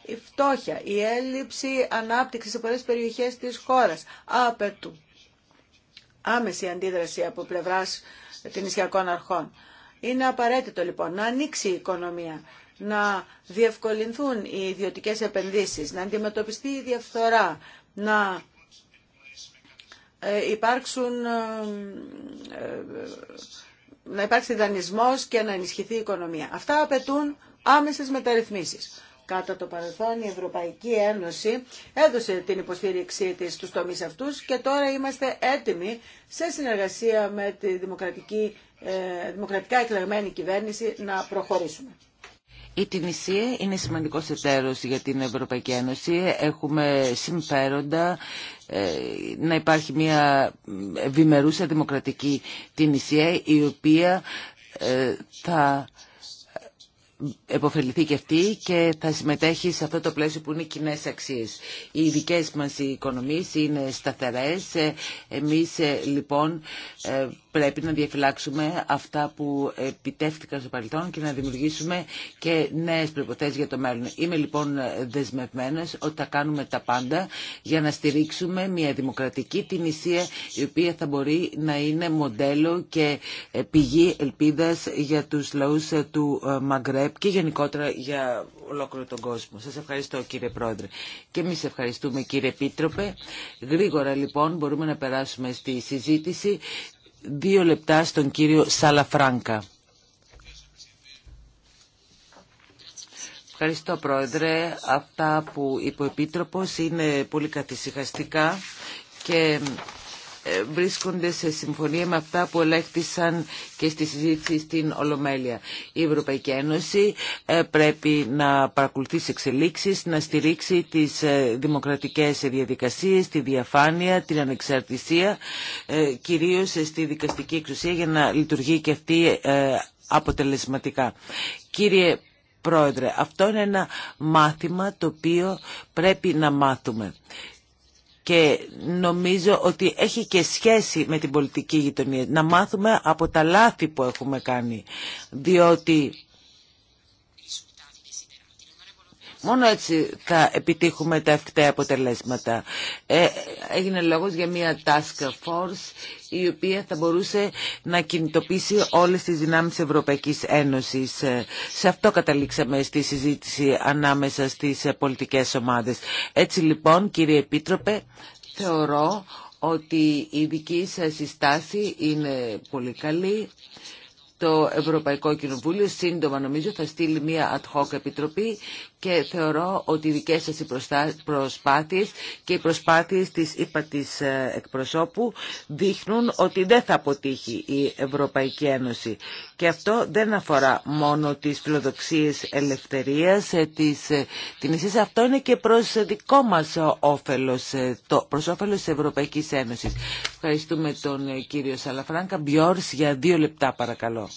Η φτώχεια, η έλλειψη ανάπτυξης σε πολλές περιοχές της χώρας άμεση αντίδραση από πλευράς των νησιακών αρχών. Είναι απαραίτητο λοιπόν να ανοίξει η οικονομία, να διευκολυνθούν οι ιδιωτικές επενδύσεις, να αντιμετωπιστεί η διαφθορά, να ε, υπάρξουν ε, ε, να υπάρξει δανεισμός και να ενισχυθεί η οικονομία. Αυτά απαιτούν άμεσες μεταρρυθμίσεις. Κατά το παρελθόν η Ευρωπαϊκή Ένωση έδωσε την υποστήριξή της στους τομείς αυτούς και τώρα είμαστε έτοιμοι σε συνεργασία με τη δημοκρατική, ε, δημοκρατικά εκλεγμένη κυβέρνηση να προχωρήσουμε. Η Τινησία είναι σημαντικός εταίρος για την Ευρωπαϊκή Ένωση. Έχουμε συμφέροντα ε, να υπάρχει μια ευημερούσα δημοκρατική Τινησία η οποία ε, θα Εποφεληθεί και αυτή και θα συμμετέχει σε αυτό το πλαίσιο που είναι οι κοινέ αξίες. Οι δικές μας οι οικονομίες είναι σταθερές. Ε, εμείς ε, λοιπόν ε, πρέπει να διαφυλάξουμε αυτά που επιτεύχθηκαν στο παρελθόν και να δημιουργήσουμε και νέες προποθέσει για το μέλλον. Είμαι λοιπόν δεσμευμένος ότι θα κάνουμε τα πάντα για να στηρίξουμε μια δημοκρατική τιμησία η οποία θα μπορεί να είναι μοντέλο και ε, πηγή ελπίδας για τους λαούς ε, του ε, Μαγκρέπ και γενικότερα για ολόκληρο τον κόσμο. Σας ευχαριστώ κύριε Πρόεδρε. Και εμείς ευχαριστούμε κύριε Επίτροπε. Γρήγορα λοιπόν μπορούμε να περάσουμε στη συζήτηση δύο λεπτά στον κύριο Σαλαφράνκα. Ευχαριστώ Πρόεδρε. Αυτά που είπε ο Επίτροπος είναι πολύ καθησυχαστικά και ε, βρίσκονται σε συμφωνία με αυτά που ελέγχθησαν και στη συζήτηση στην Ολομέλεια. Η Ευρωπαϊκή Ένωση ε, πρέπει να παρακολουθήσει εξελίξεις, να στηρίξει τις ε, δημοκρατικές διαδικασίες, τη διαφάνεια, την ανεξαρτησία, κυρίως στη δικαστική εξουσία για να λειτουργεί και αυτή αποτελεσματικά. Κύριε Πρόεδρε, αυτό είναι ένα μάθημα το οποίο πρέπει να μάθουμε και νομίζω ότι έχει και σχέση με την πολιτική γειτονία. Να μάθουμε από τα λάθη που έχουμε κάνει. Διότι Μόνο έτσι θα επιτύχουμε τα ευκταία αποτελέσματα. Ε, έγινε λόγος για μια task force η οποία θα μπορούσε να κινητοποιήσει όλες τις δυνάμεις της Ευρωπαϊκής Ένωσης. Ε, σε αυτό καταλήξαμε στη συζήτηση ανάμεσα στις ε, πολιτικές ομάδες. Έτσι λοιπόν κύριε Επίτροπε θεωρώ ότι η δική σας στάση είναι πολύ καλή. Το Ευρωπαϊκό Κοινοβούλιο σύντομα νομίζω θα στείλει μια ad hoc επιτροπή και θεωρώ ότι οι δικές σας οι προσπάθειες και οι προσπάθειες της είπα ε, εκπροσώπου δείχνουν ότι δεν θα αποτύχει η Ευρωπαϊκή Ένωση. Και αυτό δεν αφορά μόνο τις φιλοδοξίες ελευθερίας, ε, της ε, την Αυτό είναι και προς δικό μας όφελος, το, προς όφελος της Ευρωπαϊκής Ένωσης. Ευχαριστούμε τον κύριο Σαλαφράγκα. Μπιόρς για δύο λεπτά παρακαλώ.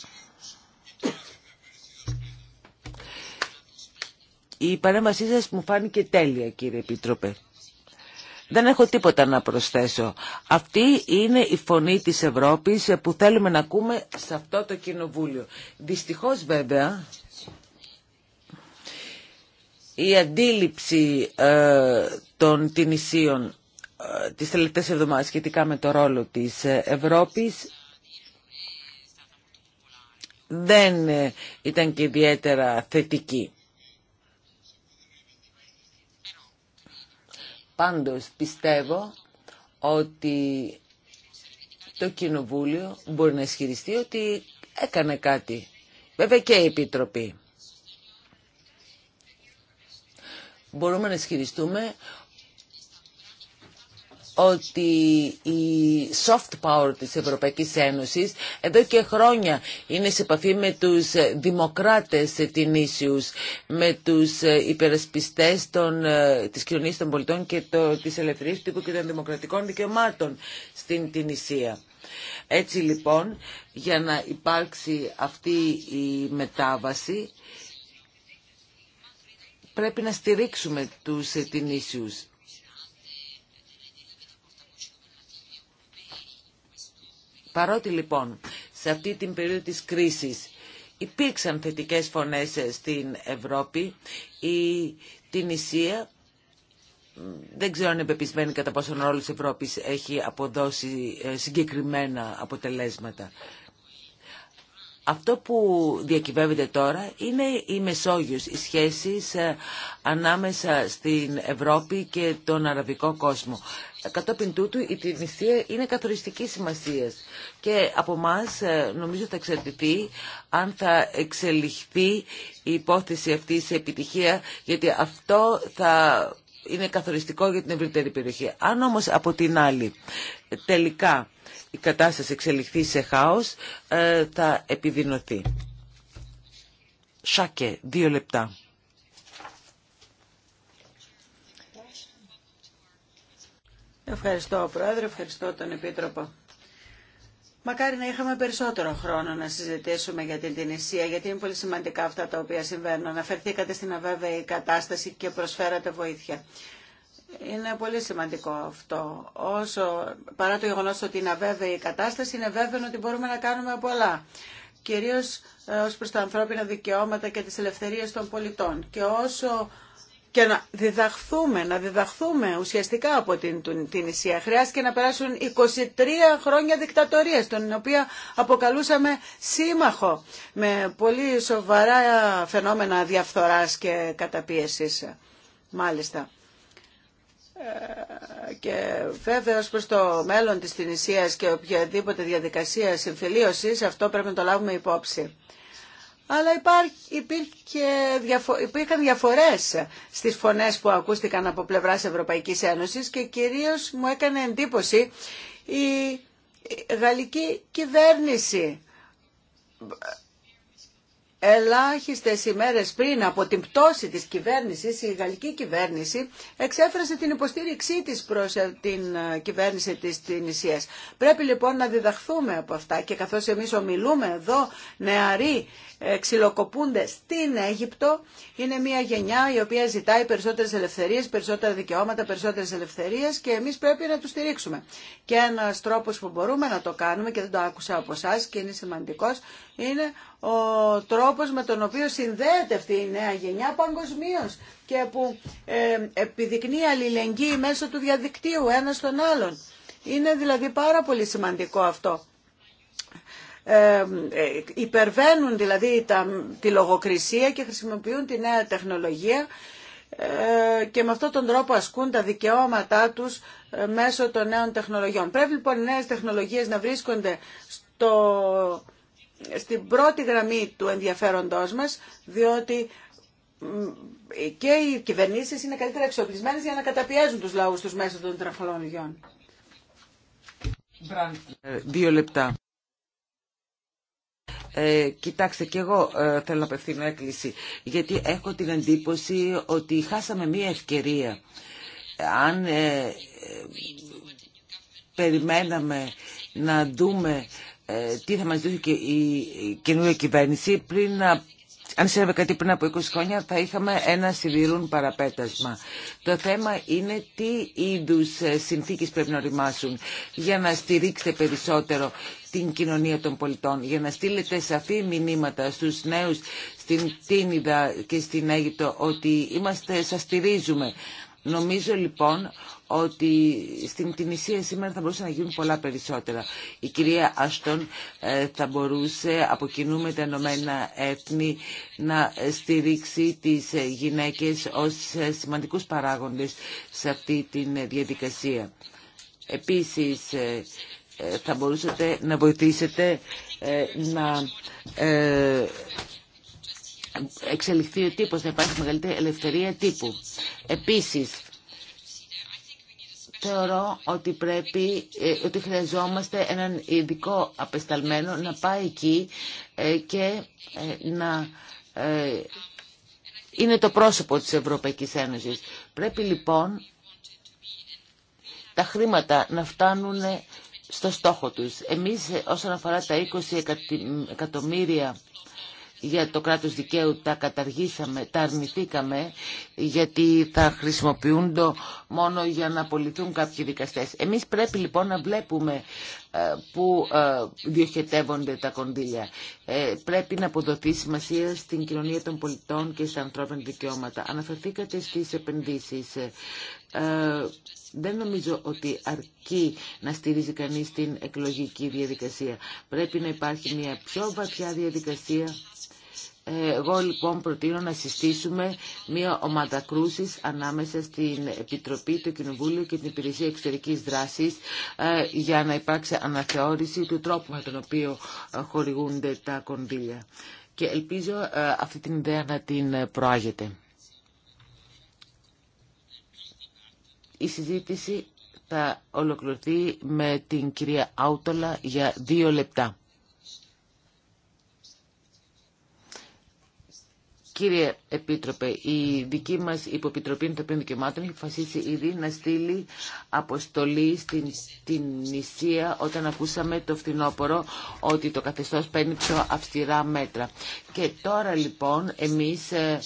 Η παρέμβασή σας μου φάνηκε τέλεια κύριε Επίτροπε. Δεν έχω τίποτα να προσθέσω. Αυτή είναι η φωνή της Ευρώπης που θέλουμε να ακούμε σε αυτό το κοινοβούλιο. Δυστυχώς βέβαια η αντίληψη ε, των τινησίων ε, τις τελευταίες εβδομάδες σχετικά με το ρόλο της ε, Ευρώπης δεν ε, ήταν και ιδιαίτερα θετική. Πάντως πιστεύω ότι το Κοινοβούλιο μπορεί να ισχυριστεί ότι έκανε κάτι. Βέβαια και η Επιτροπή. Μπορούμε να ισχυριστούμε ότι η soft power της Ευρωπαϊκής Ένωσης εδώ και χρόνια είναι σε επαφή με τους δημοκράτες την ίσιους, με τους υπερασπιστές των, ε, της κοινωνίας των πολιτών και το, της ελευθερίας τύπου και των δημοκρατικών δικαιωμάτων στην Ισία. Έτσι λοιπόν, για να υπάρξει αυτή η μετάβαση, πρέπει να στηρίξουμε τους ετινήσιους. Παρότι λοιπόν σε αυτή την περίοδο της κρίσης υπήρξαν θετικές φωνές στην Ευρώπη, η την Ισία δεν ξέρω αν είναι κατά πόσον ρόλο της Ευρώπης έχει αποδώσει ε, συγκεκριμένα αποτελέσματα. Αυτό που διακυβεύεται τώρα είναι η Μεσόγειος, οι σχέσεις ε, ανάμεσα στην Ευρώπη και τον αραβικό κόσμο κατόπιν τούτου η τιμηθεία είναι καθοριστική σημασία. Και από εμά νομίζω θα εξαρτηθεί αν θα εξελιχθεί η υπόθεση αυτή σε επιτυχία, γιατί αυτό θα είναι καθοριστικό για την ευρύτερη περιοχή. Αν όμως από την άλλη τελικά η κατάσταση εξελιχθεί σε χάος, ε, θα επιδεινωθεί. Σάκε, δύο λεπτά. Ευχαριστώ, Πρόεδρε. Ευχαριστώ τον Επίτροπο. Μακάρι να είχαμε περισσότερο χρόνο να συζητήσουμε για την Τινησία, γιατί είναι πολύ σημαντικά αυτά τα οποία συμβαίνουν. Αναφερθήκατε στην αβέβαιη κατάσταση και προσφέρατε βοήθεια. Είναι πολύ σημαντικό αυτό. Όσο, παρά το γεγονό ότι είναι αβέβαιη η κατάσταση, είναι βέβαιο ότι μπορούμε να κάνουμε πολλά. Κυρίω ε, ω προ τα ανθρώπινα δικαιώματα και τι ελευθερίε των πολιτών. Και όσο και να διδαχθούμε, να διδαχθούμε ουσιαστικά από την, την Ισία. Χρειάστηκε να περάσουν 23 χρόνια δικτατορίας, τον οποία αποκαλούσαμε σύμμαχο, με πολύ σοβαρά φαινόμενα διαφθοράς και καταπίεσης, μάλιστα. Ε, και βέβαια προς το μέλλον της Τινησίας και οποιαδήποτε διαδικασία συμφιλίωσης, αυτό πρέπει να το λάβουμε υπόψη αλλά υπήρχαν διαφορές στις φωνές που ακούστηκαν από πλευράς Ευρωπαϊκής Ένωσης και κυρίως μου έκανε εντύπωση η γαλλική κυβέρνηση Ελάχιστες ημέρες πριν από την πτώση της κυβέρνησης, η γαλλική κυβέρνηση εξέφρασε την υποστήριξή της προς ε, την ε, κυβέρνηση της Τινησίας. Πρέπει λοιπόν να διδαχθούμε από αυτά και καθώς εμείς ομιλούμε εδώ νεαροί ε, ξυλοκοπούνται στην Αίγυπτο, είναι μια γενιά η οποία ζητάει περισσότερες ελευθερίες, περισσότερα δικαιώματα, περισσότερες ελευθερίες και εμείς πρέπει να τους στηρίξουμε. Και ένας τρόπος που μπορούμε να το κάνουμε και δεν το άκουσα από εσά και είναι σημαντικός, είναι ο τρόπος με τον οποίο συνδέεται αυτή η νέα γενιά παγκοσμίω και που ε, επιδεικνύει αλληλεγγύη μέσω του διαδικτύου ένα στον άλλον. Είναι δηλαδή πάρα πολύ σημαντικό αυτό. Ε, ε, υπερβαίνουν δηλαδή τη λογοκρισία και χρησιμοποιούν τη νέα τεχνολογία ε, και με αυτόν τον τρόπο ασκούν τα δικαιώματά τους μέσω των νέων τεχνολογιών. Πρέπει λοιπόν οι νέες τεχνολογίες να βρίσκονται στο στην πρώτη γραμμή του ενδιαφέροντός μας, διότι και οι κυβερνήσεις είναι καλύτερα εξοπλισμένες για να καταπιέζουν τους λαούς τους μέσα των τραφολόγιων. Ε, δύο λεπτά. Ε, κοιτάξτε, και εγώ ε, θέλω να απευθύνω έκκληση, γιατί έχω την εντύπωση ότι χάσαμε μία ευκαιρία. Αν περιμέναμε να δούμε ε, τι θα μας δώσει η καινούργια κυβέρνηση πριν να αν συνέβη κάτι πριν από 20 χρόνια θα είχαμε ένα σιδηρούν παραπέτασμα. Το θέμα είναι τι είδου ε, συνθήκες πρέπει να οριμάσουν για να στηρίξετε περισσότερο την κοινωνία των πολιτών, για να στείλετε σαφή μηνύματα στους νέους στην Τίνιδα και στην Αίγυπτο ότι είμαστε, σας στηρίζουμε. Νομίζω λοιπόν ότι στην Τινησία σήμερα θα μπορούσε να γίνουν πολλά περισσότερα. Η κυρία Άστον ε, θα μπορούσε από κοινού με τα Έθνη να στηρίξει τις ε, γυναίκες ως ε, σημαντικούς παράγοντες σε αυτή τη διαδικασία. Επίσης θα μπορούσατε να βοηθήσετε να εξελιχθεί ο τύπος, να υπάρχει μεγαλύτερη ελευθερία τύπου. Επίσης, θεωρώ ότι πρέπει, ε, ότι χρειαζόμαστε έναν ειδικό απεσταλμένο να πάει εκεί ε, και ε, να είναι το πρόσωπο της Ευρωπαϊκής Ένωσης. Πρέπει λοιπόν τα χρήματα να φτάνουν στο στόχο τους. Εμείς όσον αφορά τα 20 εκατομμύρια για το κράτος δικαίου τα καταργήσαμε, τα αρνηθήκαμε γιατί θα το μόνο για να απολυθούν κάποιοι δικαστές. Εμείς πρέπει λοιπόν να βλέπουμε ε, που ε, διοχετεύονται τα κονδύλια. Ε, πρέπει να αποδοθεί σημασία στην κοινωνία των πολιτών και στα ανθρώπινα δικαιώματα. Αναφερθήκατε στις επενδύσεις. δεν νομίζω ότι αρκεί να στηρίζει κανείς την εκλογική διαδικασία. Πρέπει να υπάρχει μια πιο βαθιά διαδικασία εγώ λοιπόν προτείνω να συστήσουμε μια ομάδα κρούσης ανάμεσα στην Επιτροπή, το Κοινοβούλιο και την Υπηρεσία Εξωτερικής Δράσης ε, για να υπάρξει αναθεώρηση του τρόπου με τον οποίο ε, χορηγούνται τα κονδύλια. Και ελπίζω ε, αυτή την ιδέα να την προάγετε. Η συζήτηση θα ολοκληρωθεί με την κυρία Άουτολα για δύο λεπτά. Κύριε Επίτροπε, η δική μας υποπιτροπή ανθρωπίνων δικαιωμάτων έχει αποφασίσει ήδη να στείλει αποστολή στην, στην νησία όταν ακούσαμε το φθινόπωρο ότι το καθεστώς παίρνει πιο αυστηρά μέτρα. Και τώρα λοιπόν εμείς ε,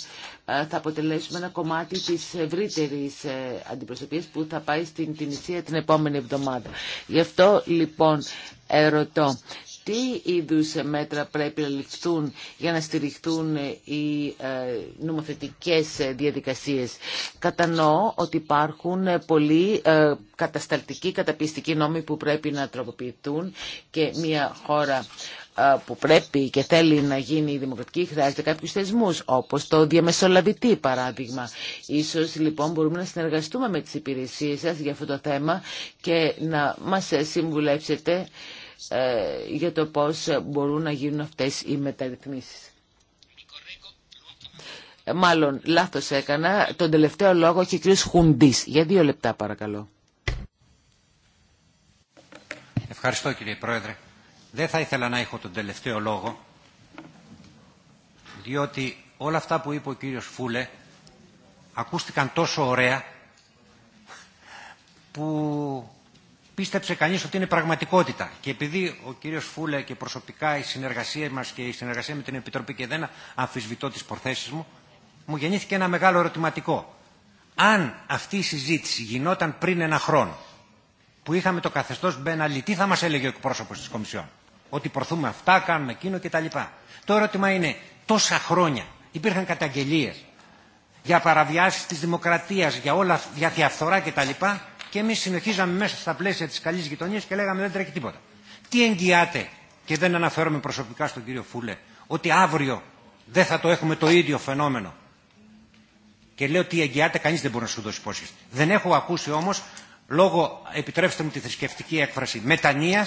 ε, θα αποτελέσουμε ένα κομμάτι της ευρύτερη ε, αντιπροσωπείας που θα πάει στην νησία την επόμενη εβδομάδα. Γι' αυτό λοιπόν ερωτώ, τι είδους μέτρα πρέπει να ληφθούν για να στηριχθούν οι ε, νομοθετικές διαδικασίες. Κατανοώ ότι υπάρχουν πολλοί ε, κατασταλτικοί, καταπιστικοί νόμοι που πρέπει να τροποποιηθούν και μια χώρα ε, που πρέπει και θέλει να γίνει δημοκρατική χρειάζεται κάποιους θεσμού, όπως το διαμεσολαβητή παράδειγμα. Ίσως λοιπόν μπορούμε να συνεργαστούμε με τις υπηρεσίες σας για αυτό το θέμα και να μας συμβουλέψετε... Ε, για το πώς μπορούν να γίνουν αυτές οι μεταρρυθμίσεις. Ε, μάλλον λάθος έκανα. Τον τελευταίο λόγο έχει ο κ. Χουντής. Για δύο λεπτά παρακαλώ. Ευχαριστώ κύριε Πρόεδρε. Δεν θα ήθελα να έχω τον τελευταίο λόγο, διότι όλα αυτά που είπε ο κύριος Φούλε ακούστηκαν τόσο ωραία που πίστεψε κανείς ότι είναι πραγματικότητα. Και επειδή ο κύριος Φούλε και προσωπικά η συνεργασία μας και η συνεργασία με την Επιτροπή και δεν αμφισβητώ τις προθέσεις μου, μου γεννήθηκε ένα μεγάλο ερωτηματικό. Αν αυτή η συζήτηση γινόταν πριν ένα χρόνο, που είχαμε το καθεστώ Μπέναλι, τι θα μα έλεγε ο εκπρόσωπο τη Κομισιόν. Ότι προθούμε αυτά, κάνουμε εκείνο κτλ. Το ερώτημα είναι, τόσα χρόνια υπήρχαν καταγγελίε για παραβιάσει τη δημοκρατία, για όλα, για διαφθορά κτλ. Και εμεί συνεχίζαμε μέσα στα πλαίσια τη καλή γειτονία και λέγαμε δεν τρέχει τίποτα. Τι εγγυάται, και δεν αναφέρομαι προσωπικά στον κύριο Φούλε, ότι αύριο δεν θα το έχουμε το ίδιο φαινόμενο. Και λέω τι εγγυάται κανεί δεν μπορεί να σου δώσει υπόσχεση. Δεν έχω ακούσει όμω, λόγω, επιτρέψτε μου τη θρησκευτική έκφραση, μετανία,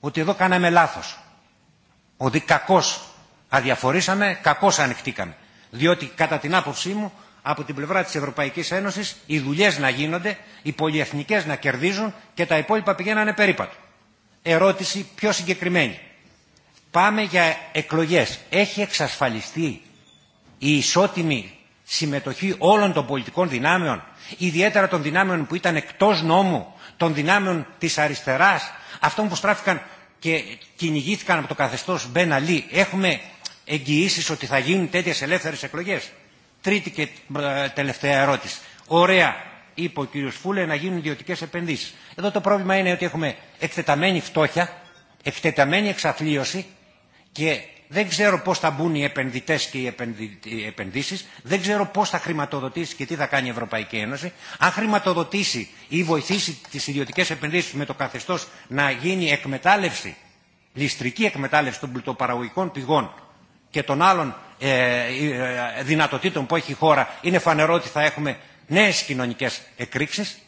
ότι εδώ κάναμε λάθο. Ότι κακώ αδιαφορήσαμε, κακώ ανοιχτήκαμε. Διότι κατά την άποψή μου από την πλευρά της Ευρωπαϊκής Ένωσης οι δουλειές να γίνονται, οι πολυεθνικές να κερδίζουν και τα υπόλοιπα πηγαίνανε περίπατο. Ερώτηση πιο συγκεκριμένη. Πάμε για εκλογές. Έχει εξασφαλιστεί η ισότιμη συμμετοχή όλων των πολιτικών δυνάμεων, ιδιαίτερα των δυνάμεων που ήταν εκτός νόμου, των δυνάμεων της αριστεράς, αυτών που στράφηκαν και κυνηγήθηκαν από το καθεστώς Μπεναλή, Έχουμε εγγυήσεις ότι θα γίνουν τέτοιες ελεύθερες εκλογές. Τρίτη και ε, τελευταία ερώτηση. Ωραία, είπε ο κύριος Φούλε, να γίνουν ιδιωτικέ επενδύσεις. Εδώ το πρόβλημα είναι ότι έχουμε εκτεταμένη φτώχεια, εκτεταμένη εξαθλίωση και δεν ξέρω πώς θα μπουν οι επενδυτές και οι επενδύσεις, δεν ξέρω πώς θα χρηματοδοτήσει και τι θα κάνει η Ευρωπαϊκή Ένωση. Αν χρηματοδοτήσει ή βοηθήσει τις ιδιωτικές επενδύσεις με το καθεστώς να γίνει εκμετάλλευση, ληστρική εκμετάλλευση των πλουτοπαραγωγικών πηγών και των άλλων ε, ε, ε, δυνατοτήτων που έχει η χώρα είναι φανερό ότι θα έχουμε νέες κοινωνικές εκρήξεις.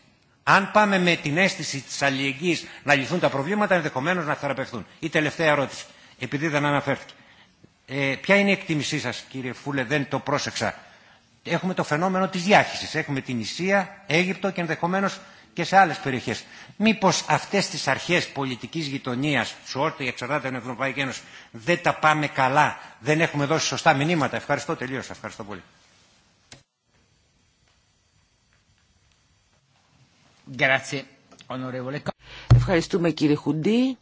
Αν πάμε με την αίσθηση της αλληλεγγύης να λυθούν τα προβλήματα, ενδεχομένως να θεραπευθούν. Η τελευταία ερώτηση, επειδή δεν αναφέρθηκε. Ε, ποια είναι η εκτίμησή σας, κύριε Φούλε, δεν το πρόσεξα. Έχουμε το φαινόμενο της διάχυσης. Έχουμε την Ισία, Αίγυπτο και ενδεχομένως και σε άλλες περιοχές. Μήπως αυτές τις αρχές πολιτικής γειτονίας σε ό,τι εξαρτάται την Ευρωπαϊκή Ένωση δεν τα πάμε καλά, δεν έχουμε δώσει σωστά μηνύματα. Ευχαριστώ τελείως. Ευχαριστώ πολύ. Ευχαριστούμε κύριε Χουντή.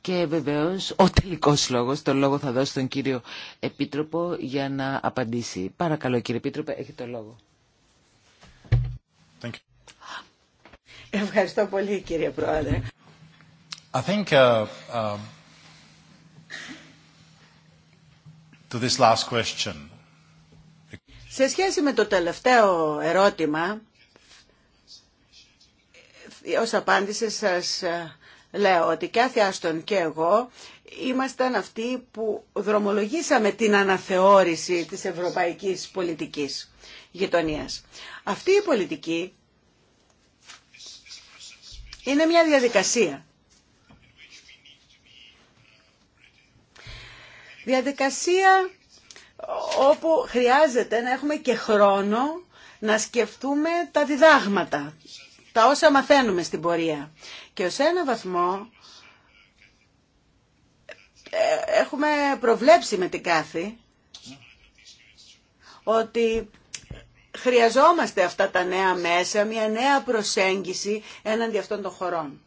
Και βεβαίω ο τελικό λόγο, το λόγο θα δώσω στον κύριο Επίτροπο για να απαντήσει. Παρακαλώ κύριε Επίτροπε, έχετε το λόγο. Ευχαριστώ πολύ κύριε Πρόεδρε. Uh, um, question. Σε σχέση με το τελευταίο ερώτημα, ως απάντηση σας ε, λέω ότι κάθε Άστον και εγώ ήμασταν αυτοί που δρομολογήσαμε την αναθεώρηση της ευρωπαϊκής πολιτικής γειτονίας. Αυτή η πολιτική είναι μια διαδικασία. Διαδικασία όπου χρειάζεται να έχουμε και χρόνο να σκεφτούμε τα διδάγματα, τα όσα μαθαίνουμε στην πορεία. Και ως ένα βαθμό ε, έχουμε προβλέψει με την κάθε ότι χρειαζόμαστε αυτά τα νέα μέσα, μια νέα προσέγγιση έναντι αυτών των χωρών.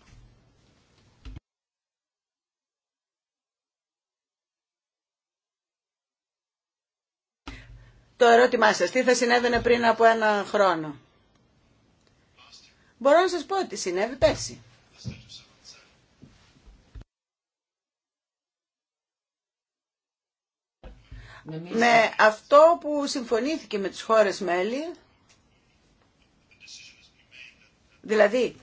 Το ερώτημά σας, τι θα συνέβαινε πριν από ένα χρόνο. Μπορώ να σας πω ότι συνέβη πέρσι. με αυτό που συμφωνήθηκε με τις χώρες μέλη, δηλαδή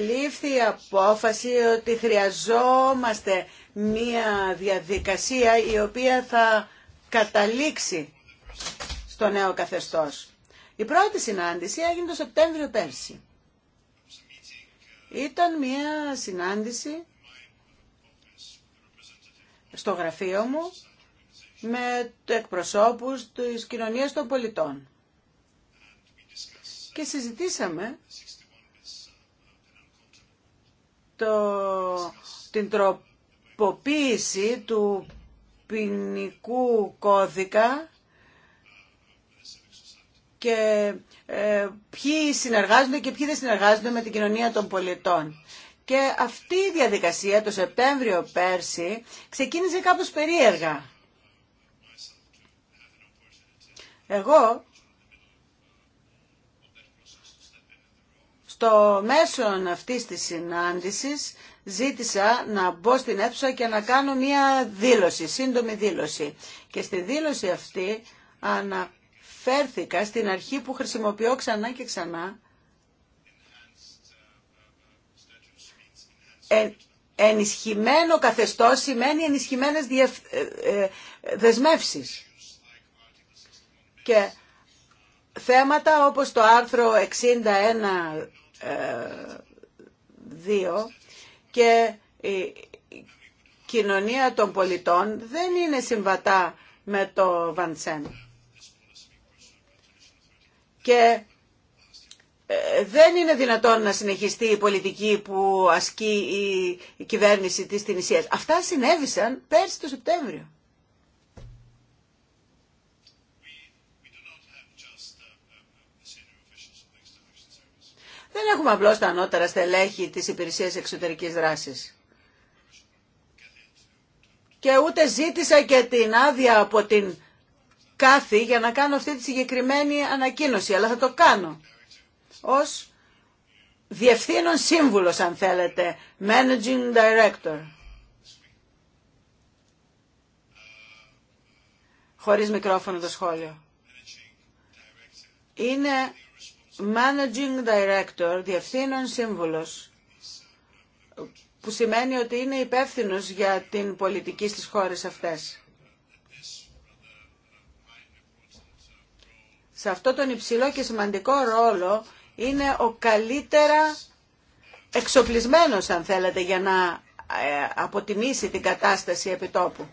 λήφθη η απόφαση ότι χρειαζόμαστε μία διαδικασία η οποία θα καταλήξει στο νέο καθεστώς. Η πρώτη συνάντηση έγινε το Σεπτέμβριο πέρσι. Ήταν μία συνάντηση στο γραφείο μου με εκπροσώπους της κοινωνίας των πολιτών. Και συζητήσαμε το, την τροποποίηση του ποινικού κώδικα και ε, ποιοι συνεργάζονται και ποιοι δεν συνεργάζονται με την κοινωνία των πολιτών. Και αυτή η διαδικασία το Σεπτέμβριο πέρσι ξεκίνησε κάπως περίεργα. Εγώ στο μέσο αυτής της συνάντησης ζήτησα να μπω στην αίθουσα και να κάνω μία δήλωση, σύντομη δήλωση. Και στη δήλωση αυτή αναφέρθηκα στην αρχή που χρησιμοποιώ ξανά και ξανά ε, ενισχυμένο καθεστώς σημαίνει ενισχυμένες ε, ε, δεσμεύσεις και θέματα όπως το άρθρο 61 2 ε, και η κοινωνία των πολιτών δεν είναι συμβατά με το Βαντσέν. Και ε, δεν είναι δυνατόν να συνεχιστεί η πολιτική που ασκεί η κυβέρνηση της Τινησίας. Αυτά συνέβησαν πέρσι το Σεπτέμβριο. Δεν έχουμε απλώ τα ανώτερα στελέχη τη υπηρεσία εξωτερικής δράσης. Και ούτε ζήτησα και την άδεια από την κάθη για να κάνω αυτή τη συγκεκριμένη ανακοίνωση, αλλά θα το κάνω ως διευθύνων σύμβουλος αν θέλετε, managing director. Χωρίς μικρόφωνο το σχόλιο. Είναι Managing Director, Διευθύνων Σύμβουλος, που σημαίνει ότι είναι υπεύθυνος για την πολιτική στις χώρες αυτές. Σε αυτό τον υψηλό και σημαντικό ρόλο είναι ο καλύτερα εξοπλισμένος, αν θέλετε, για να ε, αποτιμήσει την κατάσταση επιτόπου.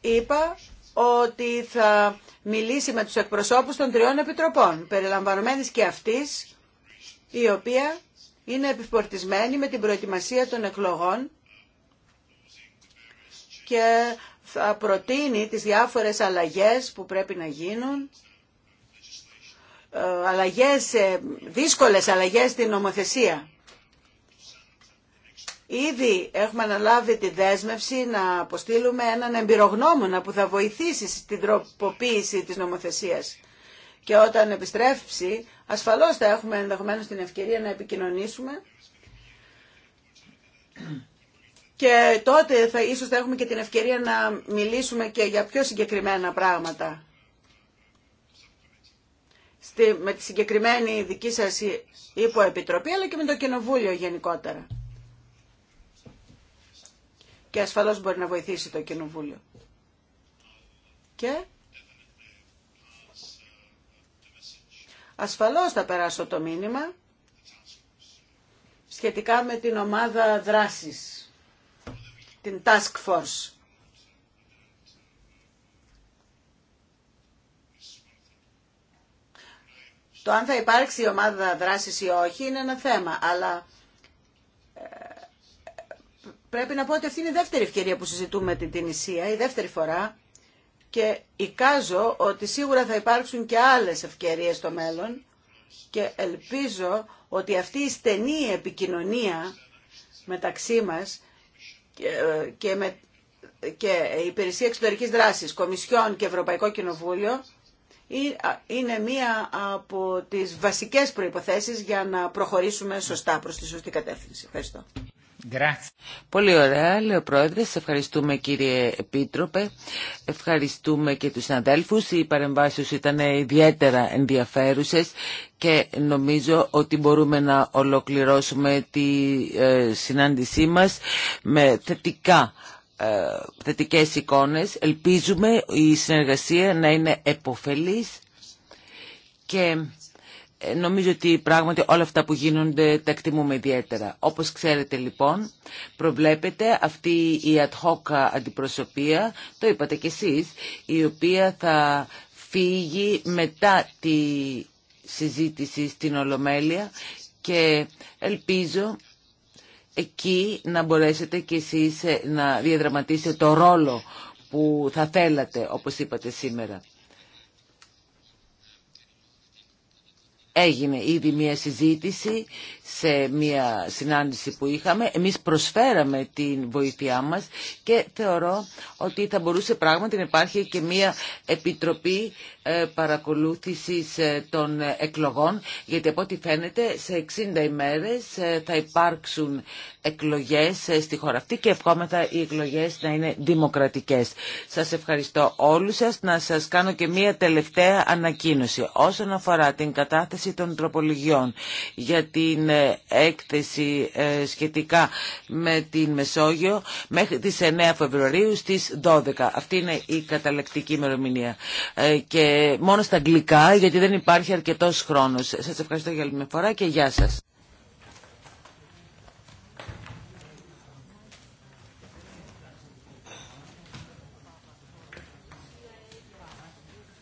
Είπα ότι θα μιλήσει με τους εκπροσώπους των τριών επιτροπών, περιλαμβανομένης και αυτής, η οποία είναι επιφορτισμένη με την προετοιμασία των εκλογών και θα προτείνει τις διάφορες αλλαγές που πρέπει να γίνουν, ε, αλλαγές, δύσκολες αλλαγές στην νομοθεσία. Ήδη έχουμε αναλάβει τη δέσμευση να αποστείλουμε έναν εμπειρογνώμονα που θα βοηθήσει στην τροποποίηση της νομοθεσίας. Και όταν επιστρέψει, ασφαλώς θα έχουμε ενδεχομένως την ευκαιρία να επικοινωνήσουμε και τότε θα, ίσως θα έχουμε και την ευκαιρία να μιλήσουμε και για πιο συγκεκριμένα πράγματα. Στη, με τη συγκεκριμένη δική σας υποεπιτροπή, αλλά και με το Κοινοβούλιο γενικότερα και ασφαλώς μπορεί να βοηθήσει το Κοινοβούλιο. Και ασφαλώς θα περάσω το μήνυμα σχετικά με την ομάδα δράσης, την Task Force. Το αν θα υπάρξει η ομάδα δράσης ή όχι είναι ένα θέμα, αλλά πρέπει να πω ότι αυτή είναι η δεύτερη ευκαιρία που συζητούμε την Τινησία, η δεύτερη φορά και εικάζω ότι σίγουρα θα υπάρξουν και άλλες ευκαιρίες στο μέλλον και ελπίζω ότι αυτή η στενή επικοινωνία μεταξύ μας και, με, και η Υπηρεσία Εξωτερικής Δράσης, Κομισιόν και Ευρωπαϊκό Κοινοβούλιο είναι μία από τις βασικές προϋποθέσεις για να προχωρήσουμε σωστά προς τη σωστή κατεύθυνση. Ευχαριστώ. Πολύ ωραία, λέει ο Ευχαριστούμε κύριε Επίτροπε. Ευχαριστούμε και τους συναδέλφου. Οι παρεμβάσει ήταν ιδιαίτερα ενδιαφέρουσες και νομίζω ότι μπορούμε να ολοκληρώσουμε τη ε, συνάντησή μα με θετικά ε, θετικές εικόνες. Ελπίζουμε η συνεργασία να είναι εποφελής και ε, νομίζω ότι πράγματι όλα αυτά που γίνονται τα εκτιμούμε ιδιαίτερα. Όπως ξέρετε λοιπόν, προβλέπετε αυτή η ad hoc αντιπροσωπεία, το είπατε κι εσείς, η οποία θα φύγει μετά τη συζήτηση στην Ολομέλεια και ελπίζω εκεί να μπορέσετε κι εσείς να διαδραματίσετε το ρόλο που θα θέλατε, όπως είπατε σήμερα. Έγινε ήδη μια συζήτηση σε μια συνάντηση που είχαμε. Εμείς προσφέραμε την βοήθειά μας και θεωρώ ότι θα μπορούσε πράγματι να υπάρχει και μια επιτροπή ε, παρακολούθησης ε, των εκλογών γιατί από ό,τι φαίνεται σε 60 ημέρες ε, θα υπάρξουν εκλογές στη χώρα αυτή και ευχόμεθα οι εκλογές να είναι δημοκρατικές. Σας ευχαριστώ όλους σας. Να σας κάνω και μια τελευταία ανακοίνωση όσον αφορά την κατάθεση των τροπολογιών για την έκθεση ε, σχετικά με την Μεσόγειο μέχρι τις 9 Φεβρουαρίου στις 12. Αυτή είναι η καταλεκτική ημερομηνία. Ε, και μόνο στα αγγλικά γιατί δεν υπάρχει αρκετός χρόνος. Σας ευχαριστώ για άλλη μια φορά και γεια σας.